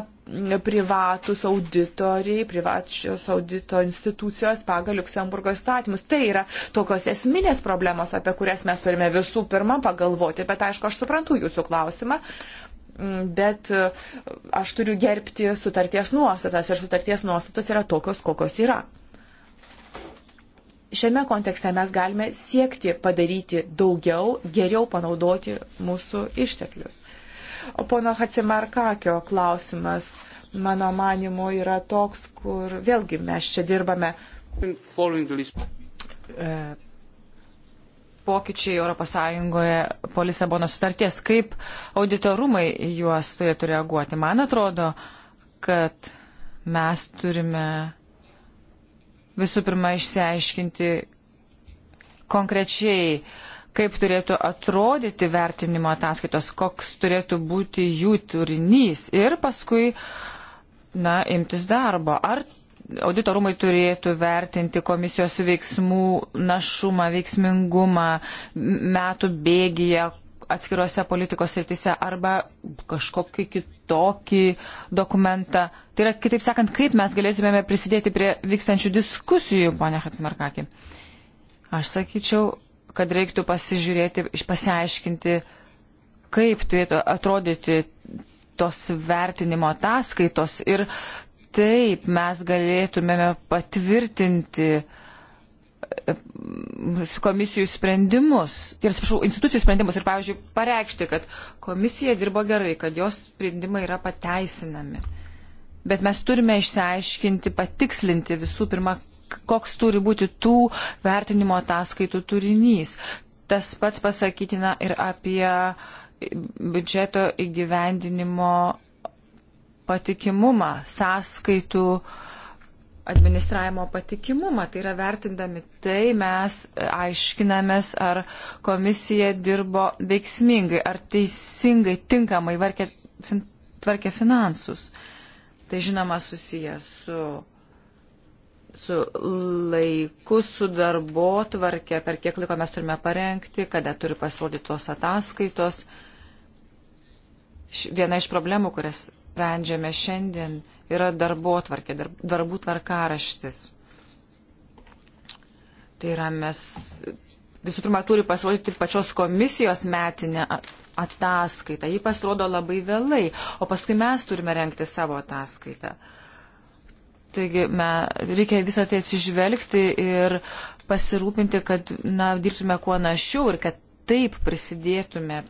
privatus auditoriai, privačios audito institucijos pagal Luxemburgo įstatymus. Tai yra tokios esminės problemos, apie kurias mes turime visų pirma pagalvoti, bet aišku, aš suprantu jūsų klausimą. Mm, bet e, aš turiu gerbti sutarties nuostatas ir sutarties nuostatas yra tokios, kokios yra šiame kontekste mes galime siekti padaryti daugiau, geriau panaudoti mūsų išteklius. O pono Hatsimarkakio klausimas, mano manimo, yra toks, kur vėlgi mes čia dirbame. E, pokyčiai ES po Lisabono sutarties, kaip auditorumai juos turėtų reaguoti. Man atrodo, kad mes turime visų pirma išsiaiškinti konkrečiai, kaip turėtų atrodyti vertinimo ataskaitos, koks turėtų būti jų turinys ir paskui, na, imtis darbo. Ar auditorumai turėtų vertinti komisijos veiksmų našumą, veiksmingumą metų bėgyje atskiruose politikos rytise arba kažkokį kitokį dokumentą Tai yra, kitaip sakant, kaip mes galėtumėme prisidėti prie vykstančių diskusijų, ponia Hatsimarkakė. Aš sakyčiau, kad reiktų pasižiūrėti, pasiaiškinti, kaip turėtų atrodyti tos vertinimo ataskaitos ir taip mes galėtumėme patvirtinti e, komisijų sprendimus, ir atsiprašau, institucijų sprendimus ir, pavyzdžiui, pareikšti, kad komisija dirbo gerai, kad jos sprendimai yra pateisinami. Bet mes turime išsiaiškinti, patikslinti visų pirma, koks turi būti tų vertinimo ataskaitų turinys. Tas pats pasakytina ir apie biudžeto įgyvendinimo patikimumą, sąskaitų administravimo patikimumą. Tai yra vertindami tai mes aiškinamės, ar komisija dirbo veiksmingai, ar teisingai, tinkamai varkė, fin, tvarkė finansus. Uh, Tai žinoma susijęs su, su laiku, su darbo tvarkė, per kiek laiko mes turime parengti, kada turi pasirodyti tos ataskaitos. Viena iš problemų, kurias sprendžiame šiandien, yra darbo tvarkė, darbų tvarkaraštis. Tai yra mes visų pirma turi pasirodyti pačios komisijos metinė ataskaitą. Ji pasirodo labai vėlai, o paskui mes turime renkti savo ataskaitą. Taigi me, reikia visą tai atsižvelgti ir pasirūpinti, kad na, dirbtume kuo našiau ir kad taip prisidėtume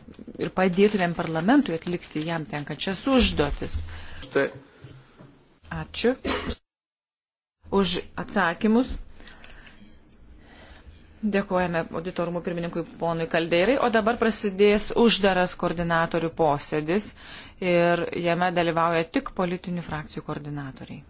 ir padėtumėm parlamentui atlikti jam tenkančias užduotis. Štai. Ačiū už atsakymus. Dėkojame auditorumų pirmininkui ponui Kaldeirai, o dabar prasidės uždaras koordinatorių posėdis ir jame dalyvauja tik politinių frakcijų koordinatoriai.